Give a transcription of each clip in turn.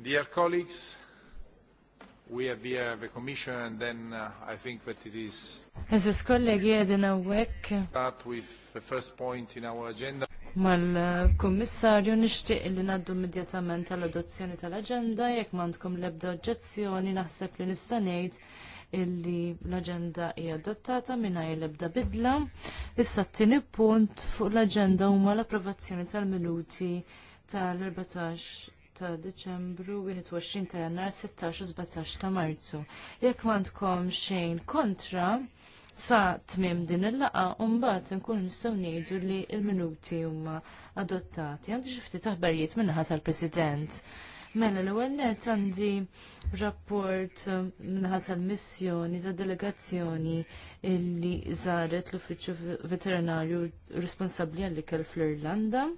Dear colleagues, we have here the Commission and then uh, I think that it is... Eżis kollegi għedin għawek. Start with the first point in our agenda. Mal-Kommissarju nixtieq li naddu immedjatament tal-adozzjoni tal-agenda jekk mandkom l-ebda oġġezzjoni naħseb li nista' ngħid illi l-agenda hija adottata mingħajr l-ebda bidla. Issa t-tieni punt fuq l-agenda huma l-approvazzjoni tal-minuti tal-14 ta' Deċembru, 21 ta' Jannar, 16 u 17 ta' Marzu. Jekk m'għandkom xejn kontra, sa' tmim din il-laqa, umbat nkun nistgħu ngħidu li l minuti huma adottati. Għandi xi ftit aħbarijiet minnaħa tal-President. Mela l-ewwel nett għandi rapport eh, minnaħa tal-missjoni tad delegazzjoni illi żaret l-Uffiċċju Veterinarju responsabbli għall-ikel fl-Irlanda.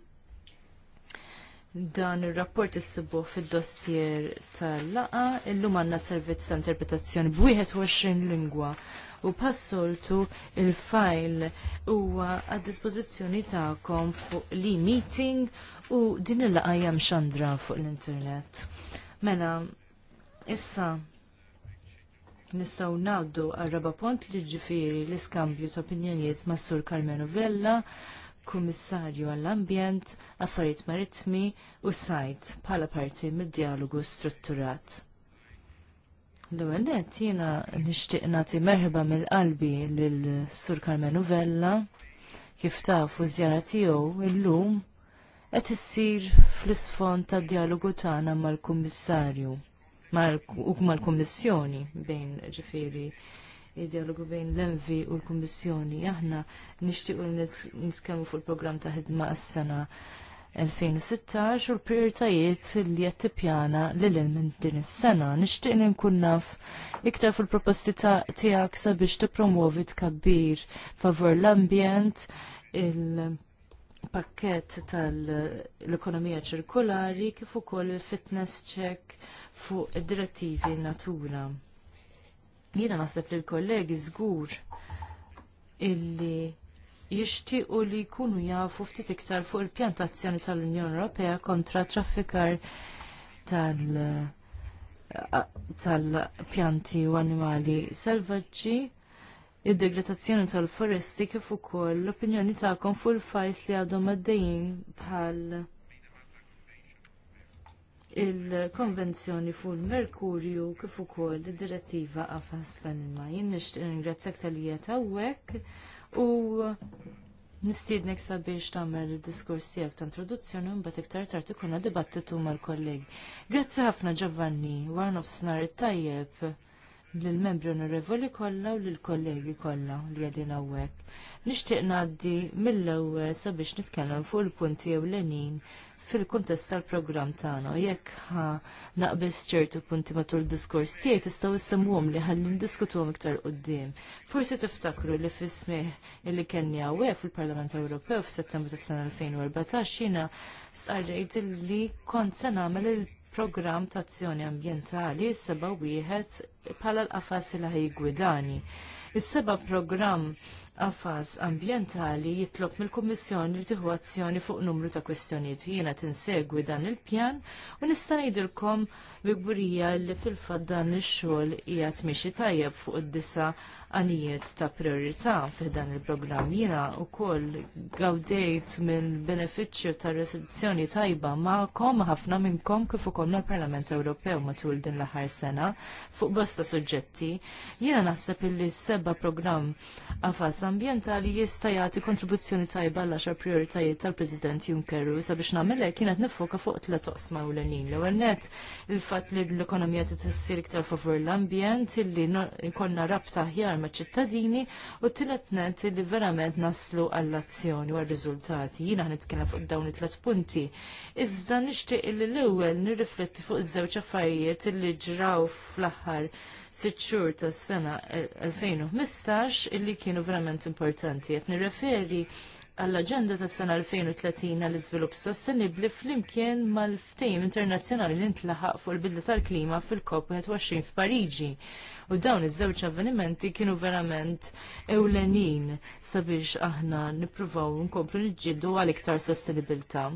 Dan il-rapport issibuh fil-dossier tal-laqa, illum għanna servizz ta' interpretazzjoni b-21 lingwa u passoltu il-fajl huwa għad dispożizzjoni ta'kom fuq li meeting u din il-laqa jam xandra fuq l-internet. Mela, issa nissaw naddu għal-raba pont li ġifiri l-iskambju ta' opinjonijiet ma' Sur Carmenu Vella kummissarju għall-ambjent, affarijiet maritmi u sajt bħala parti mid-dialogu strutturat. L-għennet jina nishtiq nati merħba mill-qalbi lil-Sur Carmen Uvella kif tafu żjara tiegħu illum qed issir fl-isfond tad dialogu tagħna mal-Kummissarju u mal-Kummissjoni bejn ġifieri id-dialogu bejn l-Envi u l-Kummissjoni. Aħna nixtiequ nitkellmu fuq il-programm ta' ħidma għas-sena 2016 u l-prioritajiet li qed tippjana lil minn din is-sena. Nixtieq li nkun naf iktar fuq il-proposti tiegħek sabiex tippromovi tkabbir favur l-ambjent, il- pakket tal-ekonomija ċirkulari kif ukoll il-fitness check fuq id-direttivi natura. Jiena naħseb li l-kollegi żgur illi jixtiequ li jkunu jafu ftit iktar fuq il-pjantazzjoni tal-Unjoni Ewropea kontra traffikar tal- tal-pjanti u animali selvaġġi, id-degradazzjoni tal-foresti kif ukoll l-opinjoni tagħkom fuq il-fajs li għadhom għaddejjin bħal il-konvenzjoni fuq il-Merkurju kif ukoll id-direttiva qafas tal-ilma. Jien nixtieq ningrazzjak tal-hija hawnhekk u nistiednek sabiex tagħmel id-diskors tiegħek ta' introduzzjoni u mbagħad iktar tard ikun dibattitu mal-kollegi. Grazzi ħafna Giovanni, one of snar it-tajjeb lill-membri onorevoli kollha u lill-kollegi kollha li qegħdin hawnhekk. Nixtieq ngħaddi mill-ewwel sabiex nitkellem fuq il-punti ewlenin fil-kuntest tal-programm tagħna. Jekk ha naqbis ċertu punti matul diskors tiegħi tistgħu issemmuhom li ħalli ndiskutuhom iktar qudiem. Forsi tiftakru li fismih smih illi kenni hawnhekk fil-Parlament Ewropew f'Settembru tas-sena 2014 jiena sqarrejt li kont se nagħmel il-programm ta' azzjoni ambjentali seba' wieħed bħala l-qafas li ħajgwidani. Is-seba' programm għafas ambjentali jitlob mill-Kummissjoni li tieħu azzjoni fuq numru ta' kwestjonijiet. Jiena tinsegwi dan il-pjan u nista' ngħidilkom bi li fil-fat dan ix-xogħol qiegħed mixi tajjeb fuq id-disa għanijiet ta' priorità dan il-programm. Jiena wkoll gawdejt mill-benefiċċju ta' resoluzzjoni tajba ma'kom ħafna minn kom kif ukoll mal-Parlament Ewropew matul din l-aħħar sena fuq bosta suġġetti. Jiena naħseb illi seba' programm għafas ambjentali jista' jagħti kontribuzzjoni tajba għall-10 prioritajiet tal-President Juncker u sabiex nagħmel kienet nifoka fuq tliet oqsma ewlenin. L-ewwel net il il-fatt li l-ekonomija tissir iktar favur l-ambjent, illi konna rabta ħjar ma' ċittadini u t net illi verament naslu għall-azzjoni u għal-riżultati. Jina ħnitkellem fuq dawn it-tlet punti. Iżda nixtieq illi l-ewwel nirrifletti fuq iż-żewġ affarijiet illi ġraw fl-aħħar sitt xhur tas-sena 2015 illi kienu verament importanti. Jett nirreferi għall-Aġenda tas sena 2030 għall iżvilupp sostenibbli flimkien mal-ftejm internazzjonali li ntlaħaq fuq il-bidla tal-klima fil-COP21 f'Pariġi. U dawn iż-żewġ avvenimenti kienu verament ewlenin sabiex aħna nippruvaw nkomplu niġġieldu għal iktar sostenibilità.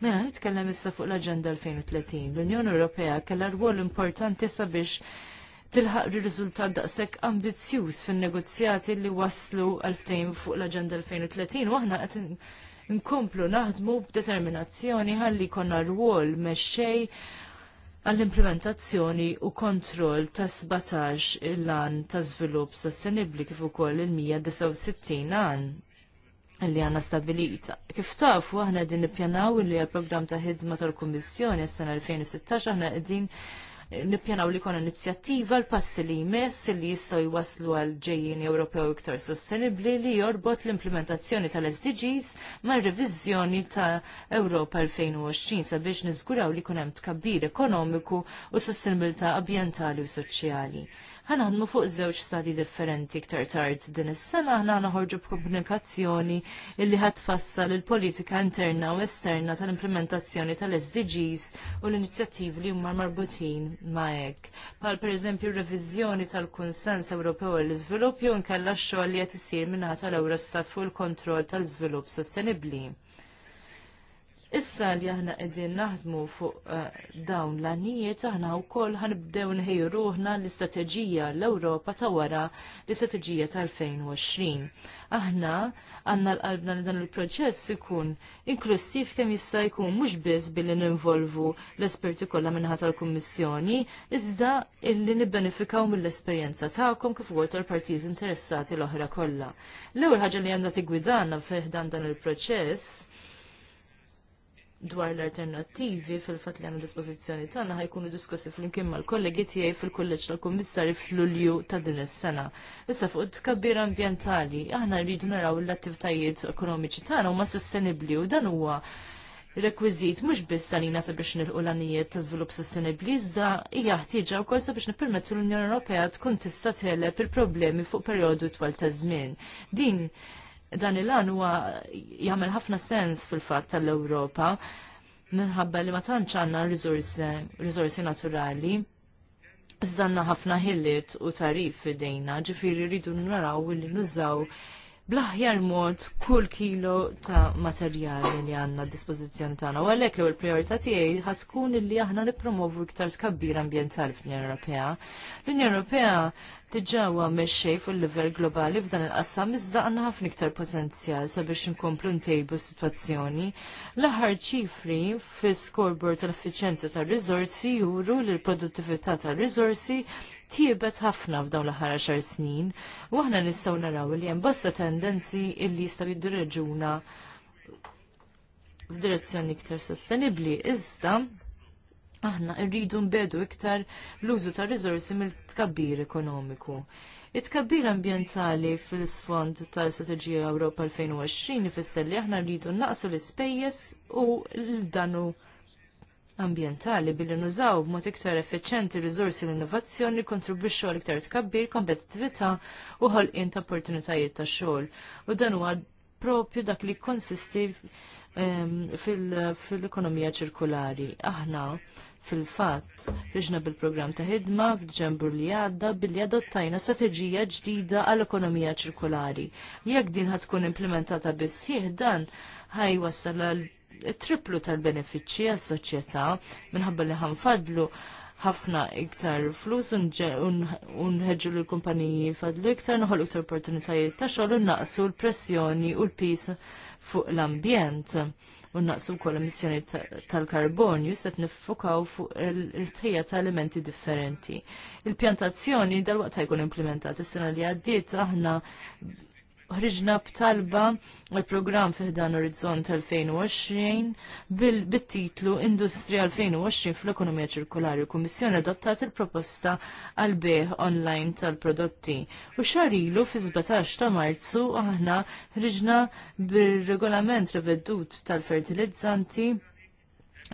Mela nitkellem issa fuq l-Aġenda 2030. L-Unjoni Ewropea kellha rwol importanti sabiex tilħaq riżultat daqshekk ambizzjuż fin-negozjati li waslu għalftejn fuq l-Aġenda 2030 u aħna qed nkomplu naħdmu b'determinazzjoni ħalli jkollna rwol mexxej għall-implementazzjoni u kontroll ta' 17 il-lan ta' żvilupp sostenibbli kif ukoll il-169 għan li għanna stabilita. Kif tafu, aħna din nippjanaw li għal-program ta' ħidma tal komissjoni s-sena 2016 aħna għedin nippjanaw li kon inizjattiva l-passi li jmess li jistgħu jwaslu għal ġejjin Ewropew iktar sostenibbli li jorbot l-implementazzjoni tal-SDGs mar revizjoni ta' Ewropa 2020 sabiex niżguraw li kun hemm tkabbir ekonomiku u sostenibilità ambjentali u soċjali ħanaħdmu fuq żewġ stati differenti ktar tard din is-sena aħna naħorġu b'komunikazzjoni illi ħatfassal il-politika interna u esterna tal-implementazzjoni tal-SDGs u l-inizjattivi li huma marbutin ma' hekk. Pal pereżempju r-reviżjoni tal-Kunsens Ewropew għall-Iżvilupp jew nkella x-xogħol li qed isir minnaħa tal-Eurostat fuq il-kontroll tal-iżvilupp sostenibbli. Issa li aħna qegħdin naħdmu fuq eh, dawn l għanijiet aħna wkoll ħanibdew nħejju ruħna l-istrateġija l-Ewropa ta' wara l-istrateġija ta' 2020 Aħna għandna l-qalbna li dan il-proċess ikun inklusiv kemm jista' jkun mhux biss billi ninvolvu l-esperti kollha minħa tal-Kummissjoni, iżda illi nibbenefikaw mill-esperjenza tagħkom kif ukoll tal-partijiet interessati l-oħra kollha. L-ewwel ħaġa li għandha tigwidana fih dan dan il-proċess dwar l-alternattivi fil-fat li għanna dispozizjoni tagħna ħajkunu diskussi fl-imkien mal-kollegi tiegħi fil-kulleġġ tal-Kummissarju fl-Ulju ta' din is-sena. Issa fuq tkabbir ambjentali, aħna rridu naraw l-attivitajiet ekonomiċi tagħna huma sostenibbli u dan huwa rekwizit mhux biss għalina sabiex nilqu l-għanijiet ta' żvilupp sostenibbli iżda hija ħtieġa wkoll sabiex nippermettu l-Unjoni Ewropea tkun tista' telep il-problemi fuq perjodu twal ta' żmien. Din dan il-għan huwa jagħmel ħafna sens fil-fatt tal-Ewropa minħabba li ma tantx għandna riżorsi naturali. Iżdanna ħafna ħilliet u tarif fidejna, ġifiri rridu naraw li nużaw blaħjar mod kull kilo ta' materjali li għanna dispozizjoni tagħna. U għalhekk l-ewwel priorità tiegħi ħad tkun illi aħna nippromovu iktar skabbir ambjentali fl-Unjoni Ewropea. L-Unjoni Ewropea diġawa meċċej fuq il-livell globali f'dan il-qassam iżda għandna ħafna iktar potenzjal sabiex inkomplu ntejbu s-sitwazzjoni. L-aħħar ċifri fis-scoreboard tal efficienza tar rizorsi juru li l-produttività tar rizorsi tiebet ħafna f'dawn l-aħħar xar snin u aħna nistgħu naraw li hemm bosta tendenzi illi jistgħu jiddireġuna f'direzzjoni iktar sostenibbli iżda aħna rridu nbedu iktar l-użu ta' rizorsi mill-tkabbir ekonomiku. It-tkabbir ambjentali fil-sfond tal-Strategija Ewropa 2020 ifisser li aħna rridu naqsu l-ispejjeż u l-danu ambjentali billi nużaw b'mod iktar effiċenti riżorsi l-innovazzjoni kontribwixxu għal iktar tkabbir, kompetittività u ħolqien ta' opportunitajiet ta' xogħol. U dan huwa propju dak li konsisti ehm, fil-ekonomija ċirkulari. Aħna Fil-fatt, riġna bil-programm ta' ħidma f'ġembur li għadda billi adottajna strateġija ġdida għall-ekonomija ċirkolari. Jekk din ħatkun implementata bissieħ dan ħaj wassal triplu tal-benefiċċji għas-soċjetà minħabba li ħanfadlu ħafna iktar flus unħedġu l-kumpaniji fadlu iktar noħol iktar opportunitajiet ta' xogħol naqsu l-pressjoni u l-pis fuq l-ambjent u naqsu wkoll emissjoni tal-karbonju se nifukaw fuq il-tħija ta' elementi differenti. Il-pjantazzjoni dal-waqt jkun implementat is-sena li għaddiet aħna ħriġna b'talba l-programm fih dan Orizzont 2020 bil-titlu Industrija 2020 fl-Ekonomija Ċirkulari. Kummissjoni adottat il-proposta għal beħ online tal-prodotti. U xarilu fi 17 ta' Marzu aħna ħriġna bil-regolament revedut tal-fertilizzanti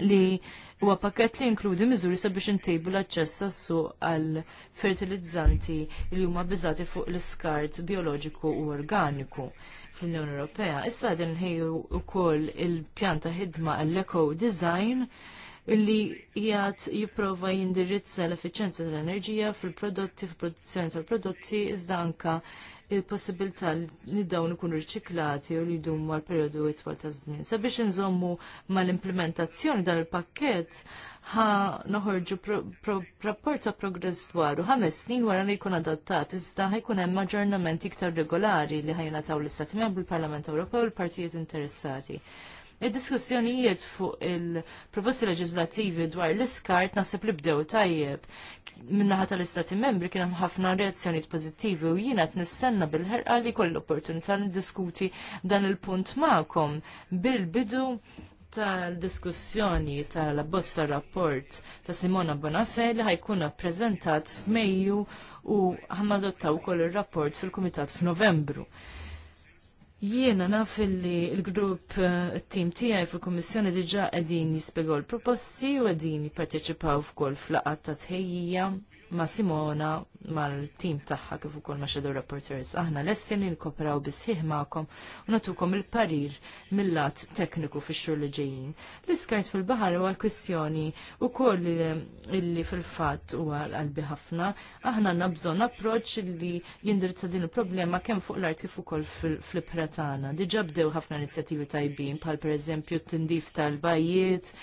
li huwa pakket li inkludi miżuri sabiex intejbu l-aċċess għas-suq għal fertilizzanti li huma biżati fuq l-iskart bioloġiku u organiku fl-Unjoni Ewropea. Issa qed inħejju wkoll il-pjanta ħidma għall-eco design li jgħat jipprova jindirizza l efficienza tal-enerġija fil-prodotti, fil-produzzjoni tal-prodotti, iżda anka il-possibilità li dawn ikunu riċiklati u li jdum mal periodu itwal ta' żmien. Sabiex nżommu mal-implementazzjoni dan il-pakket ħa noħorġu rapport ta' progress dwaru ħames snin wara li jkun adottat, iżda ħajkun hemm aġġornamenti iktar regolari li ħajna taw l-Istati Membri, il-Parlament Ewropew u l-partijiet interessati. Id-diskussjonijiet fuq il-proposti leġislativi dwar l-iskart nasib li bdew tajjeb. Minnaħat tal-istati membri kien hemm ħafna reazzjonijiet pożittivi u jiena qed nistenna bil-ħerqa li koll opportunità diskuti dan il-punt ma'kom bil-bidu tal-diskussjoni tal bossa rapport ta' Simona Bonafè li ħajkun prezentat f'Mejju u ħamadottaw koll il-rapport fil-Kumitat f'Novembru. Jiena naf li l-grupp eh, tim tiegħi fil-Kummissjoni diġà qegħdin jispjegaw l-proposti u qegħdin jipparteċipaw f'kol fl-laqgħat ta' tħejjija ma' Simona mal-tim tagħha kif ukoll ma' Shadow Reporters. Aħna lessin nkopraw bisħiħ magħkom u natukom il-parir mill-lat tekniku fix-xhur li ġejjin. L-iskart fil-baħar huwa kwistjoni ukoll illi fil-fatt huwa qalbi ħafna. Aħna nabżon bżonn approċċ li jindirizza din il-problema kemm fuq l-art kif ukoll fil pratana tagħna. Diġà bdew ħafna inizjattivi tajbin bħal pereżempju t-tindif tal bajiet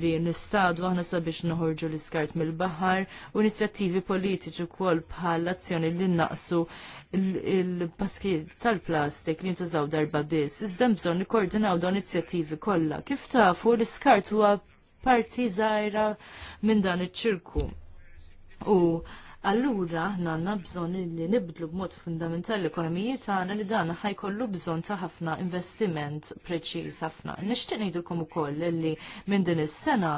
li nistadu aħna sabiex nħorġu l-iskart mill-baħar u inizjattivi politiċi wkoll bħal azzjoni li naqsu il-paski tal-plastik li ntużaw darba biss. Iżda bżonn nikkoordinaw dawn inizjattivi kollha. Kif tafu l-iskart huwa parti żgħira minn dan iċ-ċirku. U allura għandna bżonn li nibdlu b'mod fundamentali l-ekonomiji tagħna li dan ħajkollu bżonn ta' ħafna investiment preċiż ħafna. Nixtieq ngħidulkom ukoll li minn din is-sena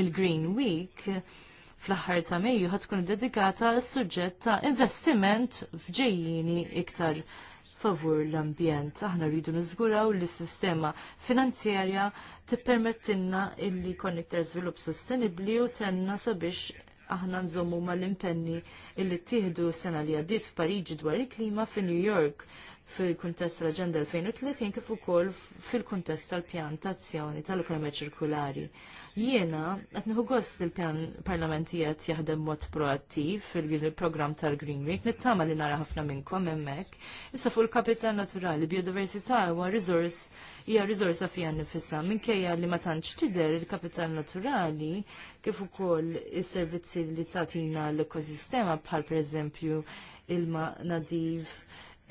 il-Green Week fl-aħħar ta' Mejju ħad tkun dedikata għal suġġett ta' investiment f'ġejjini iktar favur l-ambjent. Aħna rridu niżguraw li s-sistema finanzjarja tippermettilna illi kon iktar żvilupp sostenibbli u tenna sabiex aħna nżommu mal-impenni illi tieħdu s-sena li għaddit f'Pariġi dwar il-klima fin-New York fil-kuntest tal-Aġenda 2030 kif ukoll fil-kuntest tal-pjan tazzjoni tal-ekonomija ċirkulari. Jiena qed nieħu gost il parlamentijiet jahdem jaħdem mod proattiv fil-programm tal-Green Week nittama li nara ħafna minnkom hemmhekk. Issa fuq il-kapital naturali, biodiversità huwa resource hija rizorsa fija nifissa minkejja li ma tantx tidher il-kapital naturali kif ukoll is-servizzi li tagħtina l-ekosistema bħal pereżempju il-ma nadif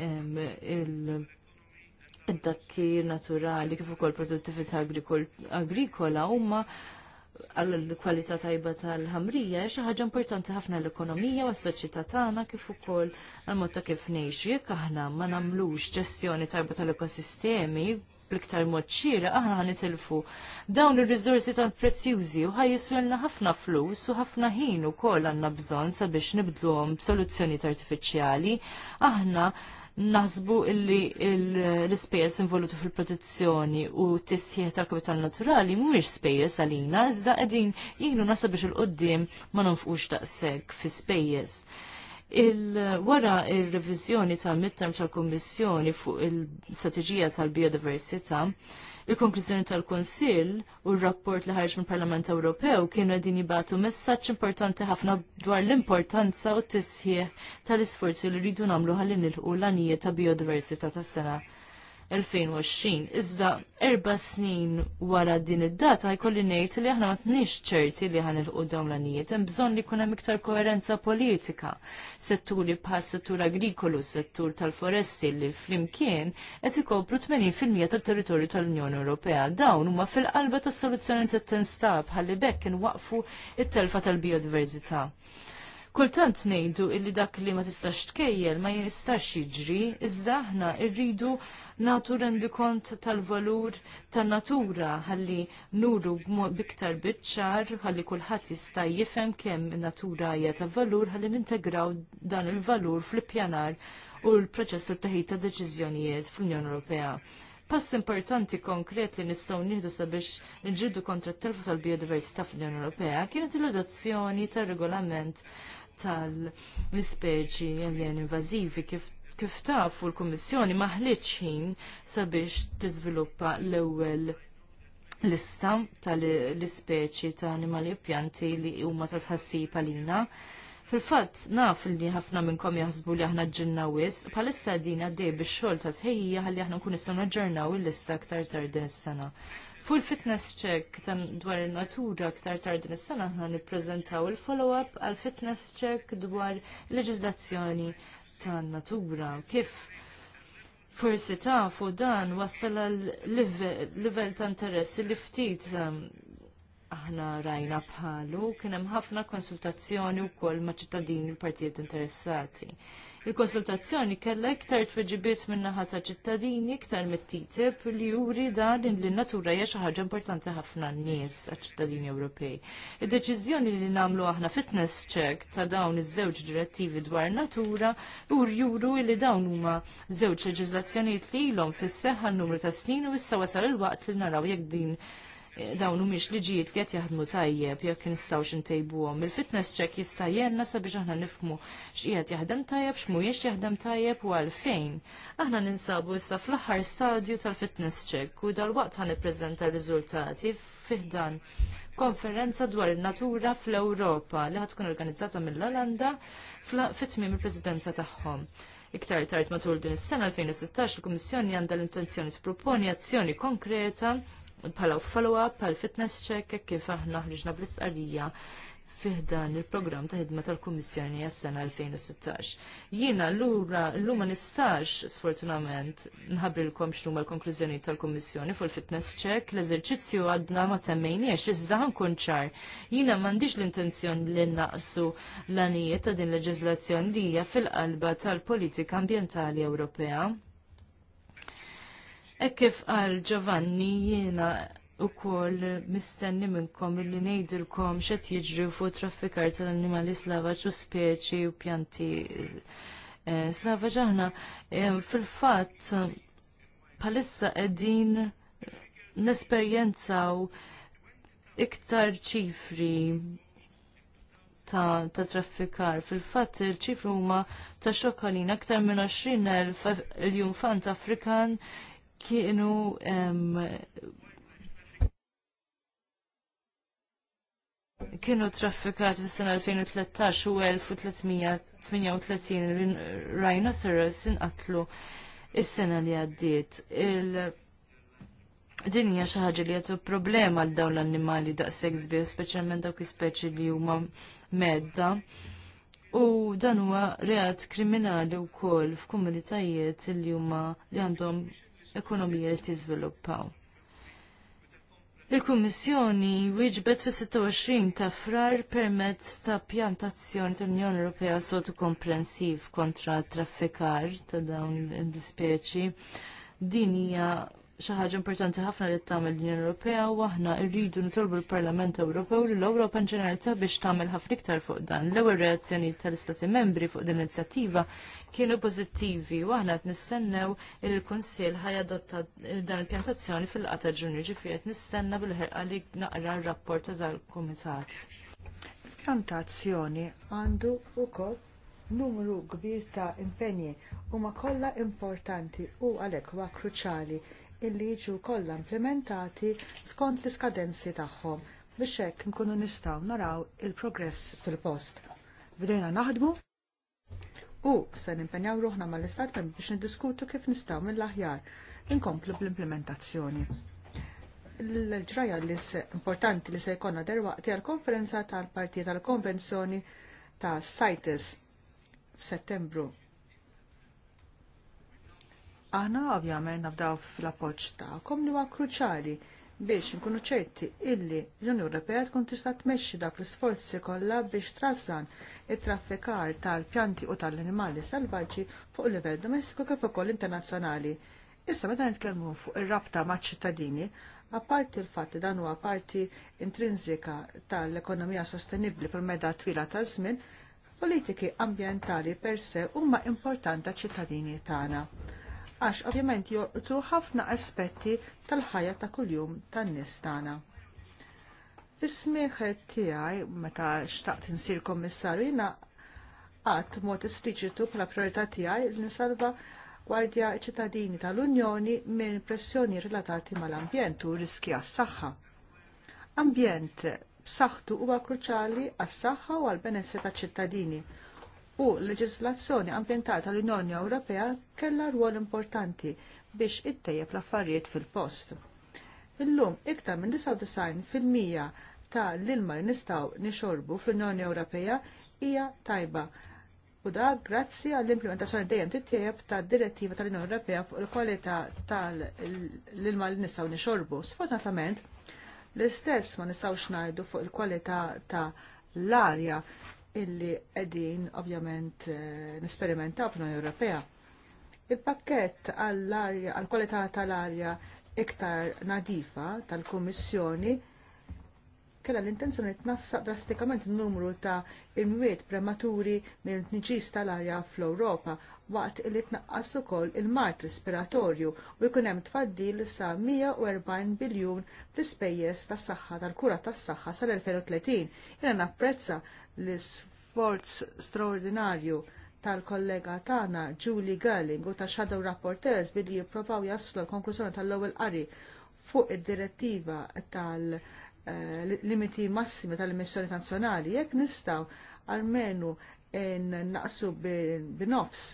il-dakkir naturali kif ukoll produttività agrikola huma għall-kwalità tajba tal-ħamrija xi ħaġa importanti ħafna l-ekonomija u s-soċjetà tagħna kif ukoll għal-mod ta' kif ngħixu jekk aħna ma nagħmlux ġestjoni tajba tal-ekosistemi bl-iktar mod xira aħna ħanitilfu dawn ir-riżorsi tant prezzjużi u ħajjiswilna ħafna flus u ħafna ħin ukoll għandna bżonn sabiex nibdluhom b'soluzzjonijiet artifiċjali aħna nasbu illi l-ispejjeż involuti fil-protezzjoni u t-tisħieħ ta' kapital naturali mhumiex spejjeż għalina iżda qegħdin jgħinu nasa biex il-qoddim ma nonfqux daqshekk fi spejjeż. Il-wara il-revizjoni ta' mittem tal-Kommissjoni fuq il-strateġija tal-biodiversità, il strateġija tal biodiversità Il-konklużjoni tal-Kunsill u r-rapport li ħarġ mill-Parlament Ewropew kienu qegħdin jibatu messaġġ importanti ħafna dwar l-importanza u t-tisħieħ tal-isforzi li rridu nagħmlu ħalli nilħu l-għanijiet ta' biodiversità tas-sena 2020. Iżda erba snin wara din id-data jkolli ngħid li aħna ma tniex ċerti li ħan ilqu dawn l-anijiet. Hemm bżonn li jkun hemm iktar koerenza politika. Setturi bħal settur agrikolu, settur tal-foresti li flimkien qed ikopru 80% tat-territorju tal-Unjoni Ewropea. Dawn huma fil-qalba tas-soluzzjoni tat-tenstab ħalli bekk inwaqfu it-telfa tal-biodiversità. Kultant ngħidu illi dak li ma tistax tkejjel ma jistax jiġri, iżda aħna rridu natu rendi kont tal-valur tan-natura ħalli nuru biktar bitċar, ħalli kulħadd jista' jifhem kemm natura hija ta' valur ħalli nintegraw dan il-valur fl-ippjanar u l-proċess tat-taħid ta' deċiżjonijiet fl-Unjoni Ewropea pass importanti konkret li nistgħu nieħdu sabiex nġiddu kontra t-telfu tal-biodiversità fl-Unjoni Ewropea kienet l-adozzjoni tar regolament tal-ispeċi alien invażivi kif kif tafu l-Kummissjoni maħliċ ħin sabiex tiżviluppa l-ewwel lista tal-ispeċi ta' animali u pjanti li huma ta' tħassib għalina. Fil-fatt naf li ħafna minnkom jaħsbu li aħna ġinna wis, bħalissa din għaddej bix-xogħol ta' tħejjija ħalli aħna nkun nistgħu naġġornaw il-lista aktar tard din is-sena. Full fitness check tam dwar il-natura ktar tard din is-sena aħna nippreżentaw il-follow-up għal fitness check dwar leġiżlazzjoni tan-natura. Kif forsi tafu dan wassal għal livell ta' interessi li ftit ehm, aħna rajna bħalu kien hemm ħafna konsultazzjoni wkoll ma' ċittadini partijiet interessati il-konsultazzjoni kellha iktar tweġibiet min-naħa ta' ċittadini iktar mit-titib li juri dan li natura hija xi ħaġa importanti ħafna n-nies għaċ-ċittadini Ewropej. Id-deċiżjoni li nagħmlu aħna fitness check ta' dawn iż-żewġ direttivi dwar natura ur juru li dawn huma żewġ leġiżlazzjonijiet li ilhom fis-seħħa n-numru ta' snin u issa wasal il-waqt li naraw jekk din dawn u miex liġijiet li qed jaħdmu tajjeb jekk nistgħux għom. Il-fitness check jista' jenna sabiex aħna nifmu x'qiegħed jaħdem tajjeb, jiex jaħdem tajjeb u għalfejn. Aħna ninsabu issa fl-aħħar stadju tal-fitness check u dal-waqt għan nippreżenta r-riżultati fiħdan konferenza dwar in-natura fl-Ewropa li ħatkun organizzata mill-Olanda fit-tmiem il-presidenza tagħhom iktar tard matul din is-sena 2016 il-Kummissjoni għandha l-intenzjoni tipproponi azzjoni konkreta bħala follow-up, bħal fitness check, kif aħna ħriġna bl-istqarrija fiħdan il-programm ta' ħidma tal-Kummissjoni għas-sena 2016. Jiena l-lura l ma nistax sfortunament nħabrilkom x'numa l-konklużjoni tal-Kummissjoni fuq il-fitness check, l-eżerċizzju għadna ma temmejniex iżda ħankun ċar. Jiena m'għandix l-intenzjoni li naqsu l-anijiet ta' din leġislazzjoni li hija fil-qalba tal-politika ambjentali Ewropea E kif għal Giovanni jiena u kol mistenni minnkom illi nejdilkom xet jiġri fu traffikar tal-animali slavaċ u speċi u pjanti e, slavaċ aħna e, fil-fat palissa edin nesperjenzaw iktar ċifri ta', ta traffikar. Fil-fatt il-ċifru huma ta' xokkalin aktar minn 20.000 il jumfant Afrikan kienu kienu traffikat fis-sena 2013 u 1338 rhinoceros inqatlu is-sena li għaddiet. Din hija xi ħaġa li għatu problema għal dawn l-annimali da' sbieħ, speċjalment dawk il ispeċi li huma medda. U dan huwa reat kriminali wkoll f'komunitajiet li huma li għandhom ekonomija li tiżviluppaw. Il-Kummissjoni wieġbet fis-26 ta' frar permezz ta' pjantazzjoni tal-Unjoni Ewropea sotu komprensiv kontra traffikar ta' dawn l ispeċi Din hija xaħġa importanti ħafna li tagħmel l-Unjoni Ewropea u aħna rridu nitolbu l-Parlament Ewropew li l-Ewropa ġeneralità biex tagħmel ħafna iktar fuq dan. L-ewwel reazzjonijiet tal-Istati membri fuq din l-inizjattiva kienu pożittivi u aħna qed nistennew il kunsill ħajadotta dan il-pjantazzjoni fil-qata ġunju ġifieri qed nistenna bil-ħerqa li naqra r-rapport ta' kumitat. Il-pjantazzjoni għandu wkoll numru kbir ta' impenji huma kollha importanti u għalhekk huwa kruċjali illi jiġu kollha implementati skont l-iskadenzi tagħhom biex hekk nkunu nistgħu naraw il-progress fil-post. Bdejna naħdmu u se nimpenjaw ruħna mal-istat biex niddiskutu kif nistgħu mill-aħjar inkomplu bl-implementazzjoni l-ġraja li importanti li se jkollna derwaqti għall konferenza tal-parti tal-konvenzjoni ta' CITES f'Settembru Aħna ovvjament nafdaw fl-appoġġ tagħkom li huwa kruċjali biex nkunu ċerti illi l-Unjoni Ewropea tkun tista' tmexxi dak l-isforzi kollha biex trażan it-traffikar tal-pjanti u tal-animali selvaġġi fuq livell domestiku kif ukoll internazzjonali. Issa meta nitkellmu fuq ir-rabta maċ-ċittadini, apparti l-fatt li dan huwa parti intrinsika tal-ekonomija sostenibbli fil meda twila ta' żmien, politiki ambjentali per se huma importanti ċittadini tagħna għax ovvjament jortu ħafna aspetti tal-ħajja ta' kuljum tan-nies tagħna. Fis-smieħ tiegħi meta xtaqt insir kommissarju jiena qatt mod espliċitu bħala priorità tiegħi li nsalva gwardja ċittadini tal-Unjoni minn pressjoni relatati mal-ambjent u riski għas-saħħa. Ambjent b'saħħtu huwa kruċjali għas-saħħa u għall-benesseri taċ-ċittadini u l-leġislazzjoni ambjentali tal-Unjoni Ewropea kellha rwol importanti biex ittejjeb l-affarijiet fil-post. Illum iktar minn 99% ta' l-ilma li nistgħu nixorbu fl-Unjoni Ewropea hija tajba. U da grazzi għall-implementazzjoni dejjem titjeb ta' direttiva tal-Unjoni Ewropea fuq il-kwalità tal-ilma li nistgħu nixorbu. Sfortunatament, l-istess ma nistgħux ngħidu fuq il-kwalità ta' l-arja illi qegħdin ovvjament eh, nesperimentaw fl-Unjoni Ewropea. Il-pakket għall-arja, għall-kwalità tal-arja iktar nadifa tal-Kummissjoni kella l-intenzjoni tnassaq drastikament n-numru ta' imwiet prematuri minn tniġis tal-arja fl-Ewropa waqt li tnaqqas ukoll il-mart respiratorju u jkun hemm tfaddil sa 140 biljun fl-ispejjeż tas-saħħa tal-kura tas-saħħa sal-2030. Jiena napprezza l-sforz straordinarju tal-kollega tagħna Julie Gerling u ta' Shadow Rapporteurs billi jipprovaw jaslu l-konklużjoni tal-ewwel qari fuq id-direttiva tal-limiti eh, massimi tal-emissjoni nazzjonali jekk nistgħu almenu naqsu b'nofs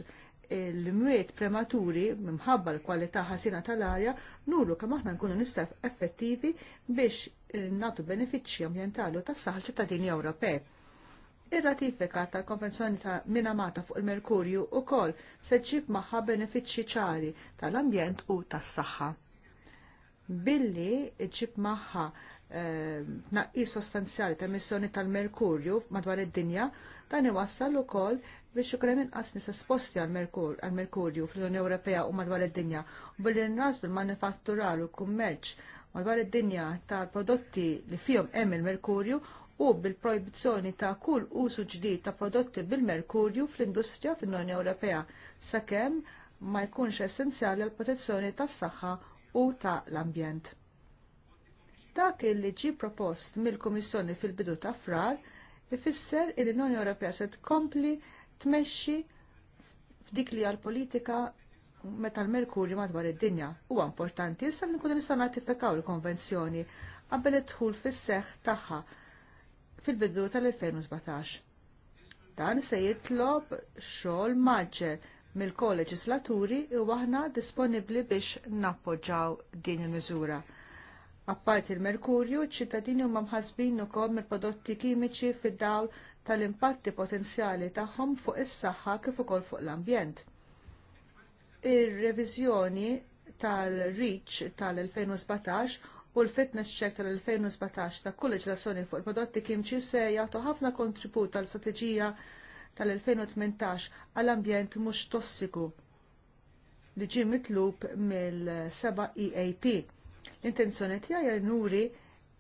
il-mwiet prematuri minħabba l-kwalità ħażina tal-arja nuru kemm aħna nkunu nistaf effettivi biex nagħtu benefiċċji ambjentali u tas-saħħa ċittadini Ewropej Ir-ratifika tal-Konvenzjoni ta' Minamata fuq il-Merkurju wkoll se ġib maħħa benefiċċji ċari tal-ambjent u tas-saħħa. Billi ġib magħha eh, tnaqqis sostanzjali ta' emissjoni tal-merkurju madwar id-dinja, dan iwassal ukoll biex ukoll hemm inqas nies sposti għall-merkurju fl-Unjoni Ewropea u madwar id-dinja u billi nrażlu l-manifatturar u kummerċ madwar id-dinja tal prodotti li fihom hemm il-merkurju u bil-projbizzjoni ta' kull użu ġdid ta' prodotti bil-merkurju fl-industrija fin unjoni Ewropea sakemm ma jkunx essenzjali għall protezzjoni tas-saħħa u ta' l-ambjent. Dak li ġie propost mill-Kummissjoni fil-bidu ta' frar ifisser li l-Unjoni Ewropea se tkompli tmexxi f'dik li għall politika meta l-Merkurju madwar id-dinja huwa importanti issa li nkunu nistgħu nagħtifikaw il-konvenzjoni qabel id-dħul fis-seħħ tagħha fil-bidu tal-2017. Dan se jitlob xogħol maġġer mill-koleġislaturi u aħna disponibbli biex nappoġġaw din il-miżura. Apparti il-merkurju, ċittadini huma mħasbin ukoll mill-prodotti kimiċi fid-dawl tal-impatti potenzjali tagħhom fuq is-saħħa kif ukoll fuq l-ambjent. Ir-reviżjoni tal-reach tal-2017 u l-fitness check tal-2017 ta' kull leġislazzjoni fuq il-prodotti kimċi se jgħatu ħafna kontribut tal strategija tal-2018 għall-ambjent mhux tossiku li ġie mitlub mill-7 EAP. L-intenzjoni tiegħi nuri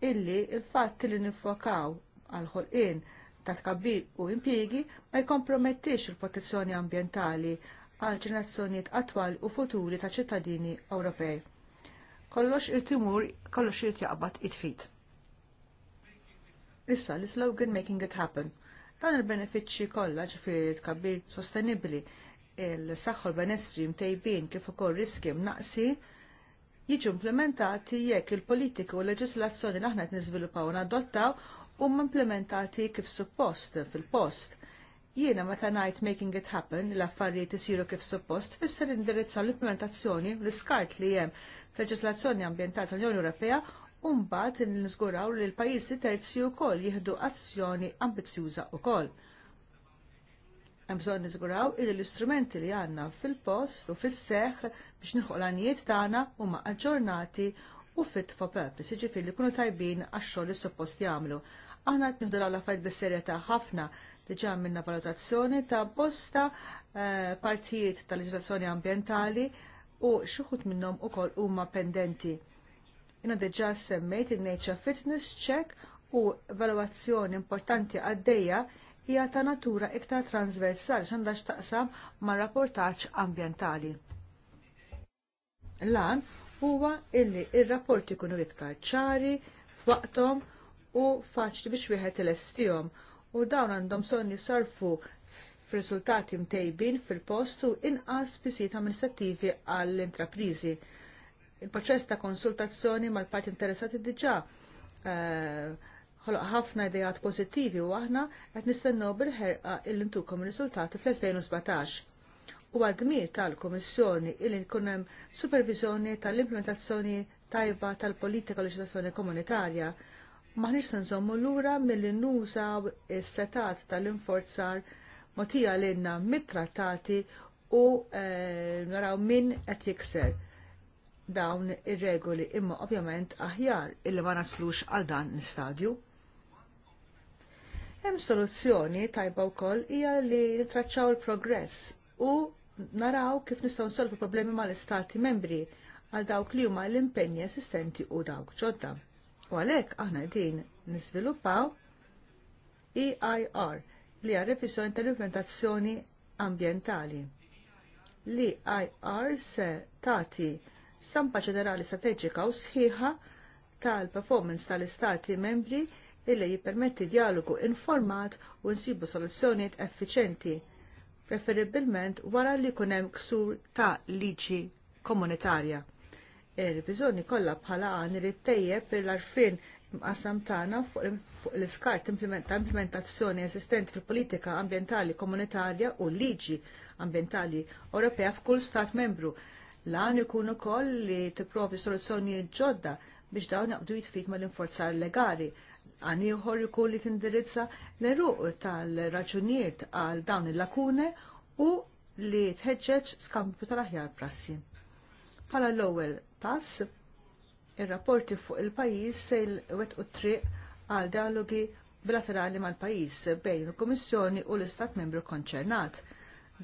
illi il-fatt li nifokaw għal ħolqien ta' tkabbir u impjiegi ma jkompromettix il-protezzjoni ambjentali għal ġenerazzjonijiet attwali u futuri ta' ċittadini Ewropej kollox il-timur kollox il-tjaqbat it-fit. Issa, l-slogan Making It Happen. Dan il-benefiċċji kollha ġifir tkabbir sostenibbli il-saħħu l-benessri mtejbin kif ukoll riski mnaqsi jiġu implementati jekk il-politika u l-leġislazzjoni li aħna qed niżviluppaw u nadottaw huma implementati kif suppost fil-post. Jiena meta ngħid making it happen l-affarijiet isiru kif suppost, fisser indirizza l-implementazzjoni l-iskart li hemm f'leġislazzjoni ambjentali tal-Unjoni Ewropea u mbagħad nżguraw li l-pajjiżi terzi wkoll jieħdu azzjoni ambizzjuża wkoll. Hemm bżonn niżguraw li l-istrumenti li għandna fil-post u fis-seħħ biex nilħu l-għanijiet tagħna huma aġġornati u fit for purpose, jiġifieri li kunu tajbin għax-xogħol li suppost jagħmlu aħna qed nieħdu l-affarijiet bis-serjetà ħafna Diġà minna valutazzjoni ta' bosta eh, partijiet ta' leġislazzjoni ambjentali u xi wħud minnhom ukoll huma pendenti. Jiena diġà semmejt in-Nature Fitness Check u valutazzjoni importanti għaddejja hija ta' natura iktar transversal xandax taqsam ma' rapportaġġ ambjentali. Lan huwa illi ir-rapporti il jkunu iktar ċari, f'waqthom u faċli biex wieħed ilestihom u dawn għandhom sonni sarfu f'riżultati mtejbin fil-postu inqas bisita amministrativi għall-intraprizi. Il-proċess ta' konsultazzjoni mal-parti interessati diġà eh, ħoloq ħafna idejat pożittivi u aħna qed nistennew bil-ħerqa il ntukom ir-riżultati fl-2017. U għadmir tal-Komissjoni il nkun hemm supervizjoni tal-implementazzjoni tajba tal-politika leġislazzjoni komunitarja maħniex nżommu lura milli nuża is-setat tal-inforzar motija l-inna mit-trattati u eh, naraw min qed jikser dawn ir-regoli imma ovvjament aħjar illi ma naslux għal dan l-istadju. Hemm soluzzjoni tajba wkoll hija li nitraċċaw il-progress u naraw kif nistgħu nsolvu problemi mal-istati membri għal dawk li huma l impegni esistenti u dawk ġodda. U għalhekk aħna qegħdin nisviluppaw EIR li għarri fissu tal-implementazzjoni ambjentali. L-EIR se tagħti stampa ġenerali strateġika u sħiħa tal-performance tal-istati membri illi jippermetti dialogu informat u nsibu soluzzjonijiet effiċenti, preferibilment wara li jkun hemm ksur ta' liġi komunitarja ir-riviżjoni kollha bħala għan li ttejjeb l-arfin mqassam tagħna fuq l-iskart ta' implementazzjoni eżistenti fil-politika ambjentali komunitarja u liġi ambjentali Ewropea f'kull stat membru. L-għan ikun ukoll li tipprovi soluzzjoni ġodda biex dawn jaqdu jitfid mal-inforzar legali ieħor jkun li tindirizza l-eruq tal-raġunijiet għal dawn il-lakune u li tħeġġeġ skambju tal-aħjar prassi. Pala l-ewwel pass ir-rapporti fuq il-pajjiż se wet u triq għal dialogi bilaterali mal-pajjiż bejn il-Kummissjoni u l-Istat membru konċernat.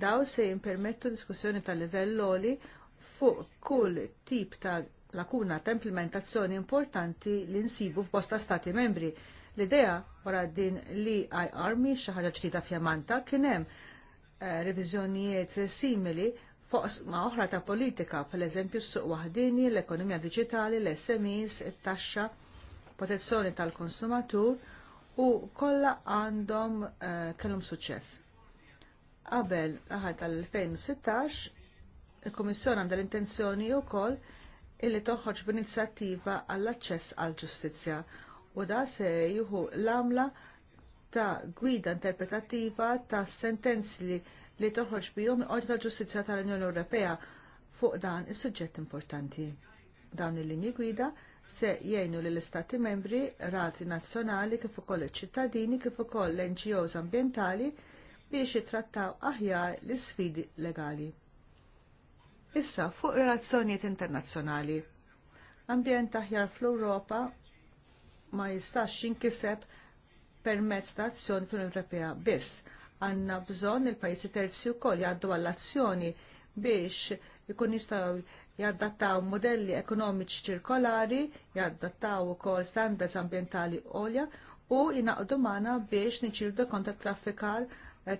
Daw se jimpermettu diskussjoni tal livell loli fuq kull tip ta' lakuna ta' implementazzjoni importanti li nsibu f'bosta stati membri. L-idea wara din li IR mi xi ħaġa fjamanta kien hemm eh, reviżjonijiet simili fuq ma' oħra ta' politika, per eżempju s-suq wahdini, l-ekonomija digitali, l-SMEs, it-taxxa, protezzjoni tal-konsumatur u kollha għandhom eh, kellhom suċċess. Qabel aħar tal-2016, il kummissjoni għandha l-intenzjoni wkoll illi toħroġ b'inizjattiva għall-aċċess għall-ġustizzja u da se jieħu l-għamla ta' gwida interpretattiva ta' sentenzi li li toħroġ bihom il-Qorti tal-Ġustizzja tal-Unjoni Ewropea fuq dan is-suġġett importanti. Dawn il-linji gwida se jgħinu lill istati membri, rati nazzjonali kif ukoll iċ-ċittadini kif ukoll l-NGOs ambjentali biex jittrattaw aħjar l isfidi legali. Issa fuq relazzjonijiet internazzjonali. Ambjent aħjar fl-Ewropa ma jistax jinkiseb permezz ta' azzjoni fl-Ewropea biss għandna bżonn il-pajjiżi terzi wkoll jgħaddu għall-azzjoni biex ikun jistgħu jaddattaw modelli ekonomiċi ċirkolari, jaddattaw ukoll standards ambjentali għolja u jinaqdu magħna biex niċildu kontra traffikar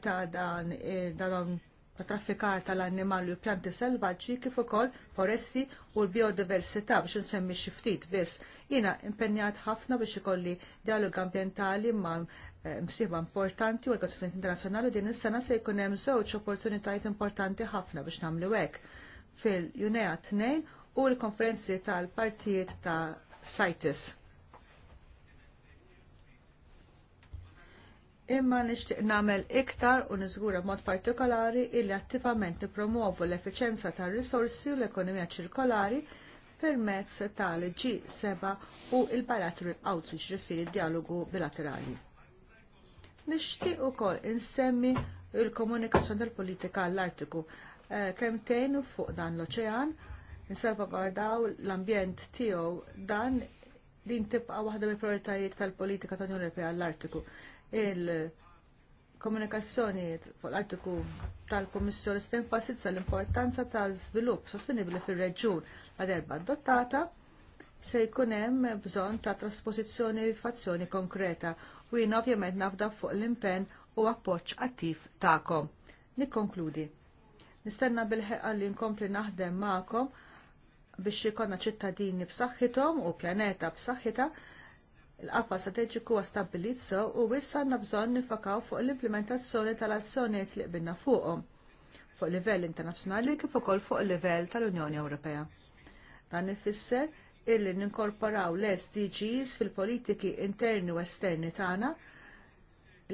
ta' dan, eh, dan ta' traffikar tal-annimali u pjanti selvaġġi kif ukoll foresti u l-biodiversità biex nsemmi xi ftit biss. Jiena impenjat ħafna biex ikolli dialog ambjentali ma' msiba importanti u l-Kazzjoni Internazzjonali din is-sena se jkun hemm żewġ opportunitajiet importanti ħafna biex nagħmlu hekk fil-Junea 2 u l-konferenzi tal-partijiet ta' CITES. imma nixtieq nagħmel iktar u niżgura b'mod partikolari illi attivament nippromuovu l-effiċenza tar-risorsi u l-ekonomija ċirkolari permezz tal-G7 u l bilateral Outreach ġifieri dialogu bilaterali. Nixtieq ukoll insemmi l komunikazzjoni tal-politika għall artiku eh, kemtejn fuq dan l-oċean nsalvagardaw l-ambjent tiegħu dan din tibqa' waħda mill-prioritajiet tal-politika tal-Unjoni Ewropea l-Artiku il-komunikazzjoni fuq l-artiku tal-Komissjoni stenfasizza l-importanza tal-żvilupp sostenibbli fir-reġjun għad-erba adottata se jkun hemm bżonn ta' trasposizzjoni fazzjoni konkreta u jien ovvjament nafda fuq l-impenn u appoġġ attiv tagħkom. Nikkonkludi. Nistenna bil-ħeqqa li nkompli naħdem magħkom biex ikonna ċittadini b'saħħithom u pjaneta b'saħħitha Il-qafa strateġiku huwa stabbilit u wissa għandna bżonn nifakaw fuq l-implementazzjoni tal-azzjonijiet li qbilna fuqhom fuq livell internazzjonali kif ukoll fuq livell tal-Unjoni Ewropea. Dan ifisser illi ninkorporaw l-SDGs fil-politiki interni u esterni tagħna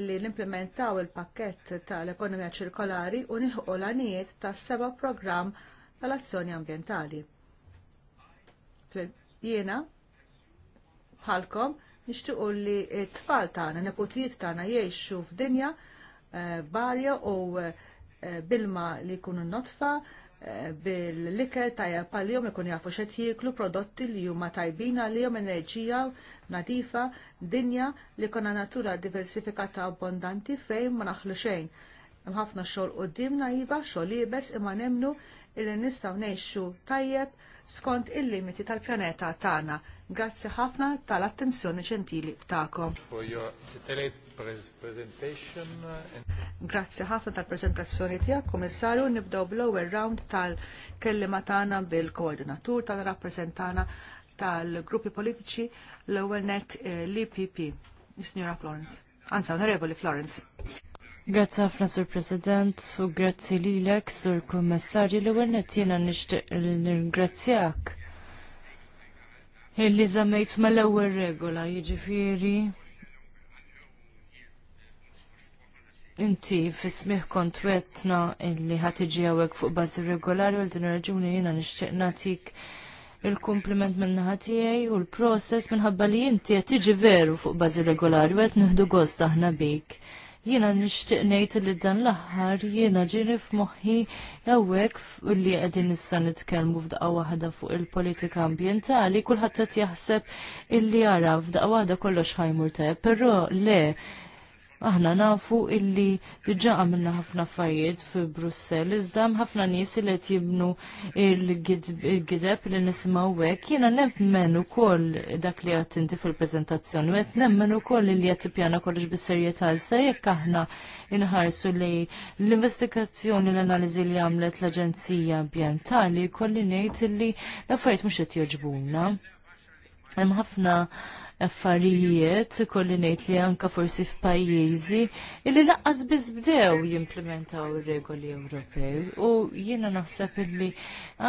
li nimplementaw il-pakkett tal-ekonomija ċirkolari u nilħu l-għanijiet tas seba programm tal-azzjoni ambjentali. Jiena bħalkom nixtiequ li t-tfal tagħna, nepotijiet tagħna jgħixu f'dinja eh, barja u eh, bilma li jkunu notfa eh, bil-likel tajab pal jom ikun jafu xet jiklu prodotti li huma tajbina li jom enerġija nadifa, dinja li kuna natura diversifikata abbondanti fejn ma naħlu xejn. Mħafna xol u dimna jiba xol jibes imma nemnu il nistaw neħxu tajjeb skont il-limiti tal-pjaneta tagħna Grazzi ħafna tal-attenzjoni ċentili ta'kom. Grazzi ħafna tal-prezentazzjoni tijak, komissarju, nibdow bl-ewwel round tal-kellima tagħna bil-koordinatur tal-rappreżentana tal-gruppi politiċi l-ewwel net eh, l-IPP. Signora Florence. Anza, onorevoli Florence. Grazie ħafna sur President u grazzi lilek sur Kummissarju l-ewwel net jiena nixtieq ningrazzjak illi zammejt mal-ewwel regola, jiġifieri Inti fismih kont wetna illi ħatiġi għawek fuq bażi regolari u l din raġuni jiena nixtieq nagħtik il-kompliment minnaħa tiegħi u l-proset minħabba li inti qed veru fuq bażi regolari u qed nieħdu gost aħna bik. Jiena nixtieq ngħid li dan l-aħħar jiena ġiri f'moħħi hawnhekk li qegħdin issa nitkellmu f'daqqa waħda fuq il-politika ambjentali kulħadd qed jaħseb illi jara f'daqqa waħda kollox ħajmur tajjeb, però le Aħna nafu illi diġa għamilna ħafna affarijiet fi Brussel, iżda ħafna nies li qed jibnu il-gideb li nisimgħu hekk. Jiena nemmen ukoll dak li qed inti fil-preżentazzjoni u qed nemmen ukoll li qed tippjana kollox bis-serjetà issa jekk aħna inħarsu li l-investigazzjoni l-analiżi li għamlet l-Aġenzija Ambjentali kolli ngħid illi l-affarijiet mhux qed jogħġbuna. Hemm ħafna affarijiet kolli ngħid li anka forsi f'pajjiżi illi laqqas biss bdew jimplementaw ir-regoli Ewropej u jiena naħseb li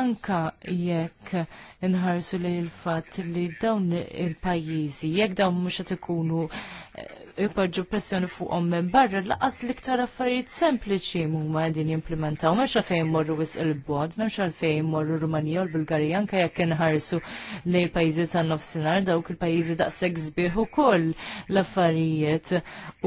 anka jekk inħarsu lejn il-fatt li dawn il-pajjiżi jekk dawn mhux qed ikunu eh, jpoġġu pressjoni fuqhom minn barra laqas l-iktar affarijiet sempliċi huma qegħdin jimplementaw. M'hemmx għalfejn morru wis il bod m'hemmx għalfejn morru Rumanija u l-Bulgarija anke jekk inħarsu lejn pajjiżi tan-nofsinhar dawk il-pajjiżi daqshekk sbieħ ukoll l-affarijiet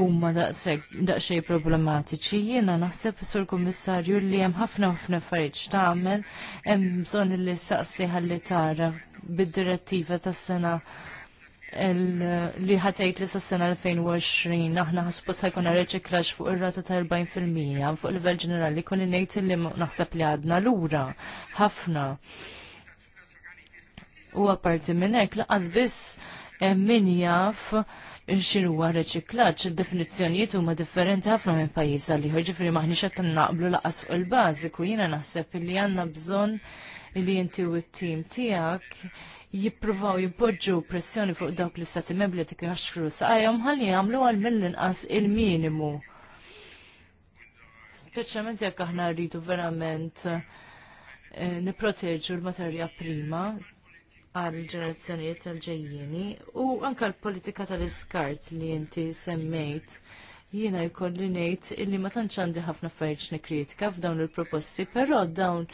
huma daqsxejn problematiċi. Jiena naħseb sur Kummissarju li hemm ħafna ħafna affarijiet x'tagħmel, hemm bżonn li saqsi ħalli tara bid-direttiva tas-sena li ħatejt li s-sena 2020 aħna ħasbu ħajkun reċiklaġ fuq ir-rata ta' 40% fuq livell ġenerali kun nejt li naħseb li għadna lura ħafna. U apparti minn hekk laqas biss eh, min jaf xinu huwa reċiklaġġ, id-definizzjonijiet huma differenti ħafna minn pajjiż għal ieħor, ġifieri maħniex qed naqblu laqas fuq il-bażiku, jiena naħseb li għandna bżonn li jinti u t-tim tiegħek jippruvaw jibboġġu pressjoni fuq dawk l-istati membri li tikkaxxru saqajhom ħalli jagħmlu għal mill-inqas il-minimu. Speċjalment jekk aħna rridu verament eh, niproteġu l-materja prima għal ġenerazzjonijiet tal ġejjini u anke l-politika tal-iskart li inti semmejt jiena jkolli ngħid illi ma tantx għandi ħafna affarijiet nikkritika f'dawn il-proposti, però dawn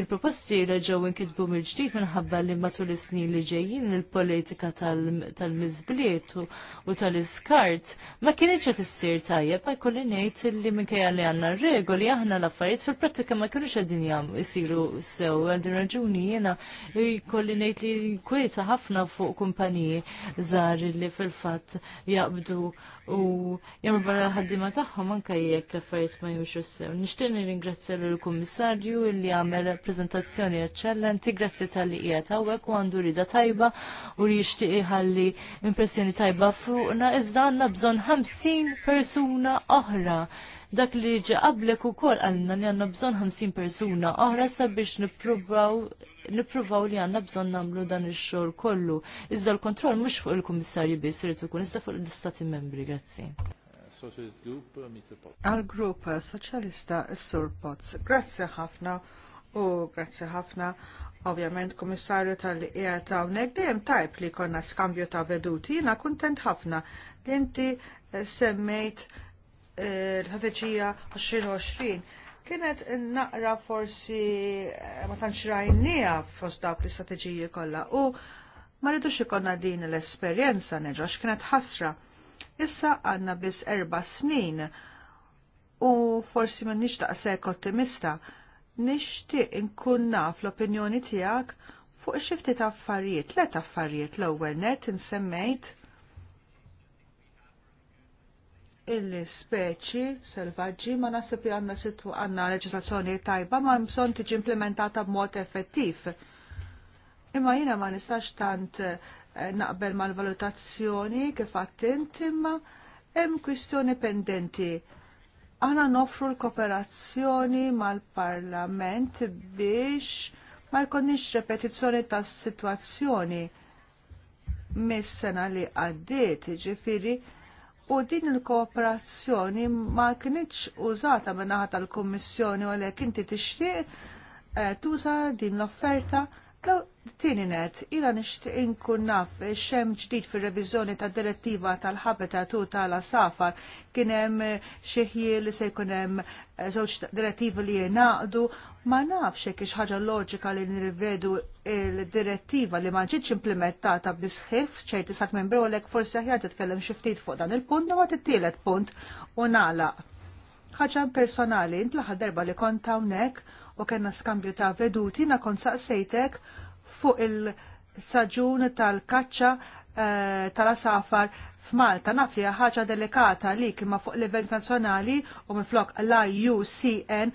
il-proposti reġgħu inkitbu mill-ġdid minħabba li matul is-snin li ġejjin il-politika tal-miżbliet u tal-iskart ma kienx qed issir tajjeb, ma jkolli ngħid illi minkejja li għandna regoli aħna l-affarijiet fil-prattika ma kienux qegħdin isiru sew għal raġuni jiena jkolli ngħid li kwieta ħafna fuq kumpaniji żgħar li fil-fatt jaqbdu u jagħmlu barra l-ħaddiema tagħhom anke jekk l-affarijiet ma jmux sew. Nixtieq nirringrazzja lill-Kummissarju li għamel preżentazzjoni eċċellenti, grazzi tal-li qiegħed għawek u għandu rida tajba u li jixtieq iħalli impressjoni tajba fuqna iżda għandna bżonn 50 persuna oħra dak li ġi qablek ukoll għanna li għandna bżonn 50 persuna oħra sabiex nippruvaw li għandna bżonn nagħmlu dan ix-xogħol kollu. Iżda l-kontroll mhux fuq il-Kummissarju biss irid ikun iżda fuq l-Istati Membri, grazzi. Uh, Għal-grupp uh, Soċjalista Sur Potts. Grazzi ħafna u grazzi ħafna Ovvjament, komissarju tal-IEA ta' unek dejjem tajb li konna skambju ta' veduti, jina kuntent ħafna li inti eh, semmejt il-ħafeċija 2020 kienet naqra forsi eh, ma tantx rajnija fost dawk l-istrateġiji kollha u ma rridux ikonna din l-esperjenza neġax kienet ħasra. Issa għanna biss erba' snin u forsi ma nix daqshekk ottimista nixtieq inkun naf l-opinjoni tiegħek fuq xifti ta' affarijiet, tlet affarijiet l-ewwel net insemmejt il-speċi selvaġġi ma nasib li għanna situ għanna leġislazzjoni tajba ma mson tiġi implementata b'mod effettiv. Imma jina ma nistax tant eh, naqbel mal-valutazzjoni kif għattint imma hemm kwistjoni pendenti. Għana nofru l-kooperazzjoni mal-parlament biex ma jkonniex repetizzjoni tas-sitwazzjoni mis-sena li għaddiet, ġifiri, u din il-kooperazzjoni ma kinitx użata minnaħat tal-Kommissjoni u għalhekk inti tixtieq eh, tuża din l-offerta Tieni net, ila nixtieq inkun naf xem ġdid fir-reviżjoni tad-direttiva tal-habitat u tal-asafar kien hemm eh, xi li se jkun hemm eh, żewġ direttivi li jingħaqdu, ma nafx hekk ix ħaġa loġika li nirrivedu il-direttiva li ma ġietx implementata bisħif ċerti sat membru għalhekk forsi aħjar titkellem xi ftit fuq dan il-punt u għat it-tielet punt u nagħlaq. Ħaġa personali, int l darba li kont hawnhekk u kellna skambju ta' veduti na kont saqsejtek fuq il-saġun tal-kaċċa eh, tal-asafar f'Malta naf li ħaġa delikata li kima fuq livell nazzjonali u minflok l-IUCN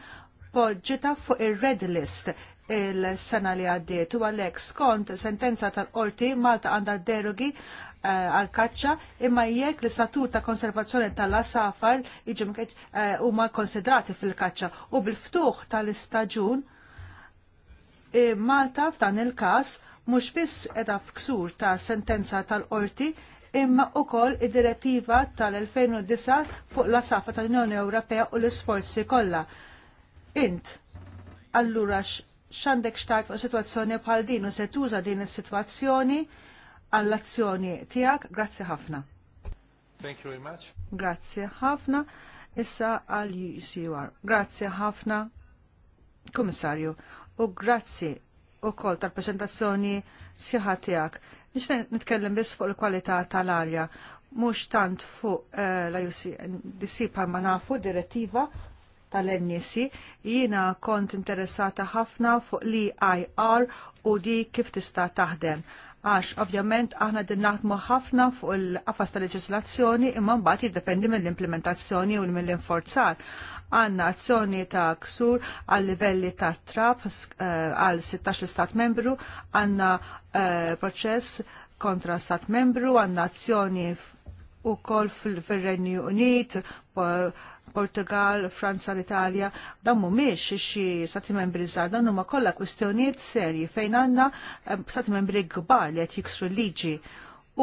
poġġita fuq ir-red list il-sena li għaddiet u għalhekk skont sentenza tal-qorti Malta għandha derogi eh, għal kaċċa imma jekk l-istatut ta' konservazzjoni tal-asafar eh, huma ma' konsidrati fil-kaċċa u bil-ftuħ tal-istaġun E, Malta f'dan il-każ mhux biss qiegħda f'ksur ta' sentenza tal-qorti imma wkoll id-direttiva tal-2009 fuq la safa tal-Unjoni Ewropea u l-isforzi kollha. Int, allura x'għandek xtajt fuq sitwazzjoni bħal din u se tuża din is-sitwazzjoni għall-azzjoni tiegħek. Grazzi ħafna. Thank you very much. Grazzi ħafna. Issa għal UCUR. Grazzi ħafna, Komissarju u grazzi u kol tal-presentazzjoni sħiħa tijak. Nix nitkellem bis fuq il-kwalità tal-arja, mux tant fuq eh, la UCDC palma nafu direttiva tal-NC, e jina kont interessata ħafna fuq li e IR u di kif tista taħdem. Għax, ovvjament, aħna din naħdmu ħafna fuq il-qafas tal-leġislazzjoni imma mbagħad jiddependi mill-implementazzjoni u mill-inforzar għanna azzjoni ta' ksur għal livelli ta' trap eh, għal 16 stat membru, għandna eh, proċess kontra Stat membru, għandna azzjoni u kol fil-Renju Unit, Portugal, Franza, l-Italja, dammu mhumiex xi stati membri żgħar, dan huma kollha kwistjonijiet serji fejn għandna eh, stati membri kbar li qed jiksru liġi.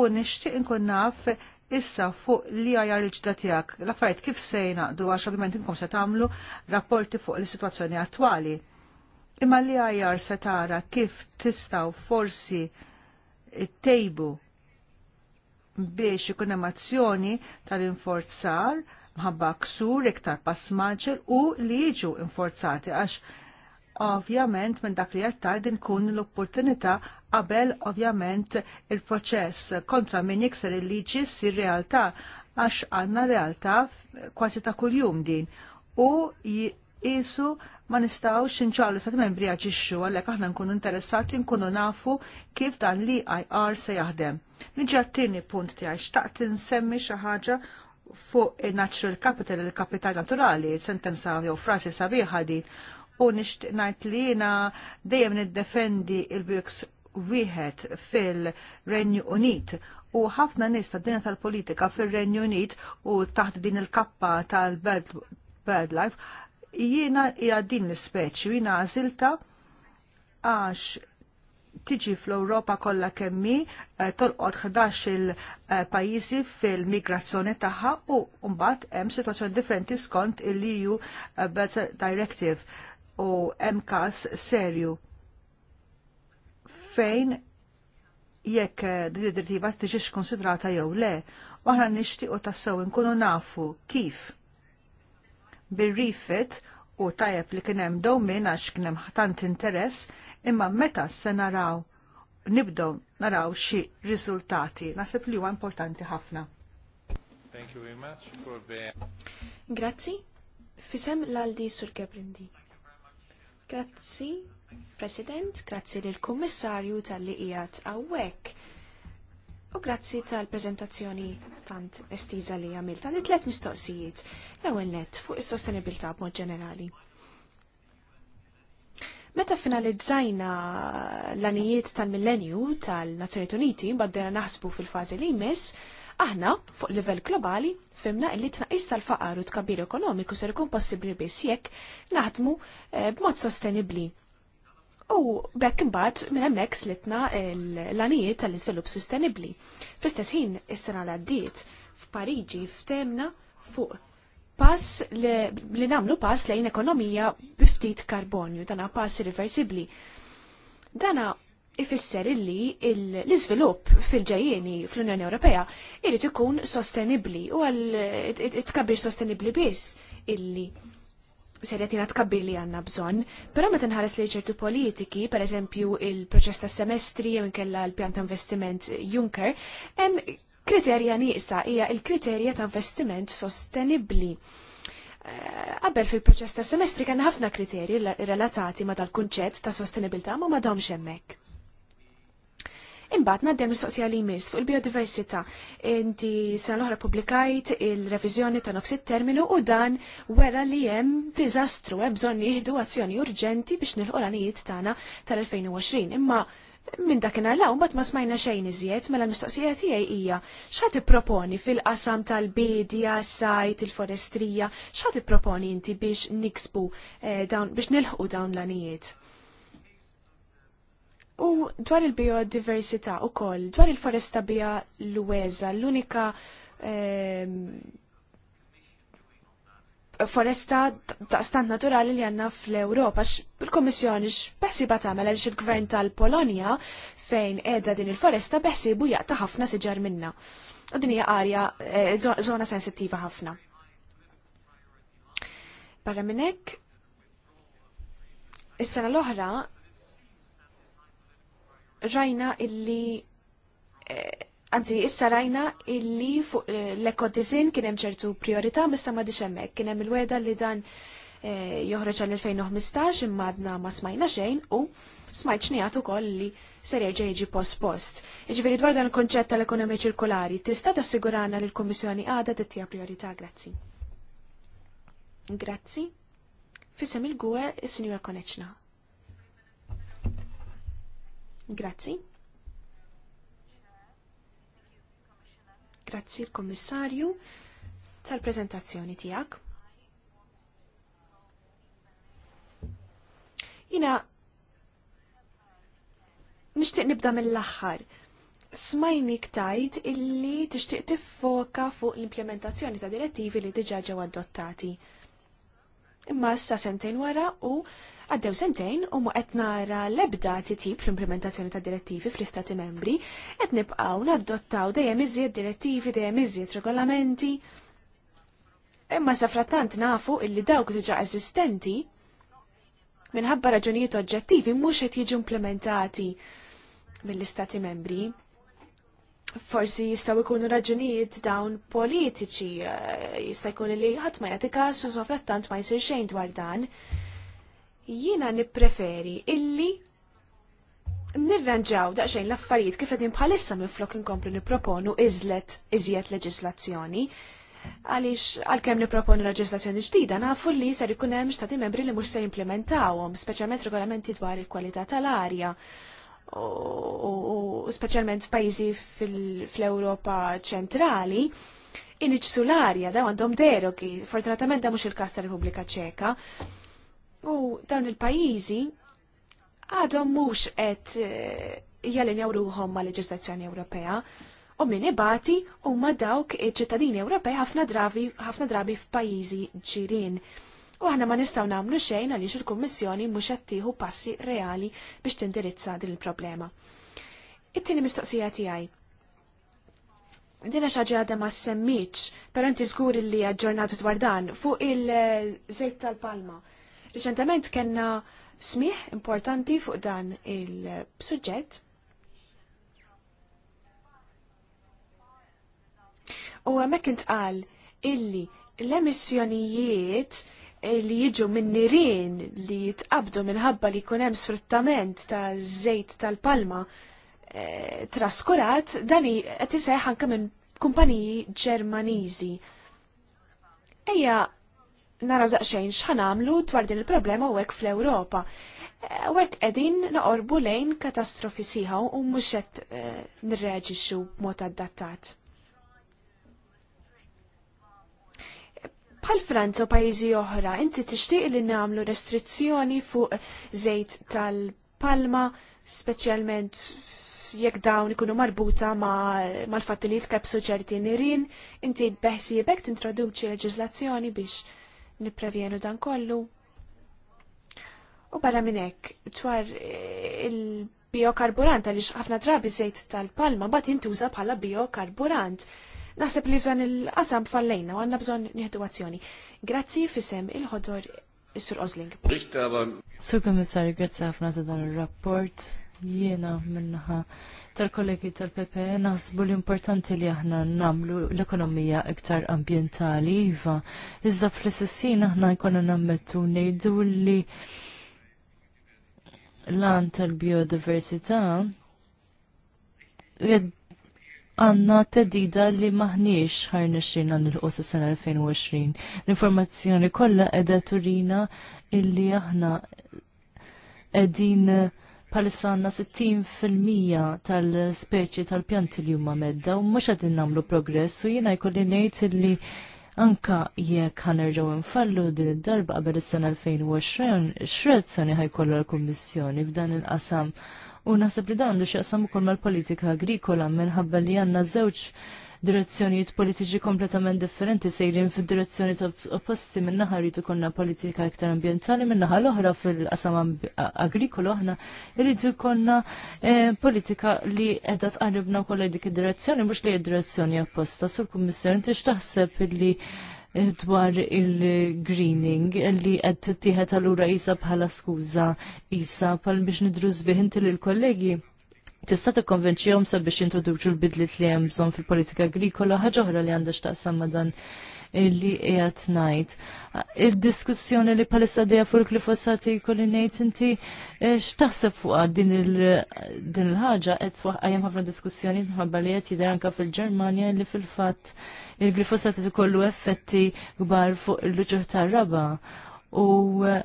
U nixtieq inkun naf Issa fuq li għajar il-ġda tijak, l-affarijiet kif sejna du għax ovvijament inkom se tagħmlu rapporti fuq l-situazzjoni attwali. Imma li għajar se tara kif tistaw forsi tejbu biex ikun hemm azzjoni tal-inforzar mħabba ksur iktar passmaġer u li jiġu inforzati għax ovvjament minn dak li qed din kun l-opportunità qabel ovvjament il-proċess kontra min jikser il-liġi sir realtà għax għanna realtà kważi ta' kuljum din u jisu ma nistaw xinċallu sa' membri għagġiċu għallek aħna nkunu interessati nkunu nafu kif dan li IR se jaħdem. Nġi għattini punt ti għax t-insemmi xaħġa fuq natural capital, il-kapital naturali, sentenza jew frasi sabiħa din u nishtiq najt li jina dejjem niddefendi il-Bux wieħed fil-Renju Unit u ħafna nies tad-dinja tal-politika fil-Renju Unit u taħt din il-kappa tal-Birdlife jiena hija din l-speċi jiena għażilta għax tiġi fl-Europa kollha kemmi eh, tolqot 11 il-pajjiżi fil-migrazzjoni tagħha u mbagħad hemm sitwazzjoni differenti skont il-EU Better Directive u hemm każ serju fejn jekk din id-direttiva tiġix konsidrata jew le, u aħna nixtiequ tassew inkunu nafu kif bir-rifit u tajjeb li kien hemm dowmin għax kien hemm tant interess, imma meta se naraw nibdew naraw xi riżultati. Naħseb li huwa importanti ħafna. Thank you very much for the... Grazzi. Fisem l-għaldi sur Gebrindi. Grazzi, President, grazzi lill kummissarju tal-li qiegħed hawnhekk. U grazzi tal-preżentazzjoni tant estiża li għamil tal tlet mistoqsijiet l-ewwel nett fuq is-sostenibilità b'mod ġenerali. Meta finalizzajna l-anijiet tal-millenju tal-Nazzjonijiet Uniti baddera naħsbu fil-fażi li jmiss, aħna fuq livell globali fimna li tnaqis tal-faqar u tkabbir ekonomiku ser ikun possibbli biss jekk naħdmu eh, b'mod sostenibbli U bekk imbagħad minn hemmhekk slitna l-għanijiet tal-iżvilupp sostenibbli. Fl-istess ħin is-sena l addiet f'Pariġi ftemna fuq pass li nagħmlu pass lejn ekonomija biftit karbonju, dana pass irreversibbli. Dana ifisser illi l-iżvilupp fil-ġejjeni fl-Unjoni Ewropea irid ikun sostenibbli u għal it-tkabbir sostenibbli biss illi serjetina tkabbir li għanna bżon, pero meta nħares li ċertu politiki, per eżempju il-proċess ta' semestri jew inkella l-pjan ta' investiment Juncker, hemm kriterja nieqsa hija il-kriterja ta' investiment sostenibbli. Eh, qabel fil-proċess ta' semestri kien ħafna kriterji relatati ma' tal kunċett ta' sostenibilità ma' madhomx hemmhekk. Imbagħad ngħaddem mistoqsija li jmiss fuq il-biodiversità. Inti sena l-oħra pubblikajt il-reviżjoni ta' nofs terminu u dan wera li hemm diżastru hemm bżonn jieħdu azzjoni urġenti biex nilħu l-għanijiet tagħna tal-2020. Imma minn dakinhar law mbagħad ma smajna xejn iżjed mela l-mistoqsija tiegħi hija x'ħad tipproponi fil-qasam tal-bidja, sajt, il-forestrija, x'ħad tipproponi inti biex niksbu eh, biex nilħqu dawn l-għanijiet? U dwar il-biodiversità u koll, dwar il-foresta bija l-weza, l-unika ehm, foresta ta' stan naturali li għanna fl-Europa. Il-Komissjoni x'beħsiba tagħmel għaliex il-Gvern tal-Polonja fejn edha din il-foresta buja jaqta' ħafna siġar minna. U din hija arja żona eh, sensittiva ħafna. Barra minn hekk, is-sena l-oħra rajna illi eh, Anzi, issa rajna illi fuq eh, l-ekodisin kienem ċertu priorita, missa ma diċemmek. Kienem il-weda li dan eh, joħroġ għal-2015 imma għadna ma smajna xejn u smajt xnijat u koll li serja ġejġi post-post. Iġveri dwar dan il-konċett tal-ekonomija ċirkolari, tista tassigurana li l komissjoni għada dittija priorita, grazzi. Grazzi. Fissem il-gwe, il-Sinjura Koneċna. Grazzi. Grazzi l commissario tal-prezentazzjoni tijak. Jina, nishtiq nibda mill-axħar. Smajnik tajt illi tixtieq tiffoka fuq l-implementazzjoni ta' direttivi li diġa ġew adottati. Imma issa sentejn wara u Għaddew sentejn u mu qed nara l-ebda titjib fl-implementazzjoni ta' direttivi fl-Istati membri, qed nibqgħu nadottaw dejjem iżjed direttivi, dejjem iżjed regolamenti. Imma frattant nafu illi dawk diġa' eżistenti minħabba raġunijiet oġġettivi mhux qed jiġu implementati mill-Istati membri forsi jistaw ikunu raġunijiet dawn politiċi, eh, jista' jkun li ħadd ma jagħti każ u sofrattant ma jsir xejn dwar dan. Jiena nippreferi illi nirranġaw daqxajn l-affarijiet kif edin bħalissa minn flok inkomplu nipproponu iżlet iżjed leġislazzjoni. Għaliex għalkemm nipproponu leġislazzjoni ġdida nafu li ser ikun hemm stati membri li mhux se jimplementawhom, speċjalment regolamenti dwar il-kwalità tal-arja u speċjalment f'pajjiżi fl-Ewropa ċentrali iniġsu l-arja daw għandhom derogi, fortunatament da mhux il-każ tar-Repubblika Ċeka U dawn il-pajjiżi għadhom mhux qed eh, jalinjaw ruhom ma' leġislazzjoni Ewropea u minn ibati huma dawk iċ-ċittadini Ewropej ħafna drabi f'pajizi ġirin. f'pajjiżi U aħna ma nistgħu nagħmlu xejn għaliex il-Kummissjoni mhux qed tieħu passi reali biex tindirizza din il-problema. It-tieni mistoqsija tiegħi. Din xaġi ħaġa għadha ma semmitx, però inti żgur li aġġornatu dwar dan fuq il-żejt tal-palma. Reċentament kena smih importanti fuq dan il-suġġett. U għamek intqal illi l-emissjonijiet li jiġu minn li jitqabdu minħabba li jkun hemm sfruttament ta' żejt tal-palma e, traskurat, dani qed iseħħ anke minn kumpaniji Ġermaniżi. Ejja naraw daqsxejn x'ħan għamlu dwar din il-problema u hekk fl-Ewropa. U hekk qegħdin naqorbu lejn katastrofi siħa u mhux qed eh, nirreġixxu b'mod adattat. Bħal Franza u pajjiżi oħra, inti tixtieq li nagħmlu restrizzjoni fuq żejt tal-palma, speċjalment jekk dawn ikunu marbuta mal-fatt li jitkabsu ċerti nirin, inti beħsiebek tintroduċi leġiżlazzjoni biex niprevjenu dan kollu. U barra minn hekk eh, il-biokarburant għaliex ħafna drabi żejt tal-palma bat jintuża bħala biokarburant. Naħseb li f'dan il-qasam fallejna u għandna bżonn nieħdu azzjoni. Grazzi fisem il-ħodor Sur Osling. Sur Komissarju, grazzi ħafna ta' dan ir rapport Jiena minnaħa tal-kollegi tal-PP e naħsbu l-importanti li aħna namlu l-ekonomija iktar ambientali iva. Iżda fl-istessin aħna jkunu nammettu nejdu li lan tal-biodiversità għanna tedida li maħniex ħarna għan nil-qosa sena 2020. L-informazzjoni kollha edha turina illi aħna edin uh, palissa għanna 60% tal-speċi tal-pjanti li huma medda u mhux għadin nagħmlu progress u jiena jkolli nejt li anka jekk ħanerġgħu nfallu din id-darba qabel is-sena 2020 x'reazzjoni ħajkollu l-Kummissjoni f'dan il-qasam u naħseb li dan għandu x'jaqsam ukoll mal-politika agrikola minħabba li għandna żewġ direzzjonijiet politiċi kompletament differenti sejrin fid-direzzjoni opposti naħa rridu konna politika iktar ambientali naħa l-oħra fil-qasam agrikolo aħna rridu konna eh, politika li edha tqarribna kollha dik id-direzzjoni mhux li id-direzzjoni opposta sur kummissjoni tix taħseb li eh, dwar il-greening li qed għal allura jisa bħala skuża jisa bħal biex nidru biħinti l lill kollegi tista' tikkonvinċihom sabiex introduċu l-bidliet li hemm bżonn fil-politika agrikola ħaġa oħra li għandha x'taqsam ma' dan illi qiegħed ngħid. Il-diskussjoni li palissa dejja fuq il-glifosati jkolli ngħid inti eh, x'taħseb fuq din il-ħaġa qed qajjem ħafna diskussjoni minħabba li qed jidher anke fil-Ġermanja li fil-fatt il-glifosati ikollu effetti kbar fuq il-luġuħ tar-raba. U eh,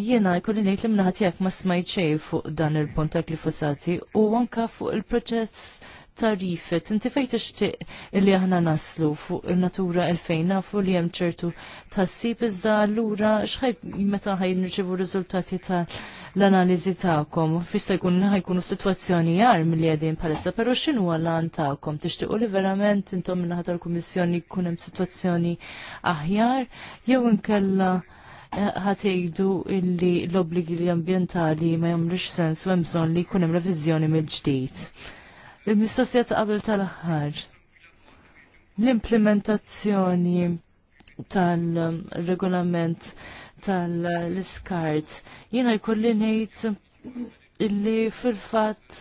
Jiena jkolli ngħid li mnaħat jekk ma smajt fuq dan il-punt tal-glifosati u anke fuq il-proċess tarifet, inti fejt tixtieq li aħna naslu fuq il-natura il-fejn nafu li hemm ċertu tassib iżda allura x'ħaj meta ħaj nirċevu riżultati ta' l-analiżi tagħkom. Fista jkun ħajkunu f'sitwazzjoni jar milli qegħdin bħalissa, però x'inhu għall-għan tagħkom? Tixtiequ li verament intom naħa tal-Kummissjoni jkun hemm sitwazzjoni aħjar jew inkella ħatejdu illi l-obbligi ambjentali ma jagħmlux sens u hemm bżonn li jkun hemm reviżjoni mill-ġdid. Il-mistoqsija ta' qabel tal-aħħar. L-implementazzjoni tal-regolament tal-iskart jiena jkolli ngħid illi fil-fatt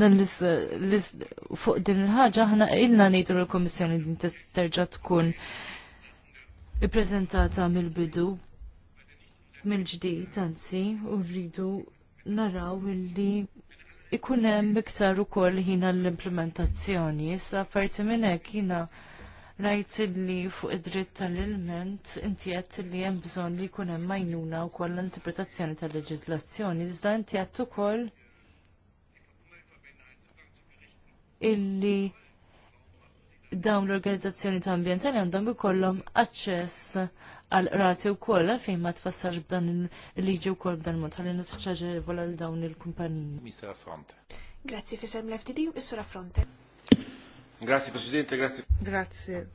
dan fuq din il-ħaġa ħana ilna ngħidu l-Kummissjoni din terġa' tkun ippreżentata mill-bidu mill-ġdid anzi u rridu naraw illi ikun hemm iktar ukoll ħina l-implementazzjoni. Issa parti minn hekk jiena rajt li fuq id-dritt tal-ilment inti qed li hemm bżonn li jkun hemm majnuna wkoll l-interpretazzjoni tal-leġiżlazzjoni, iżda inti qed ukoll illi dawn l-organizzazzjoni ta' ambjentali għandhom ikollhom aċċess għal rati u koll fejn ma tfassarx b'dan il-liġi u koll b'dan mod ħalli nitħċaġevola l dawn il-kumpaniji. Mr. Fronte. Grazie fisem l Mr. Fronte. Grazie Grazzi Presidente, grazzi. Grazie.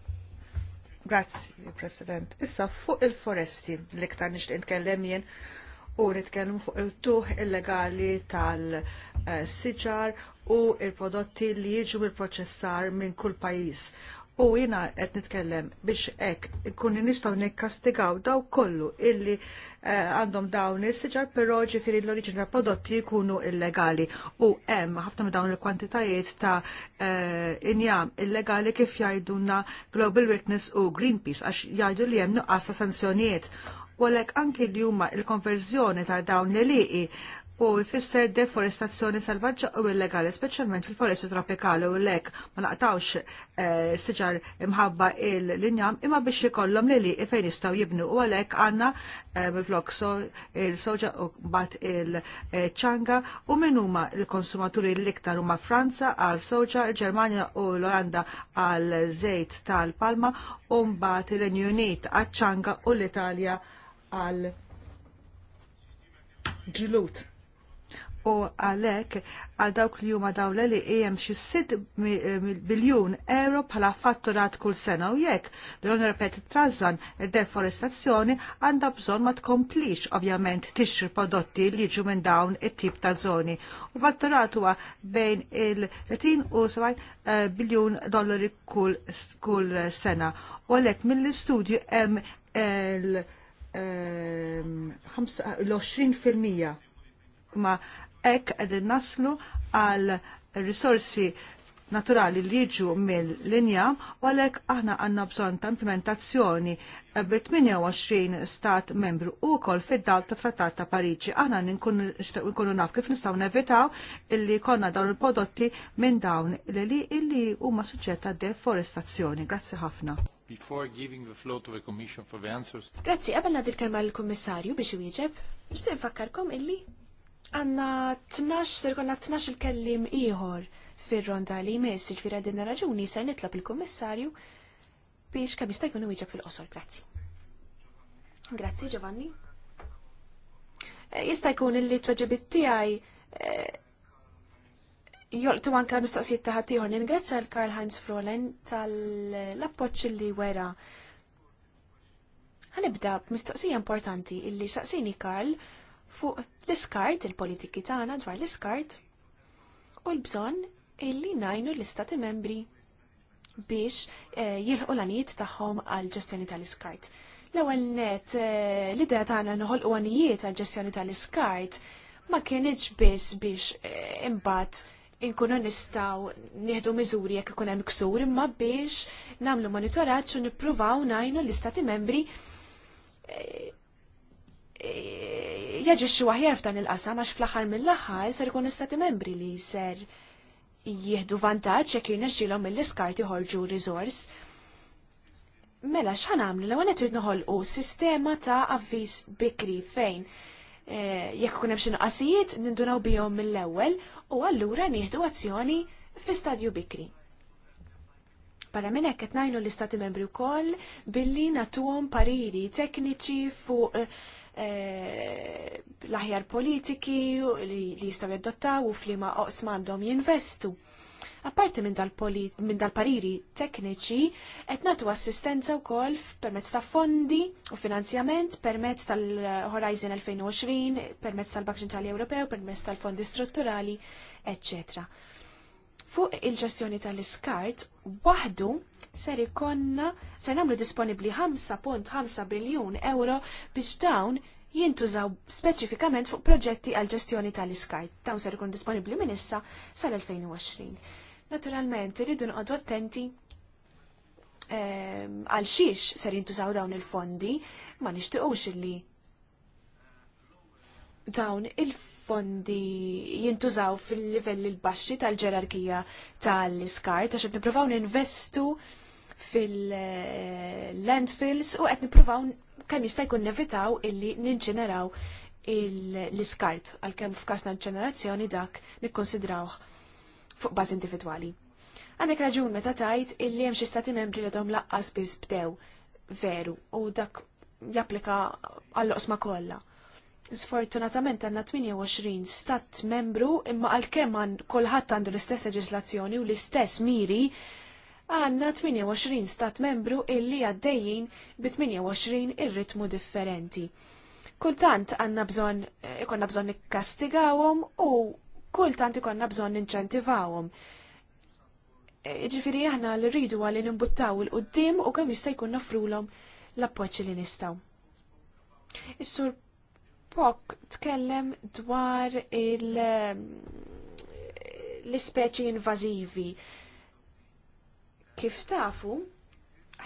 Grazie, President. Issa fuq il-foresti li ktar nixtieq nitkellem jien u nitkellem fuq il-tuħ illegali tal- Eh, siġar u il-prodotti li jiġu mill-proċessar minn kull pajjiż. U jina qed nitkellem biex hekk ikun nistgħu nikkastigaw daw kollu illi eh, għandhom dawn is-siġar però ġifieri l-oriġini ta' prodotti jkunu illegali u hemm ħafna minn dawn il-kwantitajiet ta' eh, injam illegali kif jgħidulna Global Witness u Greenpeace għax jgħidu li hemm nuqqas ta' sanzjonijiet u għalek anki li huma il-konverżjoni ta' dawn li liqi u jfisser deforestazzjoni selvaġġa u illegali, speċjalment fil-foresti tropikali u l-ek ma naqtawx eh, siġar imħabba il-linjam imma biex li lili fejn jistgħu jibnu u għalhekk għandna eh, bil-flok il-soġa u bat il-ċanga u minn huma l-konsumaturi l-iktar huma Franza għal soġa, il-Ġermanja u l-Olanda għal żejt tal-palma u mbagħad il-Renju Unit għal ċanga u l-Italja għal ġilut u għalek għal dawk li huma dawla li jem xi sid biljun euro bħala fatturat kull sena u jekk l-Unjoni Ewropea trażan id-deforestazzjoni għandha bżonn ma tkomplix ovvjament tixri prodotti li jiġu minn dawn it-tip ta' żoni. U fatturat huwa bejn il-30 u 70 eh, biljun dollari kull sena. U għalhekk mill-istudju hemm l-20 ehm, fil ma Ek għedin naslu għal risorsi naturali li jiġu mill-linja u għalhekk aħna għandna bżonn ta' implementazzjoni b-28 stat membru u kol fid-dal ta' Trattat ta' Parigi. Aħna nkunu naf kif nistgħu nevitaw illi konna dawn il-prodotti minn dawn illi illi huma suġġetta deforestazzjoni. Grazzi ħafna. Before giving the floor to the Commission for the answers. Grazzi, qabel nagħti l-kelma l-Kummissarju biex wieġeb, x'tinfakkarkom illi Għanna 12, serkonna 12 il-kellim iħor fil-ronda li jmess, il-fira jiġifieri dinna raġuni ser nitlab il-kommissarju biex kam jista' jkunu wieġeb fil-qosor. Grazzi. Grazzi, Giovanni. Eh, jista' jkun li tweġibit tiegħi eh, jolqtu anka mistoqsijiet ta' ħaddieħor ningrazzja l Karl Heinz Frohlen tal-appoġġ li wera. Ħanibda b'mistoqsija importanti illi saqsini Karl fuq l-iskart, il-politiki tagħna dwar l-iskart u l-bżonn illi najnu l-istati membri biex eh, jilħu l-anijiet tagħhom għal ġestjoni tal-iskart. L-ewwel net eh, l-idea tagħna noħolqu għanijiet għal ġestjoni tal-iskart ma kienieċ biss biex eh, imbagħad inkunu nistaw nieħdu miżuri jekk ikun hemm ksur imma biex nagħmlu monitoraġġ u nippruvaw najnu l-istati membri jaġixxu aħjar f'dan il-qasam għax fl-aħħar mill-aħħar ser ikun istati membri li ser jieħdu vantaġġ jekk jirnexxilhom mill-iskart joħorġu riżors. Mela x'ħan għamlu l-ewwel qed noħolqu sistema ta' avviż bikri fejn eh, jekk ikun hemm xi nuqqasijiet nindunaw bihom mill-ewwel u allura nieħdu azzjoni fi stadju bikri. Para minn hekk qed l-istati membri wkoll billi natuhom pariri tekniċi fuq eh, Eh, l-aħjar politiki li jistaw jaddottaw u flima oqsma jinvestu. Apparti minn dal-pariri tekniċi, qed nagħtu assistenza wkoll permezz ta' fondi u finanzjament permezz tal-Horizon 2020, permezz tal-Bank Ċentrali Ewropew, permezz tal-Fondi Strutturali, eccetera. Fuq il-ġestjoni tal-iskart, waħdu ser ikonna ser nagħmlu disponibbli 5.5 biljun euro biex dawn jintużaw speċifikament fuq proġetti għal ġestjoni tal-iskart. Dawn ser ikun disponibbli minn issa sal-2020. Naturalment, rridu nqogħdu attenti ehm, għal xiex ser jintużaw dawn il-fondi, ma nixtiqux illi dawn il-fondi fondi jintużaw fil-livelli l-baxxi tal-ġerarkija tal-iskar, ta' xed niprofaw ninvestu fil-landfills u qed niprofaw kemm jista' jkun nevitaw illi ninġeneraw l-iskart għalkemm f'kasna ġenerazzjoni dak nikkonsidrawh fuq baż individwali. Għandek raġun meta tajt illi hemm xi stati membri li għadhom laqqas biss bdew veru u dak japplika għall-oqsma kollha Sfortunatament għanna 28 stat membru imma għal-kem għan kolħat għandu l-istess leġislazzjoni u l-istess miri għanna 28 stat membru illi għaddejjin bi 28 ir-ritmu differenti. Kultant għanna bżon, eh, ikonna bżon nikkastigawhom u kultant ikonna bżon ninċentivawhom. Eh, ġifiri aħna li rridu għalli nimbuttaw il-qoddim u kemm jista' jkun l appoċi li nistgħu. Is-sur Pok tkellem dwar ehm, l-ispeċi invażivi. Kif tafu,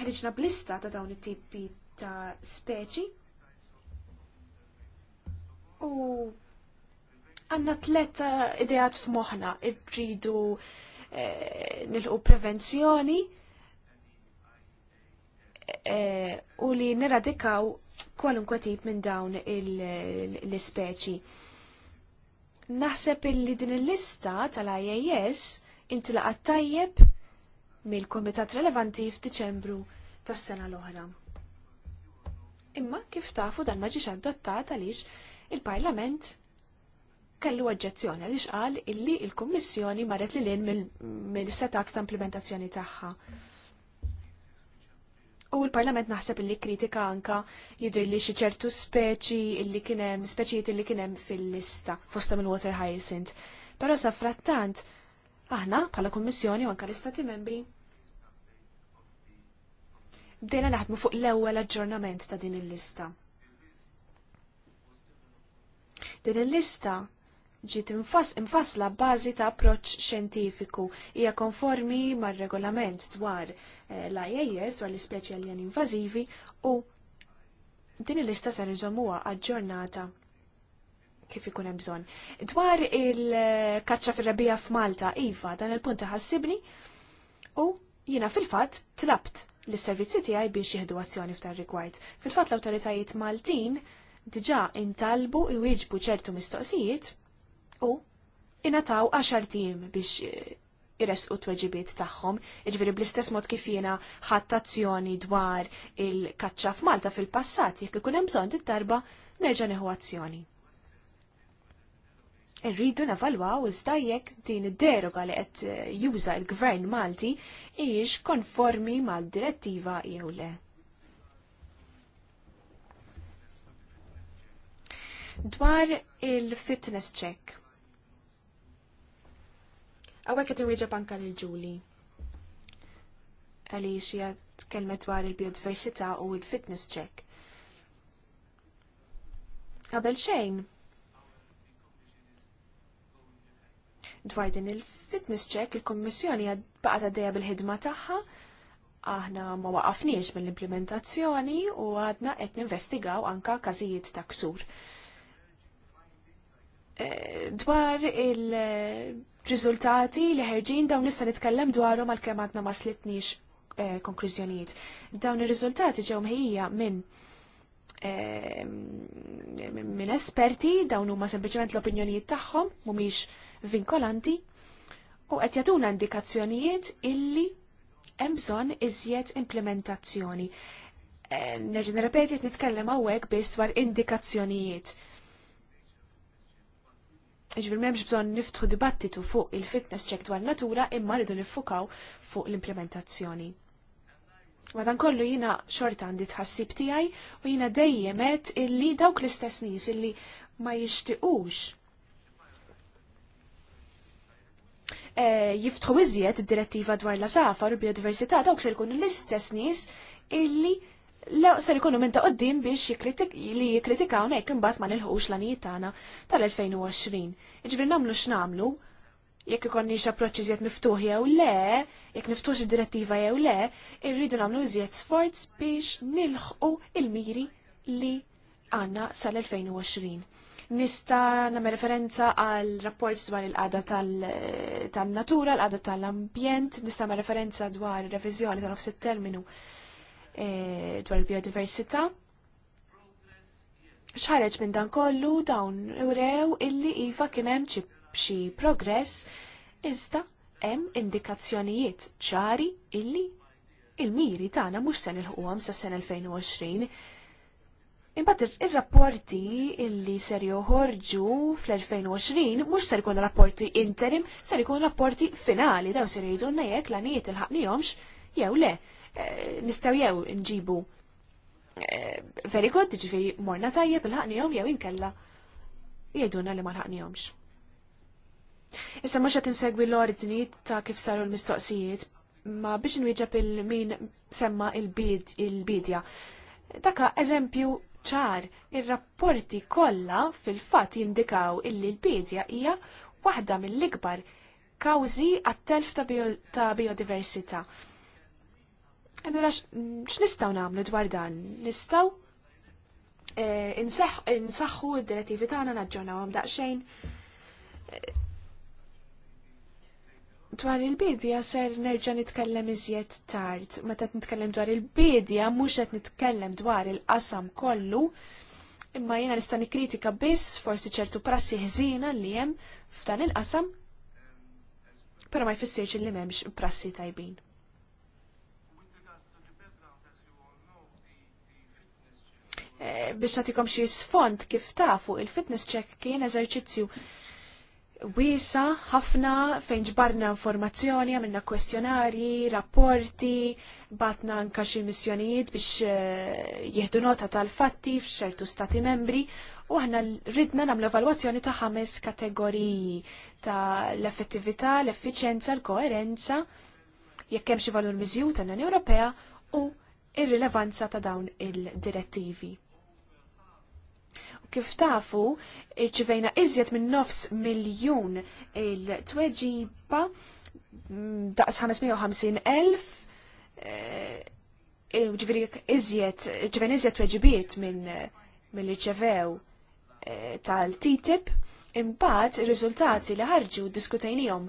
ħriġna blista ta' dawn it-tipi ta' speċi u għanna tlet ideat f'moħna irridu eh, nilħu prevenzjoni eh, u li neradikaw kwalunkwe tip minn dawn l-ispeċi. Naħseb illi din il-lista tal-IAS intlaqat tajjeb mill-Komitat Relevanti f'Diċembru tas-sena l-oħra. Imma kif tafu dan ma ġiex adottat għaliex il-Parlament kellu oġġezzjoni għaliex qal illi il-Kummissjoni marret li lin mill-setat ta' implementazzjoni tagħha. U l-Parlament naħseb li kritika anka jidir li xi ċertu speċi illi kienem, speċijiet illi kienem fil-lista fosta minn water Hyacinth. Però sa frattant, aħna bħala Kummissjoni u anka l-Istati membri bdejna naħdmu fuq l-ewwel aġġornament ta' din il-lista. Din il-lista ġiet infassla bbażi ta' approċċ xjentifiku hija konformi mar-regolament dwar eh, l-IAS dwar l-ispeċi alien invażivi u din il-lista se nżommuha aġġornata kif ikun hemm bżonn. Dwar il-kaċċa fir-rebija f'Malta, iva, dan il-punt ħassibni u jiena fil-fatt tlabt l-servizzi tiegħi biex jieħdu azzjoni f'dan rigward. Fil-fatt l-awtoritajiet Maltin diġà intalbu jiġbu ċertu mistoqsijiet u inataw għaxar tim biex eh, irresqu t weġibiet tagħhom, iġveri bl-istess mod kif jiena ħattazzjoni dwar il-kaċċa f'Malta fil-passat, jekk ikun hemm bżonn darba nerġa' neħu azzjoni. Irridu navalwaw iżda jekk din id-deroga li qed eh, juża l-Gvern Malti hijiex konformi mal-direttiva jew le. Dwar il-fitness check Għawek għet nriġa banka l-ġuli. xie hija tkellmet dwar il-biodiversità u il-fitness check. Qabel xejn. Dwar din il-fitness check il-Kommissjoni għad baqgħet għaddejja bil-ħidma tagħha aħna ma waqafniex mill-implementazzjoni u għadna qed ninvestigaw anka każijiet ta' ksur. Eh, dwar il- riżultati li ħerġin dawn nista' nitkellem dwarhom għalkemm għadna ma slitniex eh, konklużjonijiet. Dawn ir-riżultati ġew mħejja eh, minn minn esperti, dawn huma sempliċement l-opinjonijiet tagħhom mhumiex vinkolanti u qed jagħtuna indikazzjonijiet illi hemm bżonn iżjed implementazzjoni. Eh, nerġa' nirrepeti nitkellem hawnhekk biss dwar indikazzjonijiet Iġvil memx bżon niftħu dibattitu fuq il-fitness check dwar natura imma rridu nifukaw fuq l-implementazzjoni. Madankollu jina xorta għandi tħassib tijaj u jina dejjemet illi dawk l-istess nis illi ma jishtiqux eh, jiftħu iżjed id-direttiva dwar la safar u biodiversità dawk se jkunu l-istess nis illi la ser ikunu minn ta' qoddim biex li jikritikaw nek imbagħad ma nilħuqux l-anijiet tagħna tal-2020. Iġbir nagħmlu x'namlu, jekk ikonni approċċi żjed miftuħ jew le, jekk niftux id-direttiva jew le, irridu nagħmlu żjed sforz biex nilħqu il-miri li għanna sal-2020. Nista nagħmel referenza għal rapport dwar il-qada tal-natura, l-qada tal-ambjent, nista nagħmel referenza dwar ir-reviżjoni tal-offset terminu Eh, dwar il-biodiversità. Xħareġ minn dan kollu dawn urew illi iva kien hemm xi progress iżda hemm indikazzjonijiet ċari illi il-miri tagħna mhux se nilħuhom sa sen 2020. Imbagħad ir-rapporti illi ser joħorġu fl-2020 mhux ser ikun rapporti interim, ser ikun rapporti finali daw ser jgħidu jekk l-għanijiet il-ħaqnihomx jew le. Eh, nistaw jew nġibu eh, very good, ġifiri morna tajjeb il ħakni jom jew inkella jgħiduna li ma l jomx. Issa mux insegwi l-ordni ta' kif saru l-mistoqsijiet, ma biex nwieġab il-min semma il-bidja. Daka eżempju ċar, il-rapporti kollha fil-fat jindikaw illi l-bidja hija waħda mill-ikbar kawżi għat-telf ta' biodiversità. Bio Allora x'nistgħu nagħmlu dwar dan? Nistgħu eh, insaħħu d-direttivi tagħna naġġornawhom daqsxejn. Eh, dwar il-bidja ser nerġa' nitkellem iżjed tard. Meta qed nitkellem dwar il-bidja mhux qed nitkellem dwar il-qasam kollu, imma jiena nista' nikkritika biss forsi ċertu prassi ħżina li hemm f'dan il-qasam, però ma jfissirx li m'hemmx prassi tajbin. Eh, biex natikom xie sfond kif tafu il-fitness check kien eżerċizzju wisa ħafna fejn ġbarna informazzjoni, għamilna kwestjonari, rapporti, batna anka xi missjonijiet biex eh, jieħdu nota tal-fatti f'xertu stati membri u aħna ridna nagħmlu evalwazzjoni ta' ħames kategoriji ta' l-effettività, l efficienza l-koerenza, jekk hemm xi valur miżjud tan-Unjoni Ewropea u ir-rilevanza ta' dawn il-direttivi. Kif tafu, ċivejna iżjed minn nofs miljun il-tweġiba mm, daqs 550.000 eh, ġviri iżjed, ġivejna iżjed tweġibiet minn mill ċevew eh, tal-TTIP imbagħad ir-riżultati li ħarġu diskutejnihom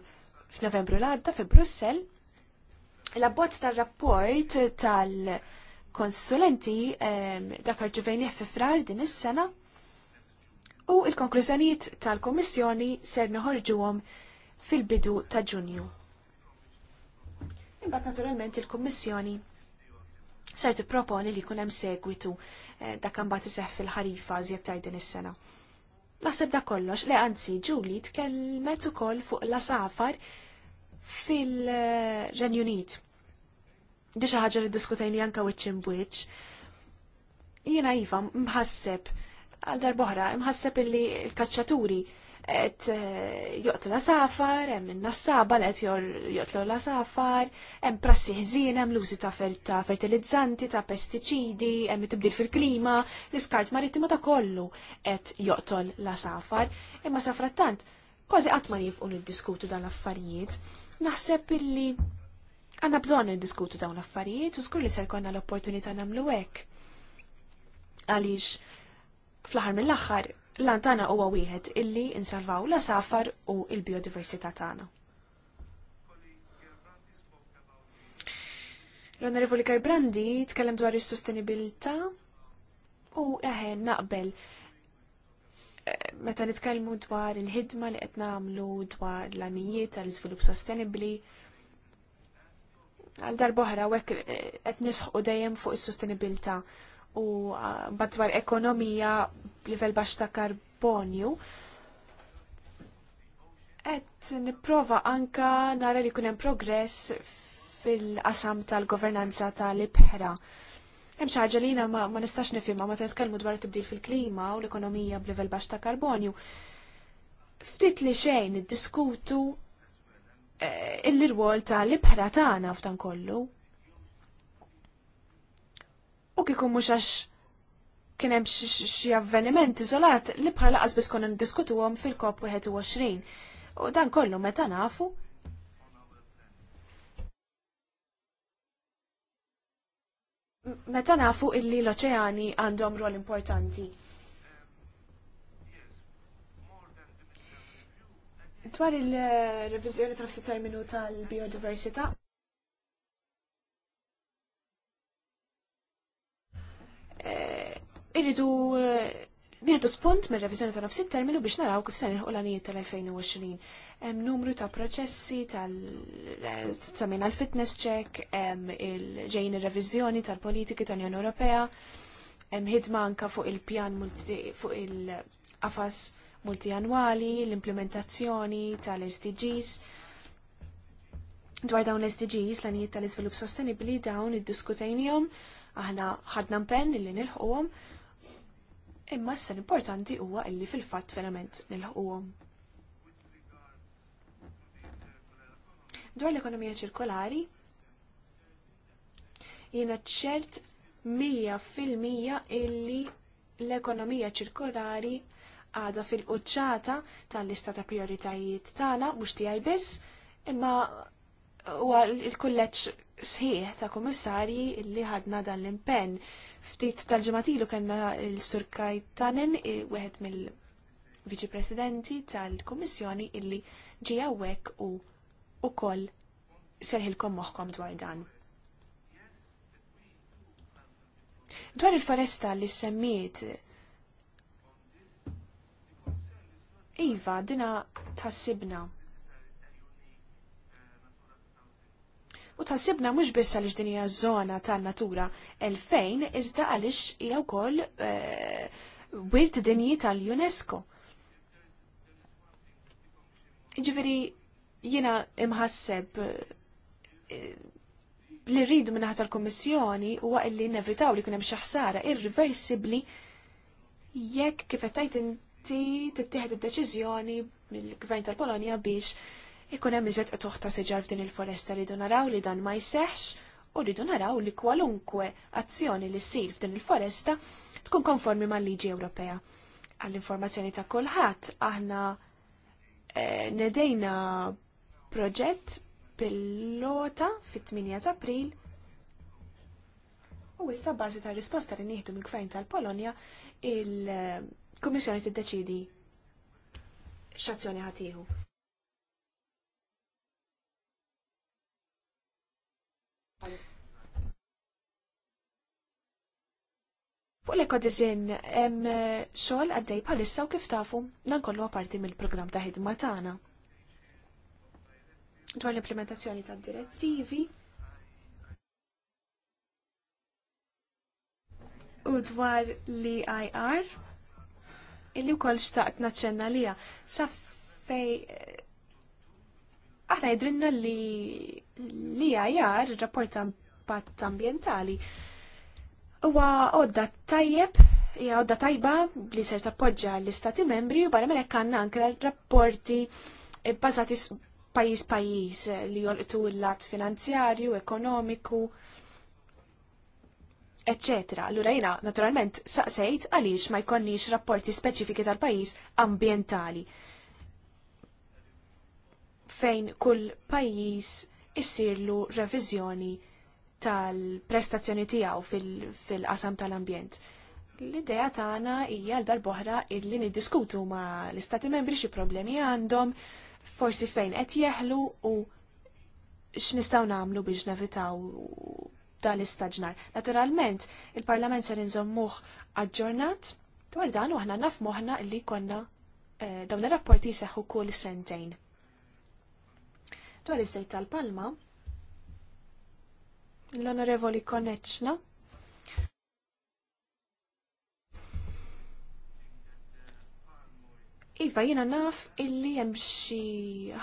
f'Novembru l-għadda fi Brussell l abbot tal-rapport tal-konsulenti eh, dakar arġivejni f frar din is-sena u il-konklużjonijiet tal-Komissjoni ser noħorġuhom fil-bidu ta' Ġunju. Imbagħad naturalment il-Kummissjoni ser tipproponi li jkun hemm segwitu eh, dak imbagħad iseħħ fil-ħarifa żjed tgħid din is-sena. Naħseb da kollox, le anzi, Ġuli tkellmet ukoll fuq la safar fil-Renju Unit. xi ħaġa li diskutajni anke wiċċ in Jiena iva, mħasseb għal darboħra, imħasseb illi l-kacċaturi qed eh, joqtlu l-asafar, hemm in-nassaba li qed joqtlu l-asafar, hemm prassi ħżien, hemm l-użi ta' fertilizzanti, ta' pestiċidi, hemm tibdil fil-klima, l-iskart marittimu ta' kollu qed joqtol l-asafar. Imma safrattant, kważi qatt ma jifqu niddiskutu dan l-affarijiet. Naħseb illi għandna bżonn niddiskutu dawn l-affarijiet u skur li ser konna l-opportunità nagħmlu hekk. Għaliex Fl-aħħar mill-aħħar, lan tana huwa wieħed illi insalvaw la safar u l-biodiversità tagħna. L-Onorevoli Karbrandi tkellem dwar is-sostenibilità u eħen naqbel eh, meta nitkellmu dwar il-ħidma li qed nagħmlu dwar l-anijiet tal-iżvilupp sostenibbli. Għal darboħra hekk eh, qed nisħqu dejjem fuq is-sostenibilità u batwar ekonomija livell baxx ta' karbonju. Et niprofa anka nara li kunem progress fil-qasam tal-governanza tal-ibħra. Hemm xi ħaġa li jiena ma, ma nistax nifhimha meta nitkellmu dwar tibdil fil-klima u l-ekonomija b'livell baxx ta' karbonju. Ftit li xejn iddiskutu eh, l-irwol tal-ibħra tagħna f'dan kollu u kieku mhux għax kien hemm xi avveniment iżolat li bħal laqas biss konna għom fil-COP 21. U dan kollu meta nafu meta nafu illi l-oċeani għandhom rol importanti. Dwar il-revizjoni tal-biodiversità. Eh, irridu eh, Nieħdu spunt mir revizjoni ta' nofs terminu biex naraw kif se nilħu l-għanijiet tal-2020. Hemm numru ta' proċessi tal-samin l fitness check, hemm il-ġejn ir-reviżjoni tal-politiki tal-Unjoni Ewropea, hemm ħidma anka fuq il-pjan fuq il-qafas multianwali, l-implementazzjoni tal-SDGs. Dwar dawn l-SDGs, l-għanijiet tal-iżvilupp sostenibbli dawn id diskutejnijom Aħna ħadna mpenn li nilħquhom, imma issa importanti huwa illi fil-fatt verament nilħquhom. Dwar l-ekonomija ċirkolari, jiena ċert mija fil-mija illi l-ekonomija ċirkolari għada fil-qoċċata tal-lista ta' prioritajiet tagħna mhux tiegħi biss, imma u il-kulleġġ sħiħ ta' kummissarji li ħadna dan l-impenn. Ftit tal-ġematilu kellna l-Sur Kajtanen, wieħed mill-Viċi Presidenti tal-Kummissjoni illi ġie u u koll serħilkom moħħkom dwar dan. Dwar il-foresta li semmiet Iva, dina tassibna. U tasibna mhux biss għaliex din hija żona ta' natura elfejn iżda għaliex hija wkoll eh, wirt dinji tal-UNESCO. Ġifieri jiena imħasseb eh, li rridu minn ħata l-Kommissjoni huwa li nevitaw li kien hemm xi ħsara irreversibbli jekk kif qed tajt inti tittieħed id-deċiżjoni mill-Gvern tal-Polonja biex ikun hemm iżed qed ta' siġar f'din il-foresta li naraw li dan ma jseħħx u rridu naraw li kwalunkwe azzjoni li ssir f'din il-foresta tkun konformi mal-liġi Ewropea. Għall-informazzjoni ta' kulħadd aħna eh, nedejna proġett pillota fit-8 ta' April u issa bażi ta' risposta li nieħdu mill-Gvern tal-Polonja il-Kummissjoni tiddeċidi x'azzjoni ħatiħu. Fuq l dizin, hemm eh, xogħol għaddej bħalissa u kif tafu nan kollu għaparti mill-programm ta' ħidma tagħna. Dwar l-implementazzjoni ta' direttivi u dwar l-IR illi wkoll xtaqt naċċenna lija sa fej eh, aħna jidrinna li l-IR, rapport ta' impatt ambjentali huwa odda tajjeb, ja odda tajba li ser tappoġġa l-istati membri u barra melek għandna anke rapporti bbażati pajjiż pajjiż li jolqtu l-lat finanzjarju, ekonomiku, etc. Allura jina, naturalment, saqsejt għaliex ma jkonniex rapporti speċifiki tal-pajjiż ambientali fejn kull pajjiż issirlu revizjoni tal-prestazzjoni tiegħu fil-qasam fil tal-ambjent. L-idea tagħna hija l darboħra illi niddiskutu ma l-istati membri xi problemi għandhom, forsi fejn qed jeħlu u x'nistgħu nagħmlu biex nevitaw dan l-istaġnar. Naturalment, il-Parlament ser inżommuh aġġornat dwar dan u aħna naf moħħna li konna eh, dawn ir-rapporti seħħu kull sentejn. Dwar iż-żejt tal-palma, l-Onorevoli Koneċna. Iva, jina naf illi hemm xi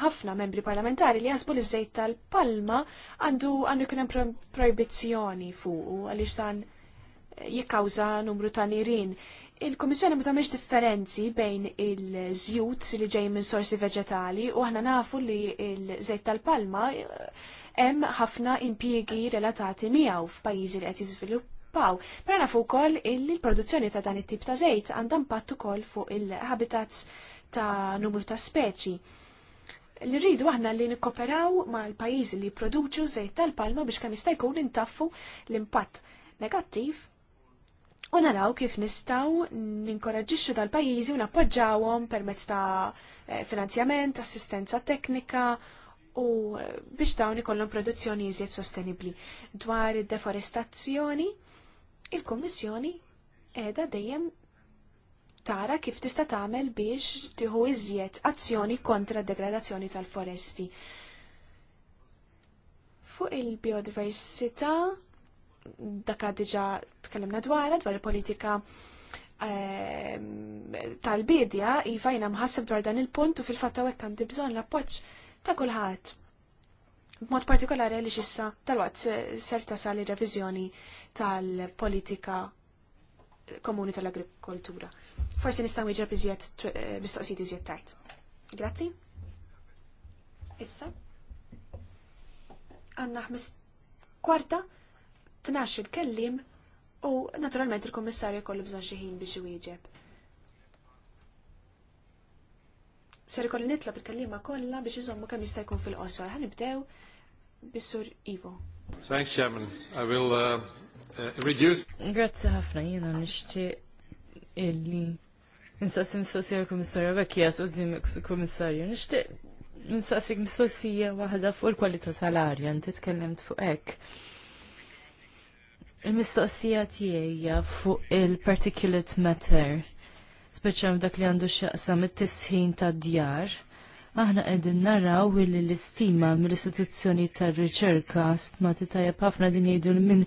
ħafna membri parlamentari li jasbu li żejt tal-palma għandu għandu kien hemm proibizzjoni fuq għaliex dan jikkawża numru ta' nirin. Il-Komissjoni ma tagħmilx differenzi bejn il-żjut li ġej minn sorsi veġetali u aħna nafu li l-żejt tal-palma hemm ħafna impjiegi relatati miegħu f'pajjiżi li qed jiżviluppaw. Però nafu wkoll illi l-produzzjoni ta' dan it-tip ta' żejt għandha impatt ukoll fuq il-habitats ta' numru ta' speċi. Li rridu aħna li nikkoperaw mal-pajjiżi li jproduċu żejt tal-palma biex kemm jista' jkun intaffu l-impatt negattiv u naraw kif nistaw ninkoraġġixxu dal-pajjiżi u nappoġġawhom permezz ta' eh, finanzjament, assistenza teknika u biex dawn ikollhom produzzjoni iżjed sostenibbli. Dwar id-deforestazzjoni, il-Kummissjoni qiegħda dejjem tara kif tista' tagħmel biex tieħu iżjed azzjoni kontra d degradazzjoni tal-foresti. Fuq il-biodiversità, dak diġà tkellimna dwarha dwar il-politika ehm, tal-bidja, iva jiena mħassib dwar dan il-punt u fil fatt hawnhekk għandi bżonn l appoġġ ta' kulħadd. B'mod partikolari li xissa tal-waqt ser tasal ir-reviżjoni tal-politika komuni tal-agrikoltura. Forsi nistgħu jiġab iżjed eh, mistoqsijiet iżjed tajt. Grazzi. Issa. Għanna ħmis kwarta, tnax il-kellim u naturalment il-kommissarju kollu bżon xi ħin biex jwieġeb. Ser ikolli nitlob bil-kallima kolla biex iżommu kemm jista' jkun fil-qosor. Ħanibdew bis-sur Ivo. Thanks, Chairman. I will uh, uh, reduce. Grazie ħafna jiena nishti illi Nsasim s-sosija l-Kummissarju Bekkijat u dim Nishti nsasim s-sosija waħda fuq l-kwalita tal-arja, inti tkellimt fuq ek. Il-mistoqsija tijeja fuq il-particulate matter speċjalment dak li għandu x'jaqsam it-tisħin tad-djar. Aħna qegħdin naraw li l-istima mill-istituzzjoni tar-riċerka stmati tajjeb ħafna din jgħidu minn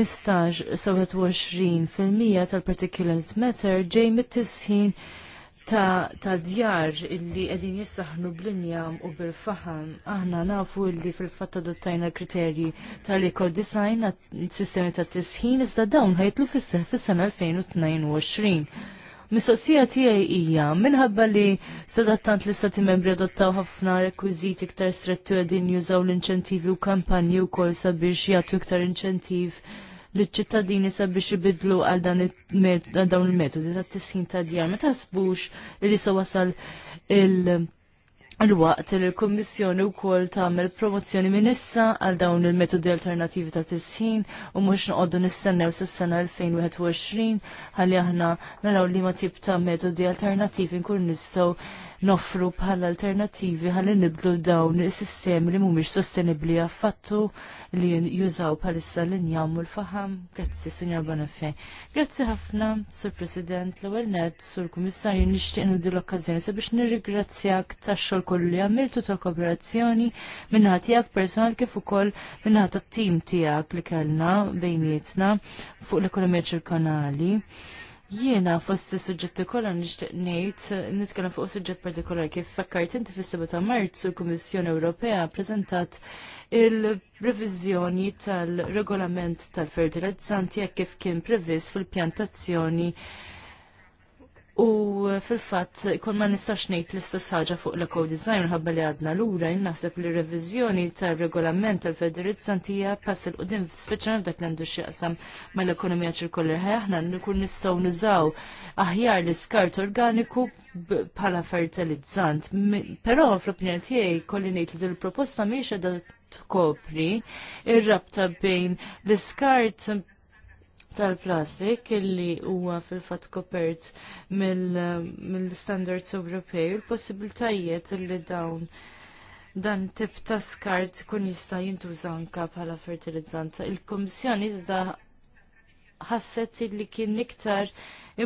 mistaġ 27% tal-particulate matter ġej mit-tisħin ta', ta djar illi qegħdin jissaħnu bl u bil-faham, aħna nafu illi fil-fatt adottajna kriterji tal-eco design sistemi ta' tisħin iżda dawn ħajtlu fis-seħ fis-sena 2022. Mistoqsija tiegħi hija minħabba li sadattant l-istati membri adottaw ħafna rekwiżiti iktar strettu qegħdin jużaw l-inċentivi u kampanji wkoll sabiex jagħtu iktar inċentiv l-ċittadini sabiex ibidlu għal dawn il-metodi ta' tisħin ta' djar. Ma tasbux li sa wasal il- għal waqt li l-Kommissjoni wkoll tagħmel promozzjoni minn issa għal dawn il-metodi alternativi ta' tisħin u mhux noqogħdu nistennew s sena 2021 ħalli aħna naraw li ma tip ta' metodi alternativi nkun nistgħu noffru bħala alternativi ħalli nibdlu dawn is-sistemi li mhumiex sostenibbli għaffattu li jużaw bħalissa li injamu l-faham. Grazzi, Signor Bonafè. Grazzi ħafna, Sur President, l-ewwel net, Sur Kummissarju, nixtieq nuddi l-okkażjoni sabiex nirrigrazzjak tax-xogħol kollu li għamiltu tal-kooperazzjoni minnaħa tiegħek personal kif ukoll minnaħa tat-tim tiegħek li kellna bejnietna fuq l-ekonomija ċirkonali. Jiena fost suġġetti kollha nixtieq ngħid nitkellem fuq suġġett partikolari kif fakkart inti fis-7 ta' Marzu l-Kummissjoni Ewropea ppreżentat il previżjoni tal-regolament tal-fertilizzanti jekk kif kien previst fil-pjantazzjoni U fil-fatt, kon ma nistax ngħid l-istess ħaġa fuq l code design ħabba li għadna lura, jinnaħseb li reviżjoni tar-regolament tal federizzant hija pass il qudiem speċjalment dak li għandu ma mal-ekonomija ċirkolari aħna nkun nistgħu nużaw aħjar l-iskart organiku bħala fertilizzant. Però fl-opinjoni tiegħi kolli ngħid li dil-proposta mhix qiegħda tkopri ir-rabta bejn l-iskart tal-plastik illi huwa fil-fatt kopert mill-standards Ewropej u l-possibiltajiet illi dawn dan tip ta' skart kun jista' jintuża anke bħala fertilizzant. Il-Kummissjoni iżda ħasset illi kien iktar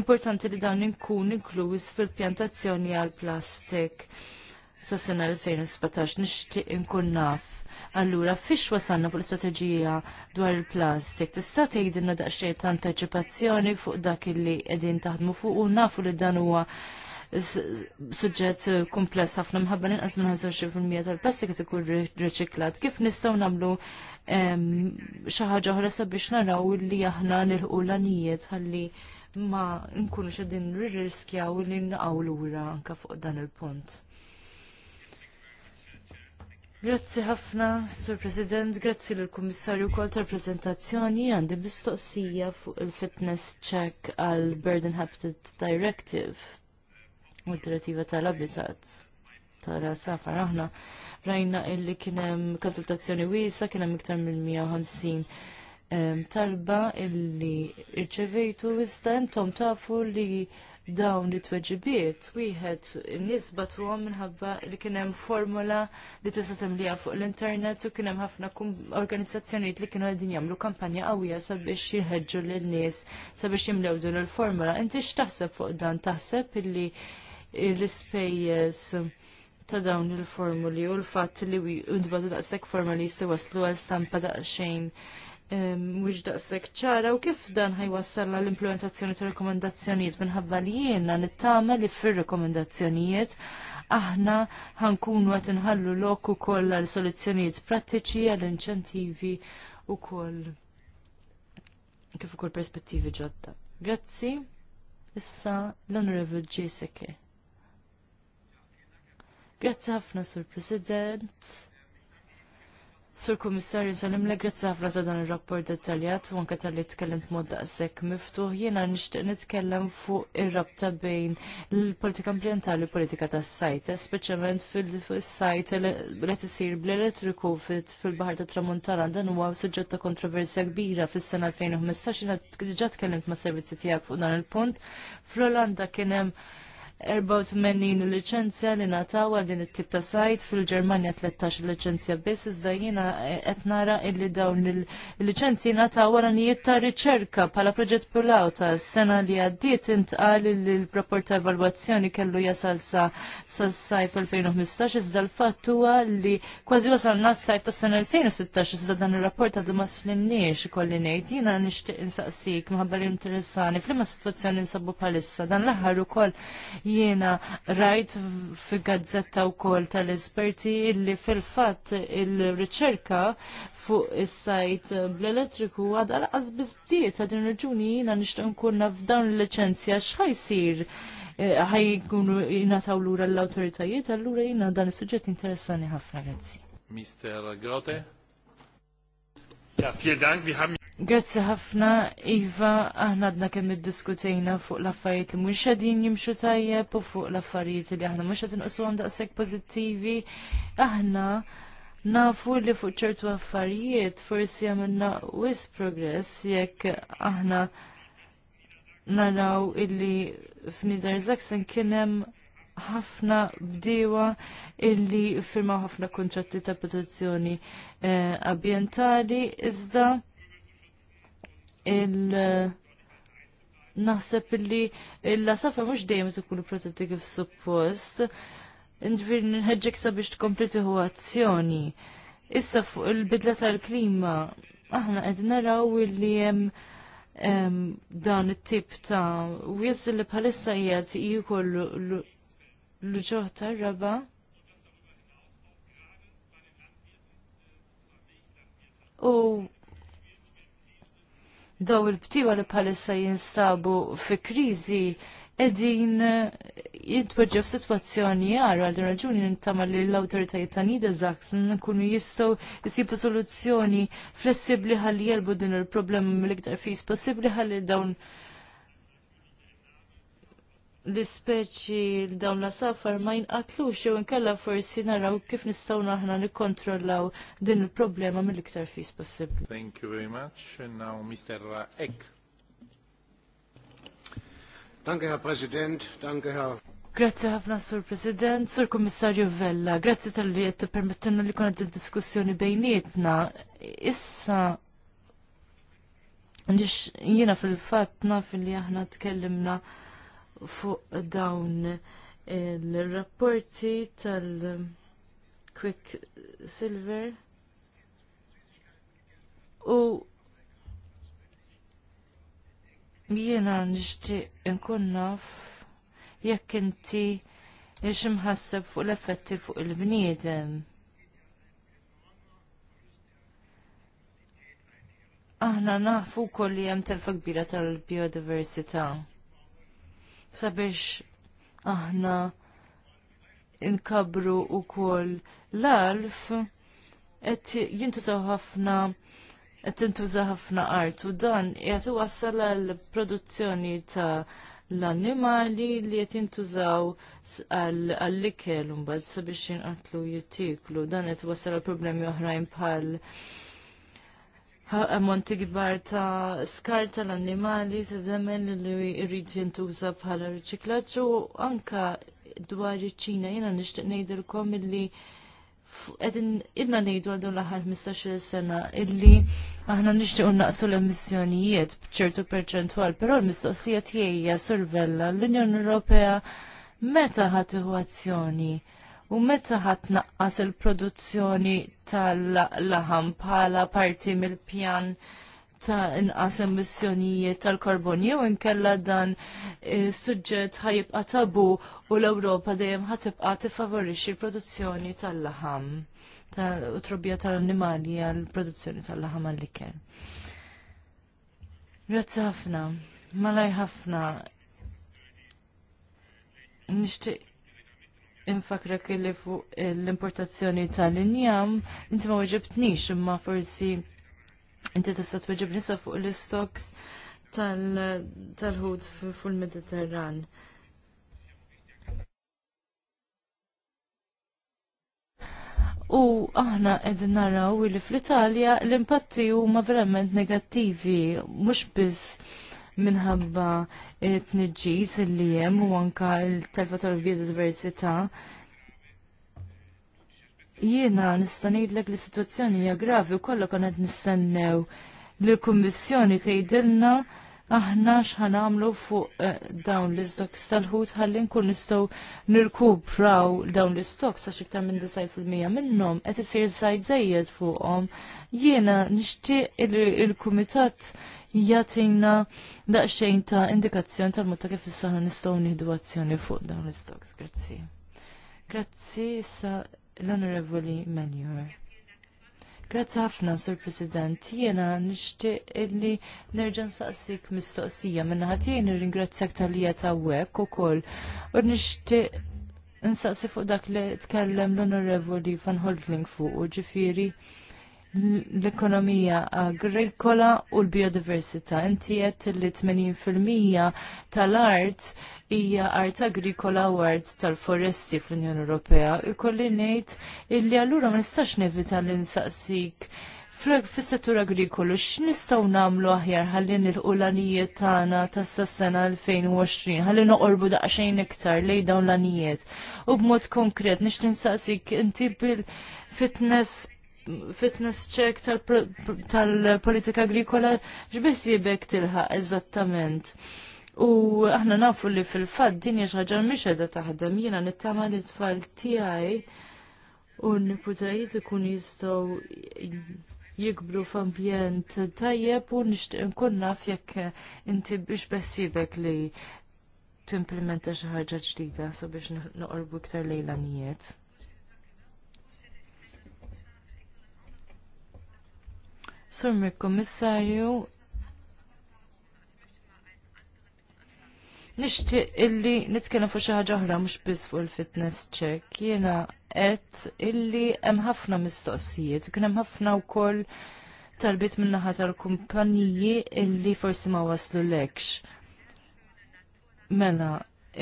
importanti li dawn inkun inkluż fil-pjantazzjoni għal plastik sa' sena 2017 nixtieq inkun naf Allura, fiex wasanna fuq l-istrateġija dwar il-plastik? Tista' tgħidilna daqsxejn ta' anteċipazzjoni fuq dak li qegħdin taħdmu fuq u nafu li dan huwa suġġett kumpless ħafna mħabba ninqas minn fil-mija tal-plastik qed ikun riċiklat. Kif nistgħu nagħmlu xi ħaġa oħra sabiex naraw li aħna nilħqu l-anijiet ħalli ma nkunu xedin nirriskjaw li nqgħu lura anka fuq dan il-punt. Grazzi ħafna, Sur President, grazzi l kummissarju kol ta' prezentazzjoni għandi mistoqsija fuq il-fitness check għal burden Habitat Directive u d-direttiva tal-habitat tal-safar aħna rajna illi kienem konsultazzjoni wisa kienem iktar minn 150 talba illi irċevejtu iżda intom tafu li dawn li tweġibiet wieħed in-nies batuhom minħabba li kien hemm formula li tista' temliha fuq l-internet u kien hemm ħafna organizzazzjonijiet li kienu qegħdin jagħmlu kampanja qawwija sabiex jieħeġġu lin-nies sabiex jimlew din il-formula. Inti x'taħseb fuq dan taħseb illi l-ispejjeż ta' dawn il-formuli u l-fatt li d-badu daqshekk formuli jistu waslu għal stampa daqsxejn mwix daqshekk ċara u kif dan ħajwassal l-implementazzjoni ta' rekomendazzjonijiet minħabba li jiena nittama li fir-rekomendazzjonijiet aħna ħankunu qed nħallu lok ukoll għal soluzzjonijiet prattiċi għal inċentivi koll kif ukoll perspettivi ġodda. Grazzi, issa l-Honorable J. Grazzi ħafna, Sur President. Sur Kummissarju Salim l-grazzi ta' dan ir-rapport dettaljat u anke tal-li tkellimt mod daqshekk miftuħ. Jiena nixtieq nitkellem fuq ir-rabta bejn il-politika ambjentali u politika tas-sajt, speċjalment fil-sajt li qed isir bl-elettriku fil-Baħar tat Tramuntana dan huwa suġġett ta' kontroversja kbira fis-sena 2015 jena diġà tkellimt ma' servizzi tiegħek fuq dan il-punt. Fl-Olanda kien hemm 84 liċenzja li nataw għal din it-tip ta' sajt fil-Ġermanja 13 licenzja biss iżda jiena eh, qed nara illi dawn il-liċenzji nataw għal anijiet ta' riċerka bħala proġett Pulaw ta' sena li għaddiet intqal li l-rapport ta' evalwazzjoni kellu jasal sa' sajf 2015 iżda l-fatt huwa li kważi wasal nas sajf ta' sena 2016 iżda dan ir-rapport għadu ma sflimniex kolli ngħid jiena nixtieq insaqsik minħabba li interessani fl-imma sitwazzjoni nsabu bħalissa dan l-aħħar ukoll jiena rajt fi gazzetta wkoll tal-esperti illi fil-fatt il-riċerka fuq is-sajt bl-elettriku għadha għazbiz bdiet ta' din raġuni jiena nixtieq nkun naf dawn il-liċenzja eh, ħaj ħajkunu jina lura l-awtoritajiet allura jiena dan is-suġġett interessani ħafna grazzi. Mr. Grote. Ja, vielen Dank. Wir haben Grazzi ħafna, Iva, aħna għadna kemm iddiskutejna fuq l-affarijiet li mhux qegħdin jimxu tajjeb u fuq l-affarijiet li aħna mhux qed inqosuhom daqshekk pożittivi. Aħna nafu li fuq ċertu affarijiet forsi għamilna wis progress jekk aħna naraw illi f'Nidar Zaksen kien hemm ħafna bdiewa illi firmaw ħafna kontratti ta' protezzjoni eh, ambjentali iżda il- naħseb illi il-lasafa mux dejjem tkun protetti kif suppost, nġvir nħedġek sabiex tkompli tieħu azzjoni. Issa fuq il-bidla tal-klima, aħna qed naraw illi hemm dan it-tip ta' wies li bħalissa hija ju kollu l-ġoħ tar-raba. U daw il-btiwa li bħalissa jinstabu fi kriżi edin eh, jitpoġġew f'sitwazzjoni għar għal raġuni nintama li l-awtoritajiet ta' Niedersachs nkunu jistgħu jsibu soluzzjoni flessibbli ħalli jelbu din il-problema mill-iktar fis possibbli ħalli dawn l-ispeċi l-dawn la safar ma jinqatlux jew nkella forsi naraw kif nistgħu naħna nikkontrollaw din il-problema mill-iktar fis possibbli. Thank you very much. And now Mr. Eck. Danke, Herr President. Danke, Herr Grazzi ħafna, Sur President, Sur Kommissarju Vella, grazzi tal-li jett permettenna li kunet diskussjoni bejnietna. Issa, għandix jena fil-fat naf li aħna tkellimna fuq dawn il-rapporti tal-Quick Silver u jiena nixtieq inkun naf jekk inti ix imħasseb fuq l-effetti fuq il-bniedem. Aħna nafu kolli hemm telfa kbira tal-biodiversità sabiex aħna inkabru u koll l-alf et jintużaw ħafna et jintużaw ħafna art u dan jgħat wassal l-produzzjoni ta' l animali li qed jintużaw għall-ikel mbagħad sabiex jinqatlu jittiklu dan qed wasal għal problemi oħrajn bħal monti kbar ta' skar tal-annimali ta' żemmen li jrid jintuża bħala riċiklaġġ u anka dwar iċ-Ċina jiena nixtieq ngħidilkom illi qegħdin ilna ngħidu għal dawn l-aħħar 15-il sena illi aħna nixtiequ naqsu l-emissjonijiet b'ċertu perċentwal, però l-mistoqsija tiegħi hija sorvella l-Unjoni Ewropea meta ħadd azzjoni U meta ħadd naqqas il-produzzjoni tal-laħam bħala parti mill-pjan ta' inqas emissjonijiet tal-karbonju inkella dan is-suġġett ħajibqa' tabu u l-Ewropa dejjem ħatibqa' tiffavorixxi l-produzzjoni tal-laħam u trobbija tal-annimali għall produzzjoni tal-laħam għall-ikel. Grazzi ħafna, malaj ħafna. Nixtieq infakra kelli fuq l-importazzjoni tal-injam, inti ma weġibtnix imma forsi inti tista' tweġib nisa fuq l-istoks tal-ħud fuq il-Mediterran. U aħna qegħdin naraw li fl-Italja l-impatti huma verament negattivi, mhux biss minħabba t-nġis li jem u anka l-telfa biodiversita. Jiena nista' ngħidlek li situazzjoni hija gravi u kollha għanet qed nistennew li l-Kummissjoni tgħidilna aħna x'ħan għamlu fuq eh, dawn l-istoks tal-ħut ħalli nkun nistgħu nirkupraw dawn l-istoks għax iktar minn 90% minnhom qed isir żgħid żejjed fuqhom. Jiena nixtieq il-kumitat jagħtina daqsxejn ta' indikazzjoni tal-mod ta' kif issa nistgħu nieħdu azzjoni fuq dawn l-istoks. Grazzi. Grazzi issa l-Onorevoli Menjur. Grazzi ħafna, Sur President. Jiena nixtieq illi nerġa' nsaqsik mistoqsija minna ħadd jien irringrazzjak tal-lija tawwek ukoll. U nixtieq nsaqsi fuq dak li tkellem l-Onorevoli Van Holdling fuq u ġifieri l-ekonomija agrikola u l-biodiversità. Inti qed li 80% tal-art hija art agrikola u art tal-foresti fl-Unjoni Ewropea. Ikolli ngħid illi allura ma nistax nevita li nsaqsik fis-settur agrikolu x'nistgħu nagħmlu aħjar ħalli nilqu tagħna tas-sena 2020 ħalli noqorbu daqsxejn iktar lejn dawn l-anijiet. U b'mod konkret nixtieq nsaqsik inti bil-fitness fitness check tal-politika agrikola ġbis jibek tilħaq eżattament. U aħna nafu li fil fad din jaxħaġa miexa da taħdem jina nittama li tfal tijaj u n-niputajiet ikun jistaw jikbru f'ambjent tajjeb u nixtieq nkun naf jekk inti biex bessibek li timplementa xi ħaġa ġdida sabiex noqorbu iktar lejlanijiet. Sur Kommissarju, Nishti illi nitkena fuq xi ħaġa oħra mhux biss fuq il-fitness check. Jiena et illi hemm ħafna mistoqsijiet u kien hemm ħafna wkoll talbiet min-naħa tal-kumpaniji illi forsi ma waslu lekx. Mela,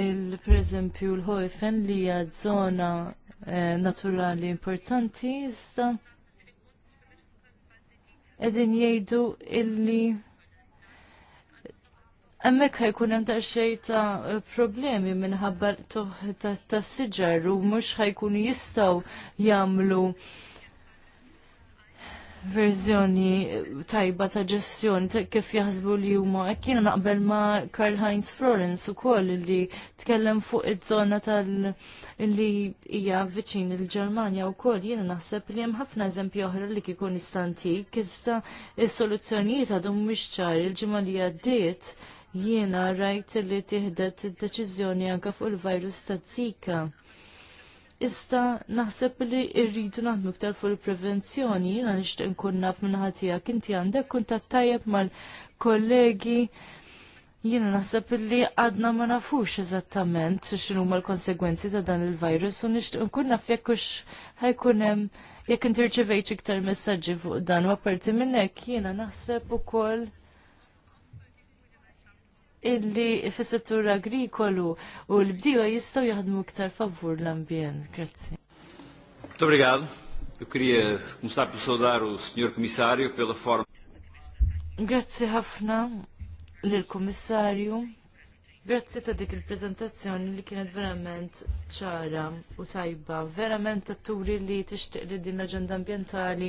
il pereżempju l ħojfen li hija żona eh, naturali importanti issa edin jgħidu illi Emmek ħajkun hemm daqsxejn ta' problemi minħabba ta' siġar u mhux ħajkunu jistgħu jagħmlu verżjoni tajba ta' ġestjoni ta' kif jaħsbu li huma hekk jiena naqbel ma' Karl Heinz Florence ukoll li tkellem fuq iż-żona tal li hija viċin il-Ġermanja wkoll jiena naħseb li hemm ħafna eżempji oħra li kieku nistantik iżda s-soluzzjonijiet għadhom mhix ċar il-ġimgħa li għaddiet jiena rajt li tieħdet id-deċiżjoni anke fuq il-virus ta' Zika Iżda naħseb li rridu naħdmu iktar fuq il-prevenzjoni, jiena nixtieq nkun naf minnaħat tiegħek inti għandek kuntatt tajjeb mal-kollegi. Jiena naħseb li għadna ma nafux eżattament x'inhu huma l-konsegwenzi ta' dan il-virus u nixtieq nkun naf jekk hux ħajkun hemm jekk inti iktar messaġġi fuq dan u apparti minn hekk jiena naħseb ukoll illi fis-settur agrikolu u l-bdiewa jistgħu jaħdmu iktar favur l-ambjent. Grazzi. Muito obrigado. Eu queria começar por saudar o Sr. Comissário pela forma. Grazzi ħafna lill-Kummissarju Grazzi ta' dik il-prezentazzjoni li kienet verament ċara u tajba, verament tatturi li tixtieq li din l-aġenda ambjentali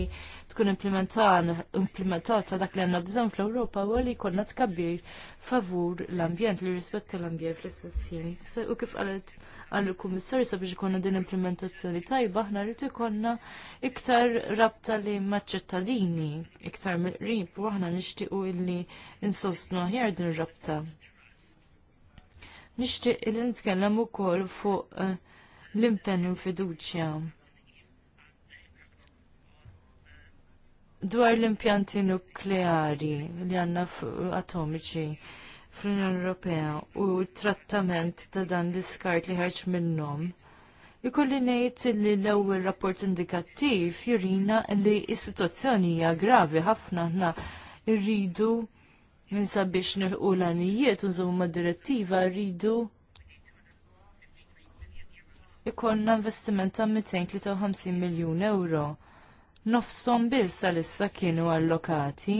tkun implementata dak li għanna bżonn fl-Ewropa u li jkollna tkabbir favur l-ambjent li rispetta l-ambjent fl-istess U kif qalet għall kummissarju sabiex ikonna din implementazzjoni tajba, aħna rrid konna iktar rabta li maċ-ċittadini, iktar mill-qrib u aħna nixtiequ illi insostnu aħjar din ir-rabta. Nixtieq li nitkellem ukoll fuq eh, l-impenn u fiduċja. Dwar l-impjanti nukleari li għanna atomiċi fl-Unjoni Ewropea u trattament ta' dan l-iskart li ħarġ minnhom. Ikolli ngħid li l-ewwel rapport indikattiv jurina li s-sitwazzjoni hija gravi ħafna ħna rridu minn biex nilqu l-għanijiet unżum ma' direttiva rridu ikonna investiment ta' 253 miljun euro. Nofsom biss għalissa kienu allokati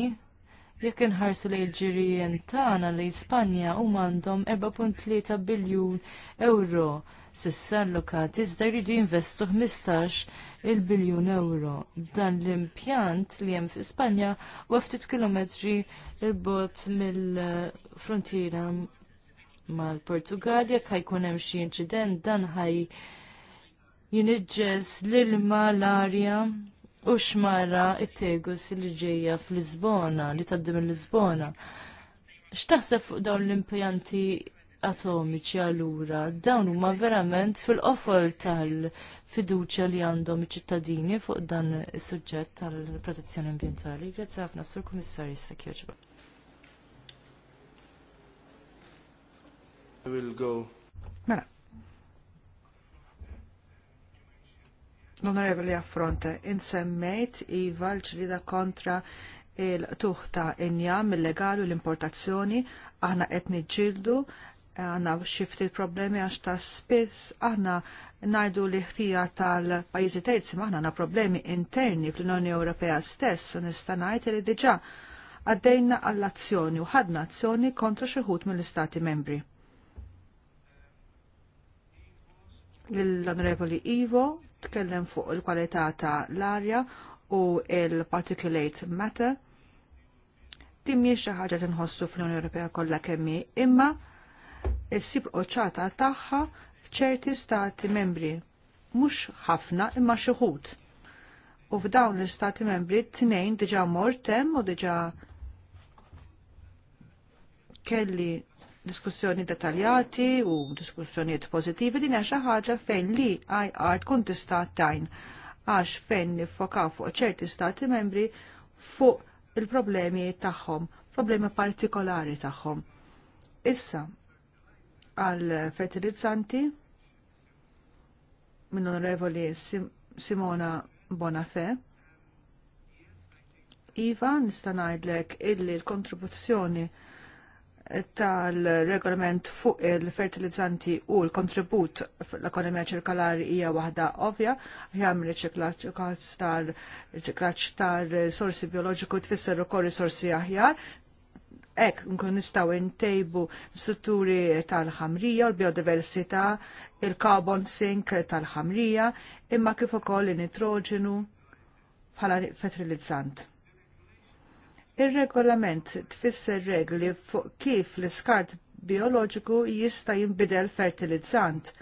jekk inħarsu li ġirien tagħna li Spanja huma għandhom 4.3 biljun euro sissa allokati iżda jridu jinvestu 15 il-biljun euro. Dan l-impjant li hemm fi Spanja huwa ftit kilometri il-bot mill-frontiera mal portugalja kaj kunem hemm xi dan ħaj jinġġes l-ilma l-arja u xmara it-tegus li ġejja fl-Lisbona, li taddim l lisbona X'taħseb fuq dawn l-impjanti atomiċi allura dawn huma verament fil-qofol tal-fiduċja li għandhom iċ-ċittadini fuq dan is-suġġett tal-protezzjoni ambjentali. Grazzi ħafna Sur Kummissarju Sekjoġba. I will go. Mela. onorevoli Affronte, insemmejt Iva l-ċrida kontra il-tuħ ta' injam il-legalu l-importazzjoni aħna qed niġġieldu għanna xift il-problemi għax ta' spiss aħna najdu li ħtija tal-pajizi terzi maħna għanna problemi interni fl-Unjoni Ewropea stess nistanajt li diġa għaddejna għall-azzjoni u ħadna azzjoni kontra xeħut mill-Istati membri. L-Onorevoli Ivo tkellem fuq il-kwalità ta' l-arja u il-particulate matter. Dimmi xi ħaġa tinħossu fl-Unjoni Ewropea kollha kemm imma issib oċata tagħha f'ċerti stati membri. Mhux ħafna imma xi U f'dawn l-istati membri t-tnejn diġà mort hemm u diġà kelli diskussjoni dettaljati u diskussjonijiet pożittivi, din xi ħaġa fejn li IR tkun tista' tajn għax fejn nifokaw fuq ċerti stati membri fuq il-problemi tagħhom, problemi partikolari tagħhom. Issa, għal fertilizzanti minn onorevoli Simona Bonafè. Iva, nista' ngħidlek illi l-kontribuzzjoni tal-regolament fuq il-fertilizzanti u l-kontribut l-ekonomija ċirkolari hija waħda ovvja, jgħam riċiklaċ tal-risorsi bioloġiku tfisser ukoll risorsi aħjar, ek nkun nistaw intejbu strutturi tal-ħamrija, l-biodiversità, il-carbon sink tal-ħamrija, imma kif ukoll il nitroġenu bħala fertilizzant. Ir-regolament tfisser regli fuq kif l-iskart bioloġiku jista' jinbidel fertilizzant.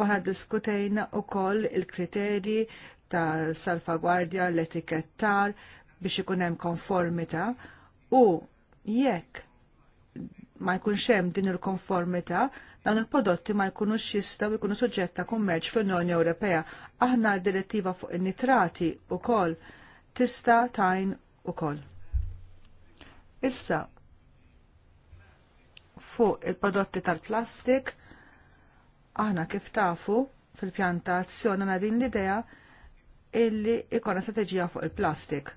Waħna diskutejna ukoll il-kriterji ta' salfagwardja l-etikettar biex ikun hemm konformità u jekk ma jkunx hemm din il-konformità, dan il-prodotti ma jkunux jistgħu jkunu suġġetta kummerċ fl-Unjoni Ewropea. Aħna d-direttiva fuq in-nitrati wkoll tista' tajn ukoll. Issa fuq il-prodotti tal-plastik aħna kif tafu fil-pjantazzjoni għandna din l-idea illi ikona strategija fuq il-plastik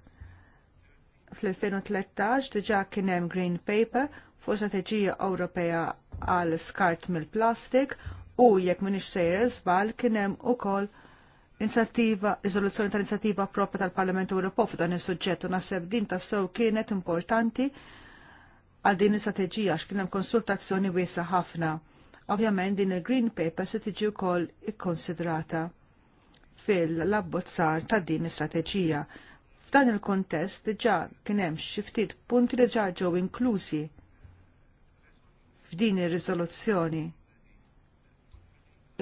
fl-2013 diġà kien hemm Green Paper fuq strateġija Ewropea għal skart mill-plastik u jekk minix sejjer żball kien hemm ukoll inizjattiva, riżoluzzjoni tal inizjattiva propja tal-Parlament Ewropew f'dan is-suġġett u naħseb din tassew kienet importanti għal din l strateġija għax kien hemm konsultazzjoni wiesa ħafna. Ovvjament din il-Green Paper se tiġi wkoll ikkonsidrata fil labbozzar ta' din l-istrateġija. F'dan il-kontest diġà kien hemm xi ftit punti li ġa ġew inklużi f'din ir-riżoluzzjoni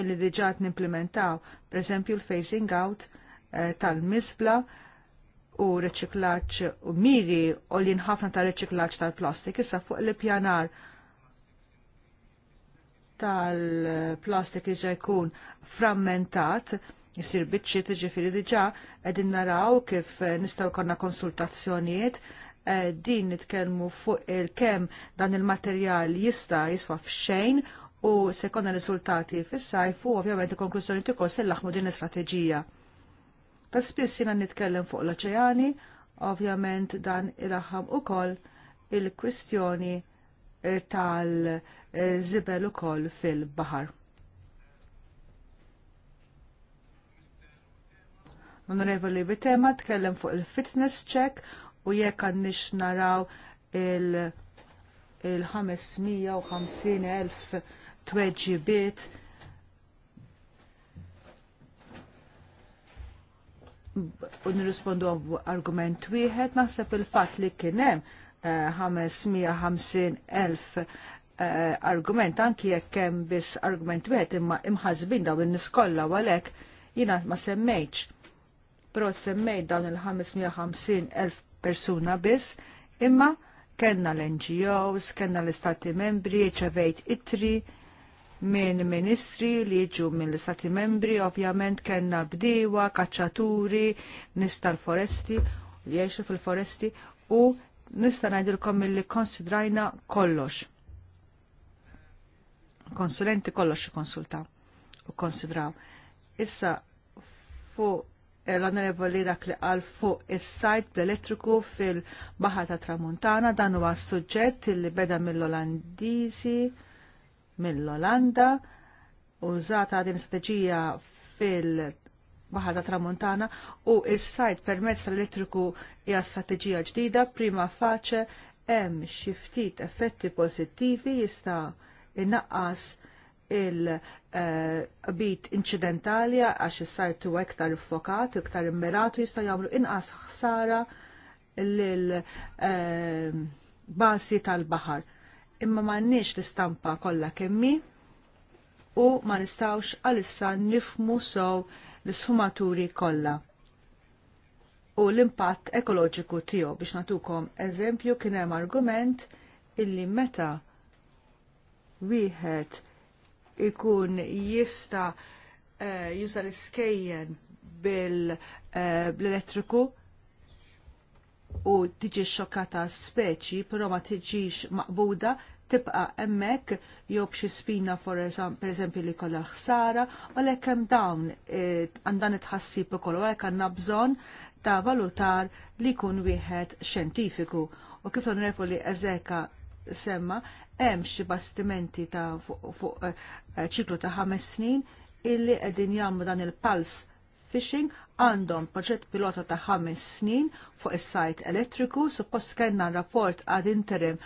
illi diġà nimplementaw, pereżempju l-phasing out eh, tal-misbla u r-riċiklaġġ u miri u li ħafna ta' riċiklaġġ tal-plastik issa fuq l pjanar tal-plastik li jkun frammentat jisir bitċi tiġifiri diġa edin naraw kif nistaw konna konsultazzjonijiet eh, din nitkellmu fuq il-kem dan il-materjal jista jiswa f'xejn u se jkollna riżultati fis u ovvjament il-konklużjoni tiko se laħmu din l strategija Ta' spiss jiena nitkellem fuq l-oċeani, ovvjament dan il u ukoll il-kwistjoni eh, tal-zibel eh, ukoll fil-baħar. Onorevoli Vitema tkellem fuq il-fitness check u jekk għandix naraw il-550.000 il tweġibiet u nirrispondu argument wieħed naħseb il-fatt li kien hemm 550.000 eh, eh, argument anki jekk hemm biss argument wieħed imma imħasbin daw in-nies kollha għalhekk jiena ma semmejtx pero semmej dawn il-550 elf persuna biss, imma kellna l-NGOs, kellna l-Istati membri, ċevejt itri minn ministri li jiġu minn l-Istati membri, ovvjament kellna bdiewa, kaċċaturi, nista l-foresti, li jiexu fil-foresti, u nista ngħidilkom milli konsidrajna kollox. Konsulenti kollox konsultaw u konsidraw. Issa fuq l-onorevoli dak li qal fuq is-sajt bl-elettriku fil bahar ta' Tramuntana dan huwa suġġett li beda mill-Olandiżi mill-Olanda użata din strateġija fil Baħar ta' Tramuntana u il sajt permezz tal-elettriku hija strateġija ġdida prima faċe hemm xi ftit effetti pożittivi jista' inaqqas il-bit inċidentali għax is sartu iktar fokat, iktar immiratu jistgħu jagħmlu inqas ħsara lill eh, basi tal-baħar. Imma m'għandniex l-istampa kollha kemmi u ma nistawx għalissa nifmu sow l-sfumaturi kollha u l-impatt ekoloġiku tiegħu biex natukom eżempju kien hemm argument illi meta wieħed ikun jista uh, juża l-iskejjen bil-elettriku eh, uh, u tiġi xokkata speċi, però ma tiġix maqbuda tibqa emmek jew b'xi spina per eżempju li kollha ħsara, u għalhekk hemm dawn eh, għandan itħassi ħassib ukoll u għalhekk għandna bżonn ta' valutar li jkun wieħed xjentifiku. U kif nrefu li eżeka semma, hemm xi bastimenti ta' fuq eh, ċiklu ta' ħames snin illi qegħdin jagħmlu dan il-pulse fishing għandhom proġett pilota ta' ħames snin fuq is-sajt elettriku, suppost kellna rapport għad interim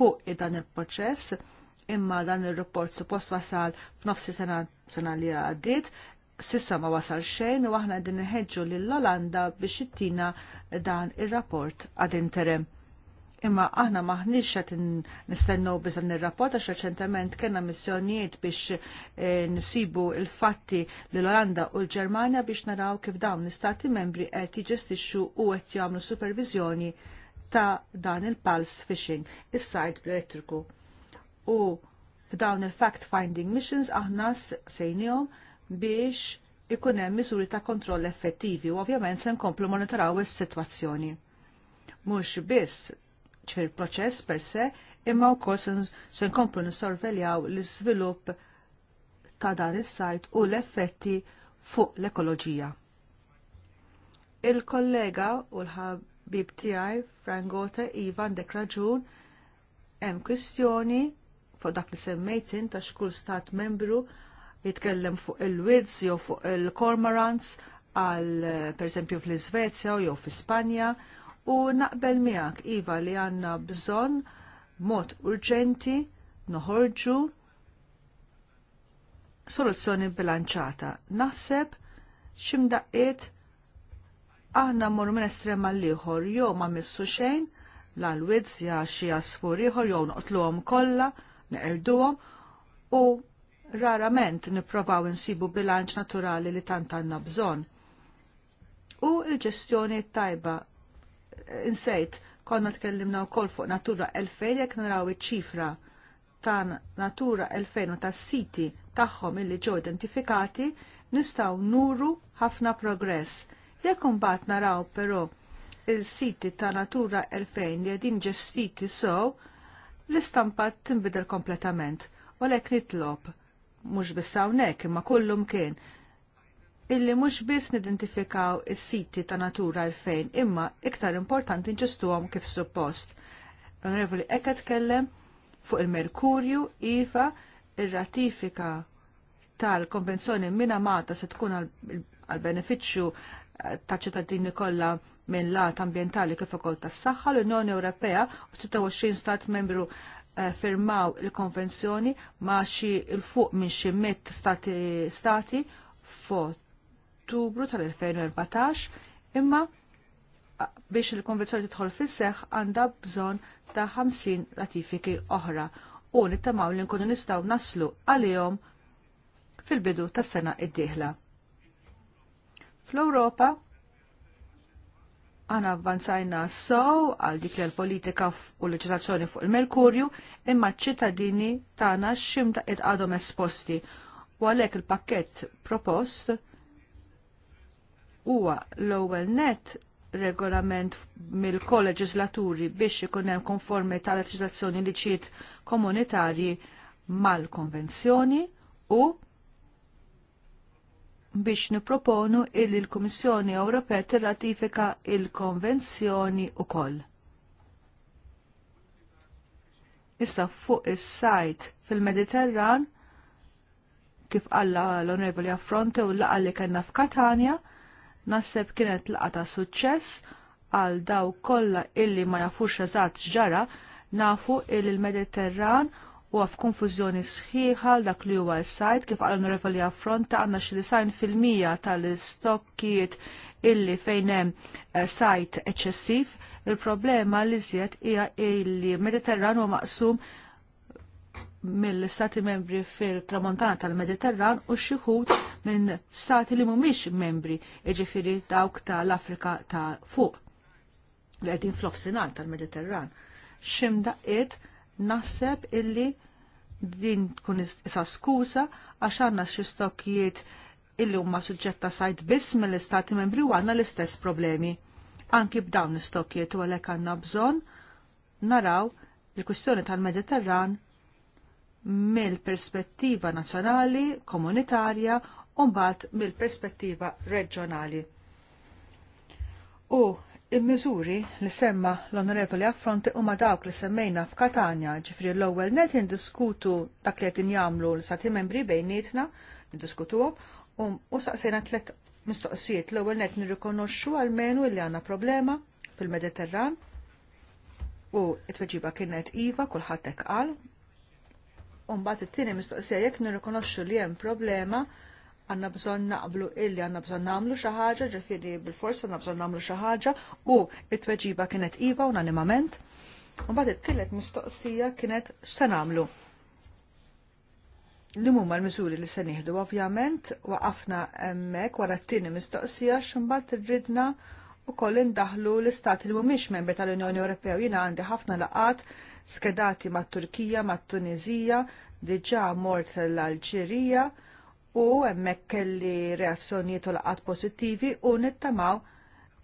fuq dan il-proċess, imma dan il-rapport suppost wasal f'nofsi sena sena li għaddiet, sissa ma wasal xejn u aħna qegħdin nħeġġu lill-Olanda biex ittina dan ir rapport għad interim imma aħna maħniex qed nistennew biss dan ir-rapport għax reċentement kellna missjonijiet biex eh, nisibu l-fatti l Olanda u l-Ġermanja biex naraw kif dawn l-istati membri qed jiġestixxu u qed jagħmlu supervizjoni ta' dan il-pulse fishing, is-sajt elettriku U f'dawn il-fact-finding missions aħna sejnijom biex ikun hemm miżuri ta' kontroll effettivi u ovvjament se nkomplu monitoraw is-sitwazzjoni. Mhux biss ċfir proċess per se, imma u kol se nkomplu nissorveljaw l svilup ta' dan is-sajt u l-effetti fuq l-ekoloġija. Il-kollega u l-ħabib Frank Gote, Ivan dek raġun hemm kwistjoni fuq dak li semmejtin ta' xkull stat membru jitkellem fuq il-wids jew fuq il-cormorants għal per esempio fl-Svezja jew fl-Spanja u naqbel miegħek iva li għandna bżonn mod urġenti noħorġu soluzzjoni bilanċata. Naħseb ximdaqqiet aħna mor minn estrema liħor jew ma missu xejn l wedz ja xi jasfur ieħor jew noqtluhom kollha, neqirduhom u rarament nipprovaw insibu bilanċ naturali li tant għandna bżonn. U l-ġestjoni tajba insejt konna tkellimna wkoll fuq Natura 2000 jekk naraw iċ-ċifra ta' Natura 2000 u ta' siti tagħhom illi ġo identifikati nistgħu nuru ħafna progress. Jekk imbagħad naraw però il-siti ta' Natura 2000 li qegħdin ġestiti so, l-istampa tinbidel kompletament. U Għalhekk nitlob mhux biss hawnhekk imma kullum kien illi mhux biss nidentifikaw is-siti ta' natura l fejn, imma iktar importanti nġistuhom kif suppost. L-Onorevoli Eka tkellem fuq il-Merkurju, IVA, ir-ratifika il merkurju iva ir ratifika tal konvenzjoni minamata se tkun għal-beneficju eh, ta' ċittadini kollha minn lat ambjentali kif ukoll tas-saħħa l-Unjoni Ewropea u 26 stat membru eh, firmaw il-konvenzjoni ma' xi il-fuq minn xi mitt stati, stati fuq ottubru tal-2014 imma biex il-konvenzjoni tidħol fis-seħħ għandha bżonn ta' 50 ratifiki oħra u nittamaw li nkunu nistgħu naslu għalihom fil-bidu tas-sena id-dieħla. Fl-Ewropa għana avvanzajna sow għal dik l-politika u leġislazzjoni fuq il-Merkurju imma ċittadini tagħna ximta qed għadhom esposti u għalhekk il-pakkett propost huwa l-ewwel net regolament mill-koleġislaturi biex ikun hemm konformi tal-leġislazzjoni li ċiet komunitarji mal-konvenzjoni u biex niproponu illi l-Kummissjoni Ewropea tirratifika il-konvenzjoni wkoll. Issa fuq is-sajt fil-Mediterran kif alla l-Onorevoli Affronte u l-laqalli kellna f'Katania, Nasseb kienet laqata suċċess għal daw kollha illi ma jafux eżatt ġara, nafu illi l mediterran u għaf konfuzjoni sħiħa dak li huwa s-sajt kif għal li affronta għanna xi fil-mija tal-istokkijiet illi fejn hemm eh, sajt eċċessiv, il-problema li żjed hija illi Mediterran huwa maqsum mill-stati membri fil-tramontana tal-Mediterran u xieħut minn stati li mumiex membri, iġifiri dawk tal-Afrika ta' fuq li għedin fl-ofsinal tal-Mediterran. Ximda it naħseb illi din tkun isa skusa għax għanna xi illi huma suġġetta sajt biss mill-istati membri u għanna l-istess problemi. Anki b'dawn l u għalhekk għandna bżonn naraw il-kwistjoni tal-Mediterran mill-perspettiva nazzjonali, komunitarja u mbagħad mill-perspettiva reġjonali. U il-miżuri li semma l-Onorevoli Affronti huma dawk li semmejna f'Katania, ġifri l-ewwel net indiskutu dak li qed jagħmlu l sati membri bejnietna, niddiskutuhom, um, u saqsejna tliet mistoqsijiet l-ewwel net nirrikonoxxu għalmenu li għandna problema fil-Mediterran u t tweġiba kienet iva kulħadd hekk qal Umbat it-tieni mistoqsija jekk nirrikonoxxu li hemm problema għanna bżon naqblu illi għanna bżon namlu xaħġa, ġifiri bil-fors għanna bżon namlu xaħġa u it-tweġiba kienet iva unanimament. U bat it-tillet mistoqsija kienet xta namlu. Li mumma l-mizuri li se nieħdu ovvjament waqafna emmek wara t-tieni mistoqsija x'imbat irridna ridna koll indaħlu l-istati li mhumiex membri tal-Unjoni Ewropea jiena għandi ħafna laqat skedati mat-Turkija, mat-Tunizija, diġà mort l-Alġerija u hemmhekk kelli reazzjonijiet u laqat pożittivi u nittamaw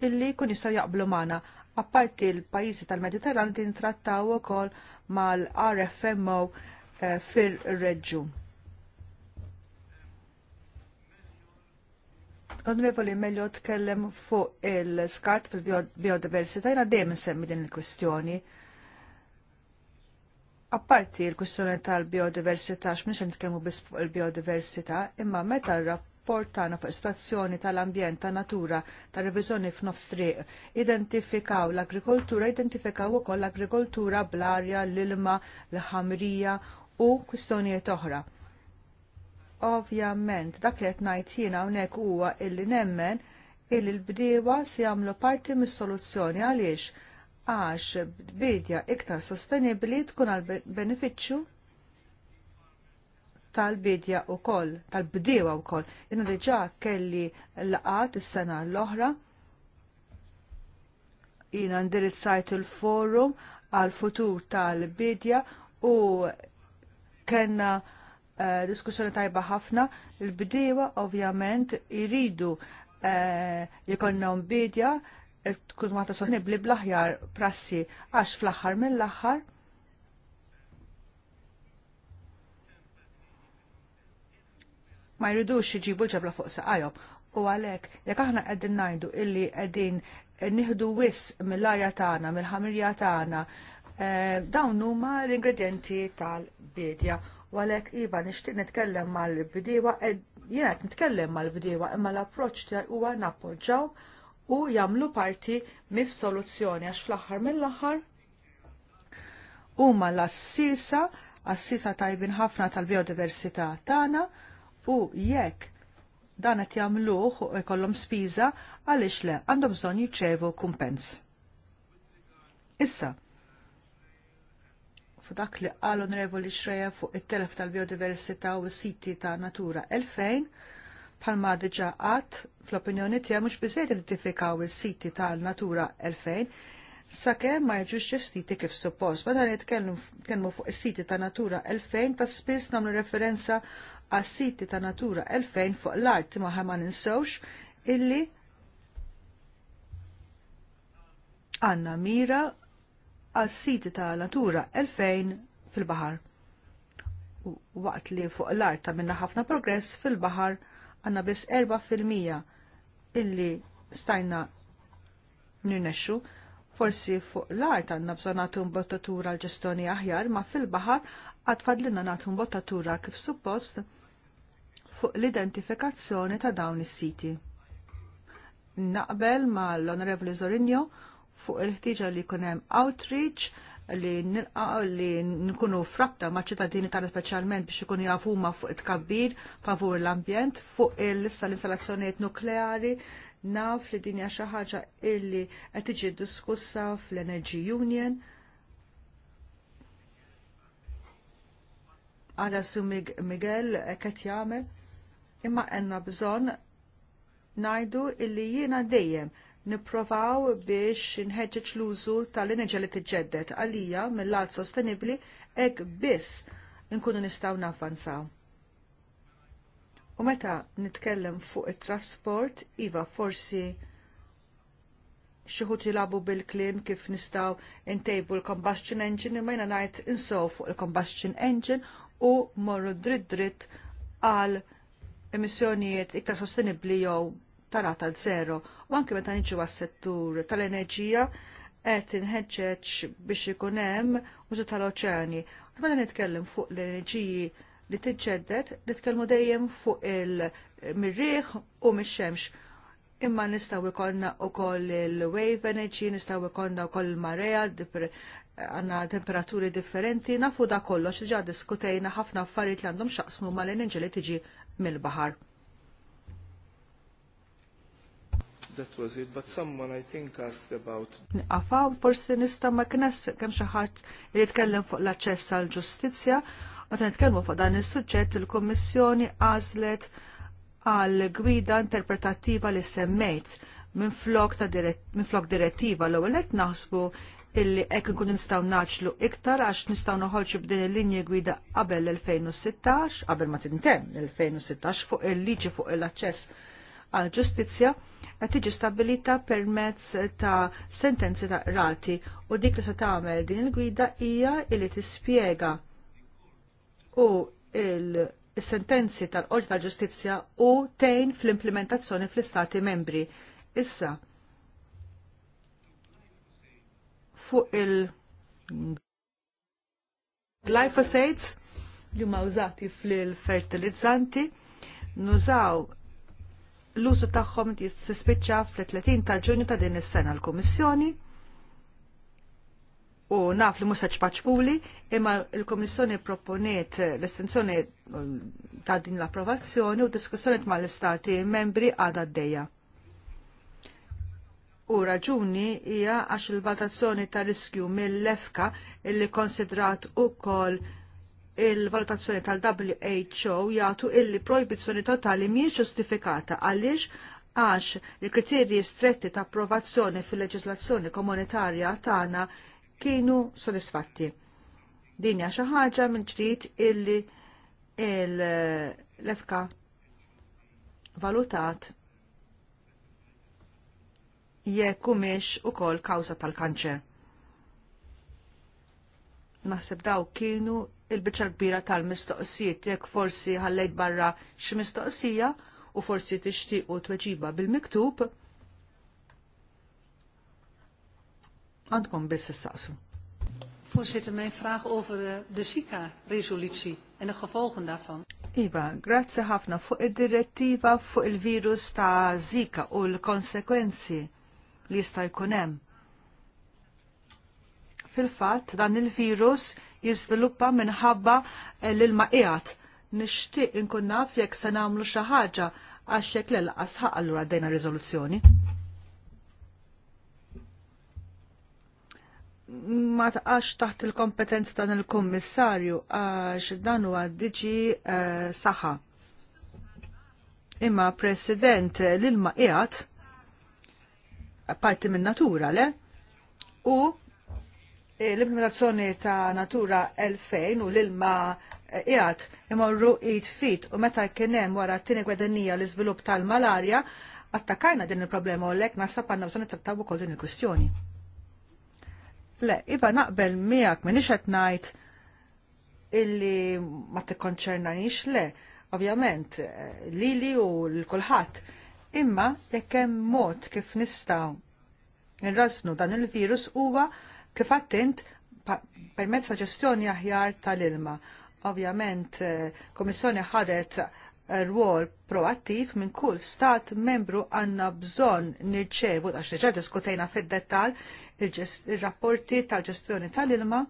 illi kun jistgħu jaqblu magħna. Apparti l-pajjiżi tal-Mediterran tintrattaw ukoll mal-RFMO eh, fir-reġjun Onorevoli Mello tkellem fuq il-skart fil-biodiversità, jena dejjem semmi din il-kwistjoni. Apparti il-kwistjoni tal-biodiversità, x'minx nitkellmu biss fuq il-biodiversità, imma meta r tagħna fuq situazzjoni tal-ambjent, ta' natura, ta' reviżjoni f'nofs triq, identifikaw l-agrikoltura, identifikaw ukoll l-agrikoltura bl-arja, l-ilma, l-ħamrija u kwistjonijiet oħra Ovvjament, dak li qed ngħid jiena hawnhekk huwa illi nemmen illi l-bdiewa se jagħmlu parti mis-soluzzjoni għaliex għax bidja iktar sostenibbli tkun għal benefiċċju tal-bidja u koll, tal-bdiewa u koll. diġà kelli laqat is-sena l-oħra, jina ndirizzajt il-forum għal-futur tal-bidja u kena Eh, diskussjoni tajba ħafna. il bdewa ovvjament iridu eh, jikonnhom bidja eh, tkun ma tasonibli bl-aħjar prassi għax fl-aħħar mill-aħħar ma jridux jġibu l-ġebla fuq saqajhom. U għalek, jek aħna għeddin najdu illi għeddin nihdu wis mill-arja tagħna, mill-ħamirja tagħna, dawn huma l-ingredienti tal-bidja u iba nishtiq nixtieq nitkellem mal-bdiewa eh, jiena qed nitkellem mal-bdiewa imma l-approċċ tijaj huwa nappoġġaw u jagħmlu parti mis-soluzzjoni għax fl-aħħar mill-aħħar ma l-assisa assisa tajbin ħafna tal-biodiversità tagħna u jekk dan qed jagħmluh u jkollhom spiża għaliex le għandhom bżonn jiċċevu kumpens. Issa, Dak li qal onorevoli Xreja fuq it-telef tal biodiversita u s-siti ta' natura 2000 bħalma diġa għat, fl-opinjoni tija mhux biżejjed identifikaw is-siti tal-natura 2000 sakemm ma jiġux ġestiti kif suppost. Meta kellmu fuq is-siti ta' natura 2000 ta' spiss nagħmlu referenza għas siti ta' natura 2000 fuq l-art ma ħa insewx illi għandna mira għal siti ta' natura 2000 fil-bahar. Waqt li fuq l-art ta' minna ħafna progress fil-bahar għanna biss 4% illi stajna n-nexxu, forsi fuq l-art għanna bżon għatum mbottatura l ġestoni aħjar, ma fil-baħar għad għatum bottatura kif suppost fuq l-identifikazzjoni ta' dawn is-siti. Naqbel ma l-Onorevoli Zorinjo fuq il-ħtiġa li jkun hemm outreach li li nkunu frabta ma' ċittadini tal speċjalment biex ikunu jafu fuq it-kabbir favur l-ambjent fuq il lissa l installazzjoniet nukleari naf li dinja xi ħaġa illi qed tiġi diskussa fl-Energy Union. Ara su Miguel qed jagħmel imma għandna bżonn ngħidu illi jiena dejjem nipprovaw biex inħeġġeġ l-użu tal-enerġija li t-ġeddet għalija mill-lat sostenibbli hekk biss nkunu nistgħu nafanzaw. U meta nitkellem fuq it-trasport, iva forsi xieħut jilabu bil-klim kif nistaw intejbu l-combustion engine, imma jina najt insow fuq il-combustion engine u morru dritt dritt għal emissjonijiet iktar sostenibli jew tara tal-zero. U anke meta niġu għas-settur tal-enerġija qed inħeġġeġ biex ikun hemm użu tal-oċeani. Meta nitkellem fuq l-enerġiji li tiġġedded, nitkellmu dejjem fuq il-mirriħ u mix-xemx. Imma nistgħu jkollna wkoll il-wave energy, nistgħu jkollna wkoll il-marea, għanna temperaturi differenti, nafu da kollox ġa diskutejna ħafna affarijiet li għandhom xaqsmu mal enerġija li tiġi mill-bahar. that was it, but someone I think asked about. Għafaw forsi nista ma kness kemm xi ħadd li jitkellem fuq l-aċċess għall ġustizzja ta' nitkellmu fuq dan is-suġġett il-Kummissjoni għażlet għal gwida interpretattiva li semmejt minn flok ta' minflok flok direttiva l ewwel qed naħsbu illi hekk nkun nistgħu naġlu iktar għax nistgħu noħolġu b'din il-linji gwida qabel l-2016, qabel ma tintemm l-2016 fuq il-liġi fuq l-aċċess għal ġustizzja qed tiġi stabilita permezz ta' sentenzi ta' rati u dik li se tagħmel din il-gwida hija li tispjega u il-sentenzi tal-Qorti tal-Ġustizzja u tejn fl-implementazzjoni fl-Istati membri. Issa, fuq il- glyphosates li huma użati fl-fertilizzanti nużaw l-użu tagħhom jispiċċa fl-30 ta' Ġunju ta' din is-sena l-Kummissjoni. U naf li mhux ċpaċpuli, imma l-Kummissjoni proponiet l-estensjoni um, ta' din l-approvazzjoni u diskussjoniet mal istati membri għadha d U raġuni hija għax il-valutazzjoni ta' riskju mill-lefka illi konsidrat ukoll il-valutazzjoni tal-WHO jagħtu illi projbizzjoni totali mhijiex ġustifikata għaliex għax il-kriterji stretti ta' approvazzjoni fil-leġislazzjoni komunitarja tagħna kienu sodisfatti. Din hija xi ħaġa minn ġdid illi l-efka valutat jekk humiex ukoll kawża tal-kanċer. Naħseb daw kienu il-biċċa kbira tal-mistoqsijiet jekk forsi ħallejt barra xi mistoqsija u forsi tixtiequ tweġiba bil-miktub għandkom biss issaqsu. Voorzitter, mijn vraag over eh, de Zika-resolutie en de gevolgen daarvan. Iva, grazie ħafna fuq id-direttiva fuq il-virus ta' Zika u l-konsekwenzi li jista' jkun hemm. Fil-fatt dan il-virus jiżviluppa minħabba eh, l-ilma qiegħed. Nixtieq inkun naf jekk se nagħmlu xi ħaġa għax jekk l-elqas ħaq allura dejna riżoluzzjoni. ma taqax taħt il-kompetenza dan il-kommissarju għax dan huwa diġi eh, saħħa. Imma president l-ilma qiegħed parti minn natura le u l-implementazzjoni ta' Natura 2000 u l-ilma jgħat eh, imorru 8 fit u meta kienem wara t-tini gwedenija l-izvilup tal-malarja, attakajna din il-problema u l-ek nasab għanna bżonni trattaw kol din il-kwistjoni. Le, iba naqbel miegħek minix qed ngħid illi ma tikkonċernanix le, ovvjament eh, lili u l-kulħadd. Imma jekk hemm mod kif nistgħu nirrasnu dan il-virus huwa kif għattint permezz ta' ġestjoni aħjar tal-ilma. Ovvjament, eh, Komissjoni ħadet eh, rwol proattiv minn kull stat membru għanna bżon nirċevu, għax ġa diskutejna fid-dettal, il-rapporti tal-ġestjoni tal-ilma.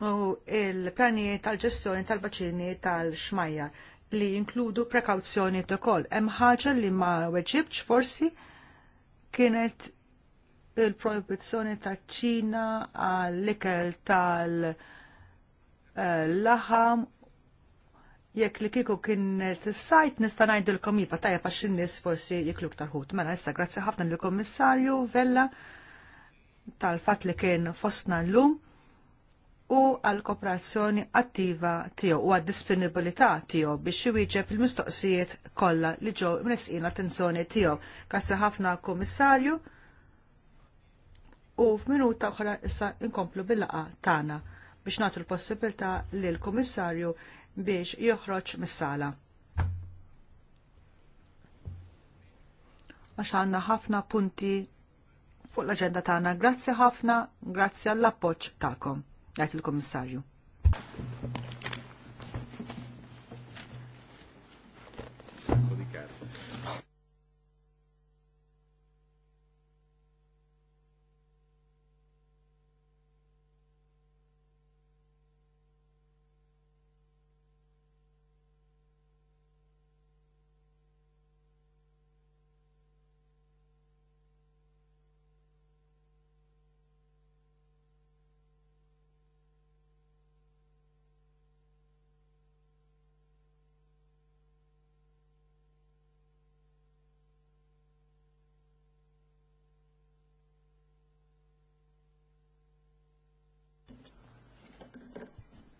U il pjani tal-ġestjoni tal-baċini tal-xmajjar li jinkludu prekawzjoni ukoll. Hemm ħaġa li ma weġibċ forsi kienet il-proibizzjoni taċ ċina għall-ikel tal-laħam jekk li kiku kienet il sajt nista ngħidilkom iva tajjeb għax in-nies forsi jiklu tal-ħut. Mela issa grazzi ħafna lill kummissarju Vella tal fatt li kien fostna llum u għal kooperazzjoni attiva tiegħu u għad-disponibilità tiegħu biex jiġeb il-mistoqsijiet kollha li ġew imresqin l-attenzjoni tiegħu. Grazzi ħafna Kummissarju u f'minuta oħra issa inkomplu bil laqgħa tagħna biex nagħtu l-possibilità lill kummissarju biex joħroġ mis-sala. Għax għandna ħafna punti fuq l-aġenda tagħna. Grazzi ħafna, grazzi għall-appoġġ tagħkom. Għajt il-Komissarju.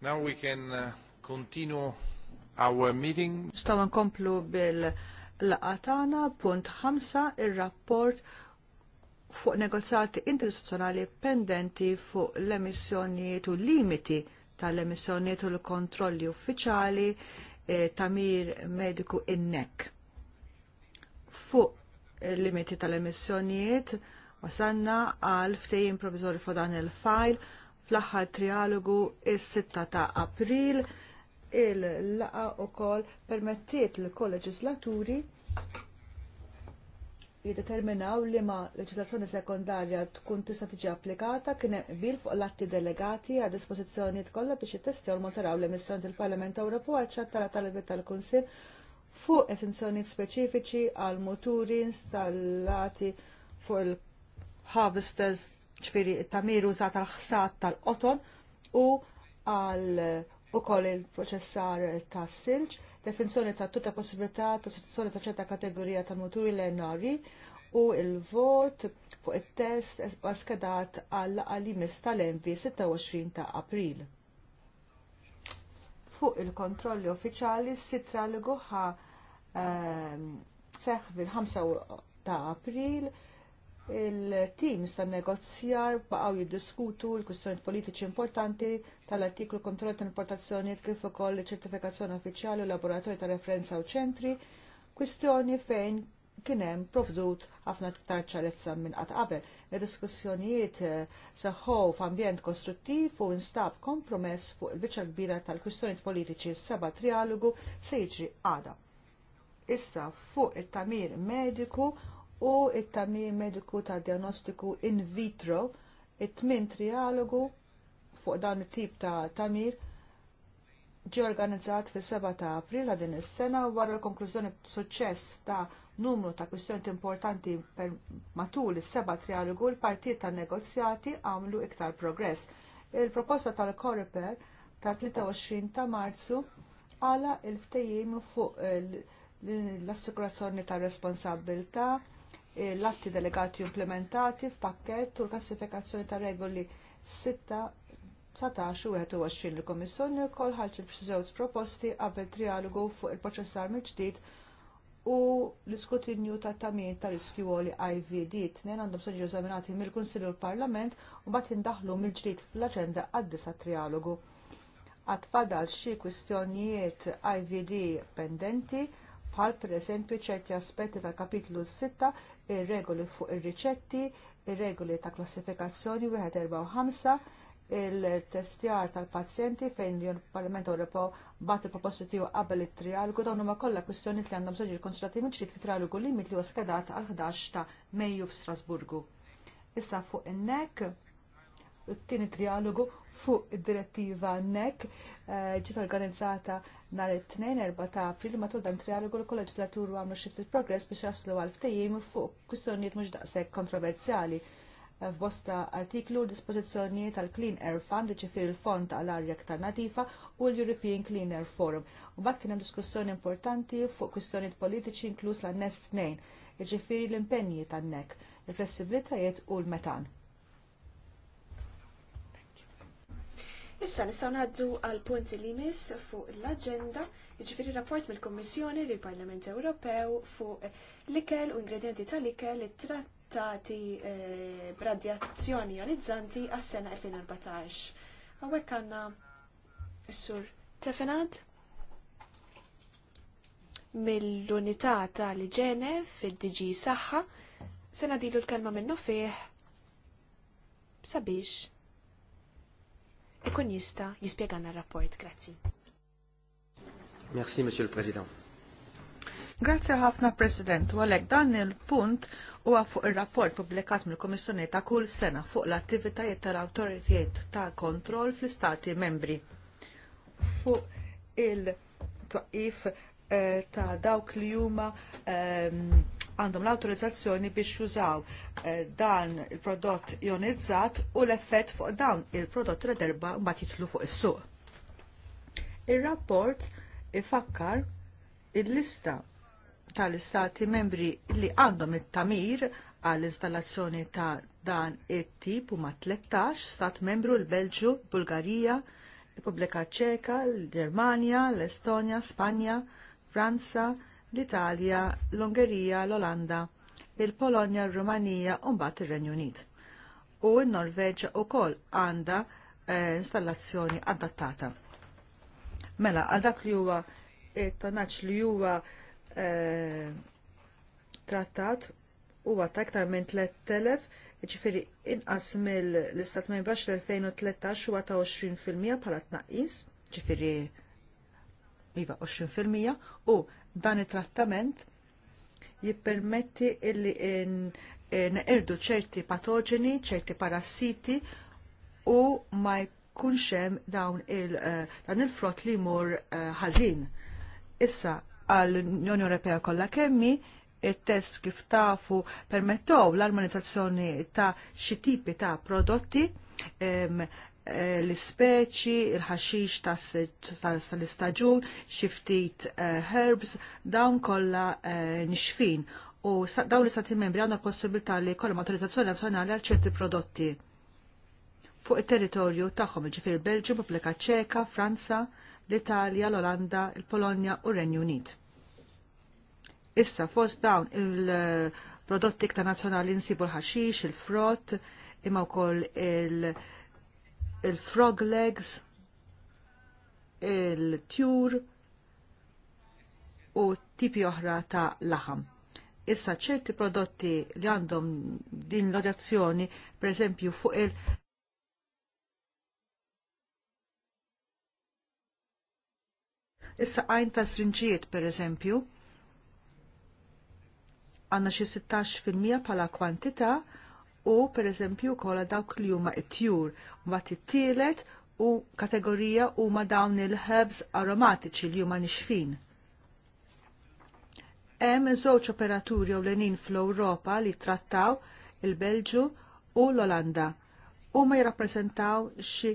Now we can uh, continue our meeting. Stawa nkomplu bil-laqatana, punt ħamsa, il-rapport fuq negozjati interistituzzjonali pendenti fuq l-emissjonijiet u limiti tal-emissjonijiet u l-kontrolli uffiċjali e, tamir mediku innek. Fuq il-limiti tal-emissjonijiet wasanna għal ftejjin provizori fuq dan il-fajl fl-aħħar trialogu is-6 ta' April il-laqa wkoll permettiet lill kolleġislaturi jideterminaw li ma leġislazzjoni sekondarja tkun tista' tiġi applikata kien hemm qbil fuq l-atti delegati għad dispożizzjonijiet kollha biex jittestjaw l-montaraw l-emissjoni tal-Parlament Ewropew għal ċattara tal-Evit tal-Kunsill fuq esenzjonijiet speċifiċi għal muturi installati fuq il-harvesters ċfiri tamir użat għal ħsat tal-qoton u għal u koll il-proċessar ta' silġ, definizjoni ta' tutta possibilità ta' sostituzzjoni ta' ċerta kategorija ta' moturi l u il-vot fuq il-test baskedat għal għalimis tal-envi 26 ta' april. Fuq il-kontrolli uffiċali sitra l-guħa ehm, seħ fil-5 ta' april il-teams tan negozjar baqgħu jiddiskutu l kwistjonijiet politiċi importanti tal-artiklu kontroll tal importazzjoni kif ukoll ċertifikazzjoni uffiċjali u laboratorji ta' referenza u ċentri, kwistjoni fejn kien hemm provdut ħafna iktar ċarezza minn qatt qabel. Id-diskussjonijiet eh, seħħu f'ambjent kostruttiv u instab kompromess fuq il-biċċa kbira tal-kwistjonijiet politiċi seba' trialogu se jiġri għada. Issa fuq it-tamir mediku u it-tamir mediku ta' diagnostiku in vitro, it-tmin trialogu fuq dan it-tip ta' tamir ġie organizzat fis-7 ta' April din is-sena wara l-konklużjoni b'suċċess ta' numru ta' kwistjoni importanti per matul is-seba' trialogu l-partit tan negozjati għamlu iktar progress. Il-proposta tal-Koreper ta' 23 ta' Marzu għala il-ftejjim fuq l-assikurazzjoni tar responsabilità l-atti delegati implementati f'pakket u l-klassifikazzjoni ta' regoli 6 19 u 21 il-Komissjoni wkoll l b'żewġ proposti qabel trialogu fuq il-proċessar mill-ġdid u l iskutinju ta' tamien ta' riskju għoli IVD tnejn għandhom soġġi eżaminati mill-Kunsilli u l-Parlament u bat jindaħlu mill-ġdid fl-aġenda għaddisa disa trialogu. Għatfadal xi kwistjonijiet IVD pendenti bħal pereżempju ċerti aspetti tal-kapitlu 6, ir-regoli fuq ir-riċetti, ir-regoli ta' klassifikazzjoni 1-4-5, il-testjar tal-pazjenti fejn l parlament Ewropew bat il-proposti qabel it-trialogu dawn huma kollha kwistjoni li għandhom bżonn jikkonsultati minn ġrid fit-trialogu limit li huwa skedat għal 11 ta' Mejju f'Strasburgu. Issa fuq innek, nek it-tieni trialogu fuq id-direttiva NEC eh, ġiet organizzata nhar it-tnejn 4 ta' April matul dan trialogu l-kolleġislaturu għamlu xi ftit progress biex jaslu għal ftehim fuq kwistjonijiet mhux daqshekk kontroverzjali f'bosta artiklu l dispożizzjonijiet tal Clean Air Fund ġifir il-fond għal arja aktar nadifa u l-European Clean Air Forum. U bat kien hemm diskussjoni importanti fuq kwistjonijiet politiċi inkluż l-annes tnejn, iġifieri l-impenji tan-nek, il-flessibilitajiet u l-metan Issa nistgħu ngħaddu għal punti li jmiss fuq l-aġenda, jiġifieri rapport mill-Kummissjoni lill parlament Ewropew fuq l-ikel u ingredienti tal-ikel trattati eh, b'radjazzjoni jonizzanti għas-sena 2014. Għawek għandna s-sur Tefenad mill-unità tal-ġene fil dg Saħħa, sena dilu l-kelma minnu fih sabiex ikun jista jispjegana r-rapport. Grazzi. Merci, Monsieur le Président. Grazie ħafna President, u għalek dan il-punt u fuq il-rapport publikat mill-Komissjoni ta' kull sena fuq l-attivitajiet tal-autoritiet ta' kontroll fl istati membri fuq il-twaqif eh, ta' dawk li huma ehm, għandhom l-autorizzazzjoni biex jużaw eh, dan il-prodott ionizzat u l-effett fuq dawn il-prodott li derba ma titlu fuq is-suq. Ir-rapport ifakkar il-lista tal-istati membri li għandhom it-tamir għall-installazzjoni ta' dan it-tip ma 13 stat membru l-Belġu, Bulgarija, Repubblika Ċeka, l-Ġermanja, l-Estonja, Spanja, Franza, l-Italja, l-Ungerija, l-Olanda, il-Polonja, l-Rumanija u mbagħad ir-Renju Unit. U n u wkoll għandha eh, installazzjoni adattata. Mela, għal dak li huwa il-tonaċ li huwa eh, trattat huwa ta' iktar minn 3000 ġifiri inqas mill-istat minn bax l-2013 u ta' 20% bħala tnaqqis, ġifiri iva 20% u Dan it-trattament jippermetti illi neqirdu ċerti patoġeni, ċerti parassiti u ma jkunx hemm dawn il, eh, dan il-frott li jmur eh, ħażin. Issa għall-Unjoni Ewropea kollha kemmi it-test kif tafu permettow l-armonizzazzjoni ta' xi tipi ta' prodotti l-ispeċi, il-ħaxix tal-istaġun, xiftit eh, herbs, dawn kollha eh, nixfin. U dawn l-istati membri għanna possibilità li jkollhom autorizzazzjoni nazzjonali għal ċerti prodotti fuq it-territorju tagħhom, ġifir il-Belġju, Repubblika Ċeka, Franza, l-Italja, l-Olanda, il-Polonja u r-Renju Unit. Issa fost dawn il- prodotti iktar nazzjonali nsibu l-ħaxix, il-frott, imma wkoll il-, -frott, il il-frog legs, il-tjur u tipi oħra ta' laħam. Issa ċerti prodotti li għandhom din l-odazzjoni, per eżempju fuq il- Issa għajn ta' sringijiet, per eżempju, għanna xie 16% pala kwantita u pereżempju wkoll dawk li huma t-tjur. Mbagħad it-tielet u kategorija huma dawn il-herbs aromatiċi li huma nixfin. Hemm żewġ operaturi ewlenin fl-Ewropa li trattaw il-Belġu u l-Olanda. Huma jirrappreżentaw xi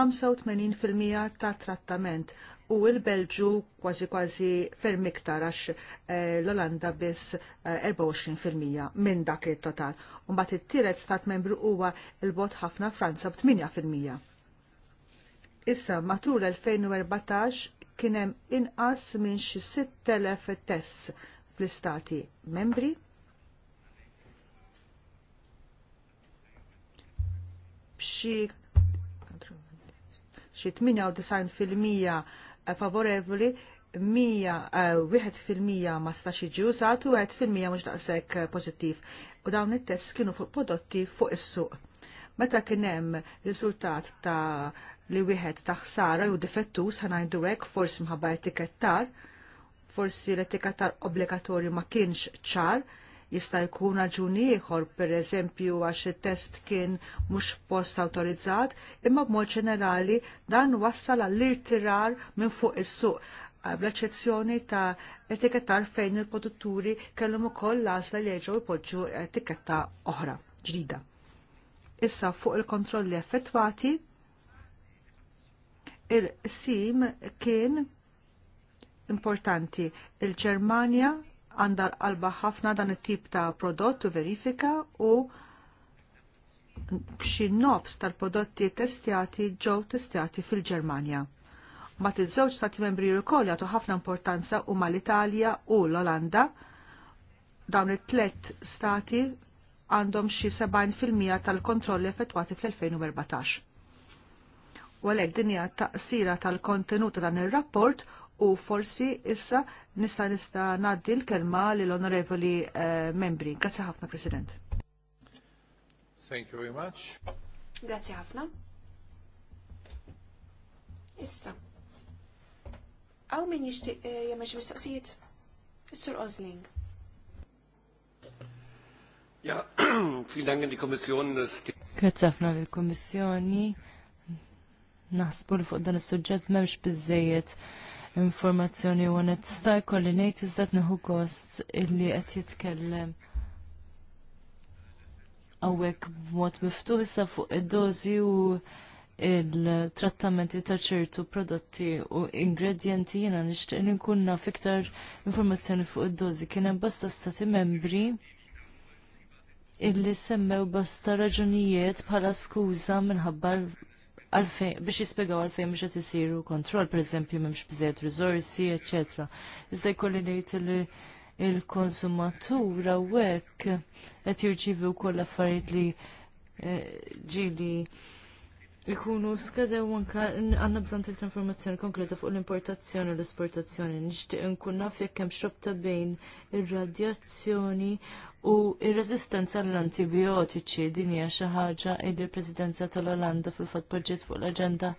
85% ta' trattament u l-Belġu kważi kważi ferm iktar għax eh, l-Olanda biss 24% eh, minn dak il-total. Mbagħad it-tielet stat membru huwa l-bot ħafna Franza b'8%. Issa matul 2014 kien hemm inqas minn xi 6,000 tests fl-istati membri xi 98% favorevoli mija eh, ma stax jiġi għed fil-mija mhux daqshekk eh, pożittiv. U dawn it-test kienu fuq prodotti fuq is-suq. Meta kien hemm riżultat ta' li wieħed ta' ħsara jew difettus ħanajdu hekk forsi mħabba etikettar, forsi l-etikettar obbligatorju ma kienx ċar, jista' jkun raġuni ieħor pereżempju għax it-test kien mhux post awtorizzat, imma b'mod ġenerali dan wassal għall-irtirar minn fuq is-suq eh, bl-eċezzjoni ta' etikettar fejn il-produtturi kellhom ukoll l-għażla li jerġgħu jpoġġu etiketta oħra ġdida. Issa fuq il-kontrolli effettwati il-sim kien importanti il-Ġermanja għandha qalba ħafna dan it-tip ta' prodott u verifika u b'xi nofs tal-prodotti testjati ġew testjati fil-Ġermanja. Mat iż-żewġ stati membri wkoll jagħtu ħafna importanza huma l-Italja u l-Olanda. Dawn it-tlet stati għandhom xi 70% tal-kontrolli effettwati fl-2014. U għalhekk din hija taqsira tal-kontenut dan ir-rapport u forsi issa Nista nista naddi l-kelma l-onorevoli eh, membri. Grazie ħafna, President. Thank you very much. Grazie ħafna. Issa. Għaw minn jishti eh, jemmeġ mistaqsijiet? Is-Sur Ozling. Ja, fil dang li komissjon. Grazie ħafna l-Komissjoni naħsbu l fuq dan il-sujġet memx bizzejiet informazzjoni u għanet staj kolli nejt izdat nħu gost illi għet jitkellem għawek mod miftuħ issa fuq id-dozi u il-trattamenti ta' ċertu prodotti u ingredienti jena nishtiq ninkunna fiktar informazzjoni fuq id-dozi kien hemm basta stati membri illi semmew basta raġunijiet bħala skuża minħabba għalfej, biex jispiegaw għalfej mux għat jisiru kontrol, per eżempju, memx bżed rizorsi, ecc. Iżda jkolli nejt li il-konsumatura u għek għet jirċivi u koll affarijiet li eh, ġili ikunu u anka għanna bżon tiktar informazzjoni konkreta fuq l-importazzjoni u l-esportazzjoni. Nixtieq nkun naf jekk hemm xobta bejn ir-radjazzjoni u ir-reżistenza l-antibiotiċi din hija xi ħaġa li l-Presidenza tal-Olanda fil-fatt poġġiet fuq l-aġenda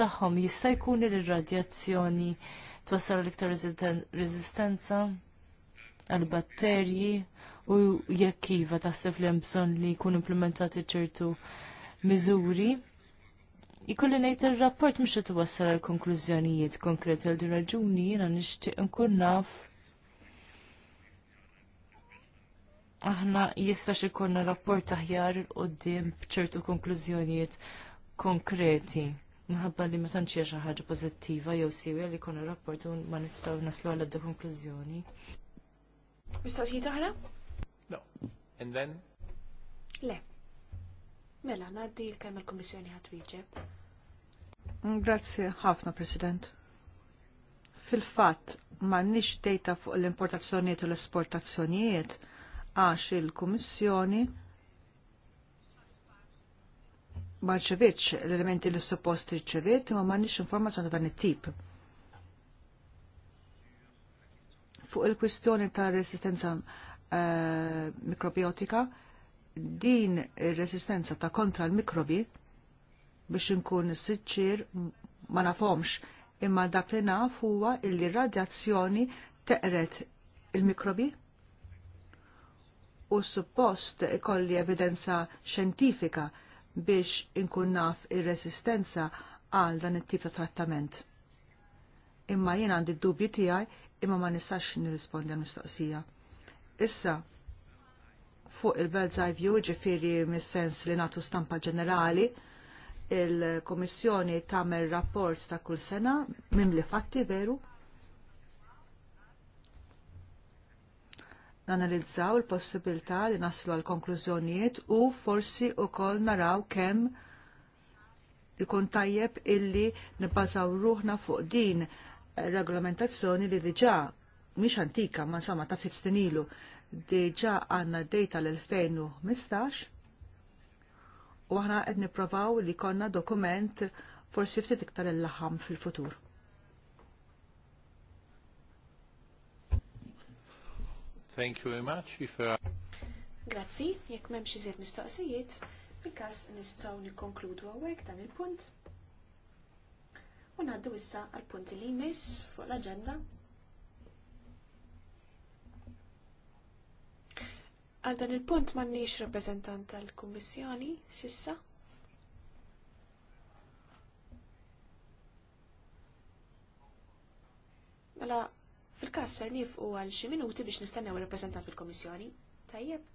tagħhom jista' jkun li r-radjazzjoni twassal l-iktar reżistenza għall batterji u jekk iva taħseb li hemm bżonn li jkun implementati ċertu miżuri. Ikolli ngħid ir rapport mhux qed iwassal għal konklużjonijiet konkreti għal din raġuni jiena nixtieq nkun naf aħna jista xikorna rapport aħjar il bċertu konklużjonijiet konkreti. Minħabba li ma tanċie ħaġa pożittiva jew siwi li jkollna rapport u ma nistgħu naslu għal ebda konklużjoni. Mistoqsijiet aħna? No. And then? Le. Mela, ngħaddi l-kelma l-Kummissjoni ħadd wieġeb. Grazzi ħafna, President. Fil-fatt, ma nix data fuq l-importazzjonijiet u l-esportazzjonijiet, għax il-Kummissjoni ma rċevitx l-elementi li suppost rċevit ma nix informazzjoni ta' dan it-tip. Fuq il-kwistjoni ta' resistenza uh, mikrobiotika, din ir-resistenza ta' kontra l-mikrobi biex inkun siċċir ma nafhomx imma dak li naf huwa illi radjazzjoni teqret il-mikrobi u suppost ikolli evidenza xjentifika biex inkun naf ir-resistenza għal dan it-tip ta' trattament. Imma jien għandi d-dubju tiegħi imma ma nistax nirrispondi għal mistoqsija. Issa, fuq il-Bird's Eye View, ġifiri mis-sens li natu stampa ġenerali, il-Komissjoni tamer rapport ta' kull sena, mim li fatti veru, nanalizzaw il-possibilità li naslu għal konklużjonijiet u forsi wkoll naraw kemm ikun tajjeb illi nibbazaw ruħna fuq din regolamentazzjoni li diġa' mhix antika ma insomma ta' ilu diġa' għandna data l-2015 u aħna qed nipprovaw li konna dokument forsi ftit iktar il-laħam fil-futur. Thank you very much. If, uh... Grazzi, jekk m'hemm xi żied mistoqsijiet, bikas nistgħu nikkonkludu hawnhekk dan il-punt. U ngħaddu issa għal punti li jmiss fuq l-aġenda. Għal dan il-punt m'għandniex rappreżentant tal-Kummissjoni sissa. Mela Fil-każ ser nifqu għal xi minuti biex nistennew ir-rappreżentant fil kummissjoni Tajjeb.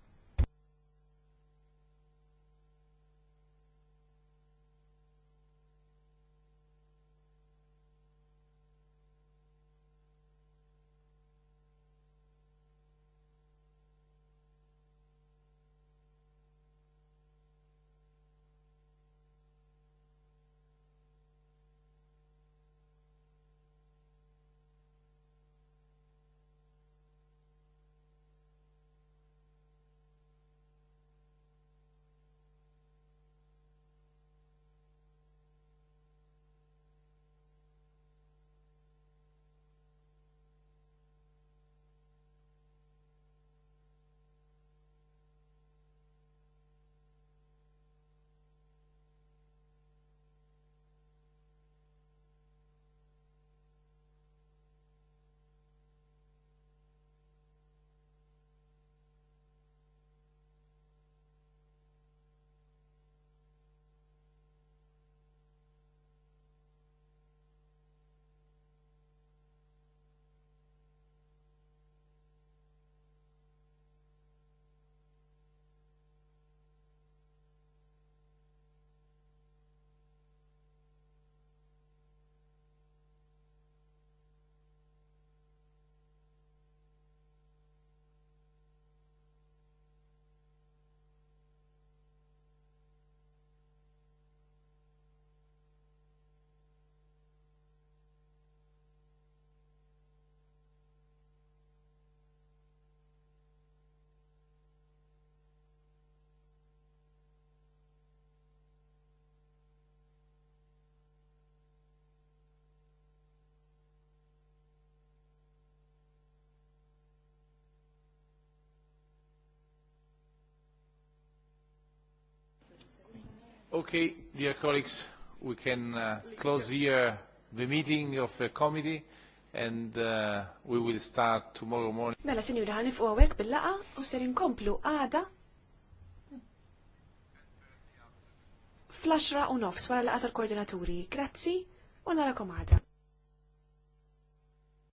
Okay, dear colleagues, we can uh, close here the meeting of the committee and uh, we will start tomorrow morning. Mela, senjur, ħanif u għawek bil-laqa u ser inkomplu għada fl u nofs wara l-qasar koordinaturi. Grazzi u narakom għada.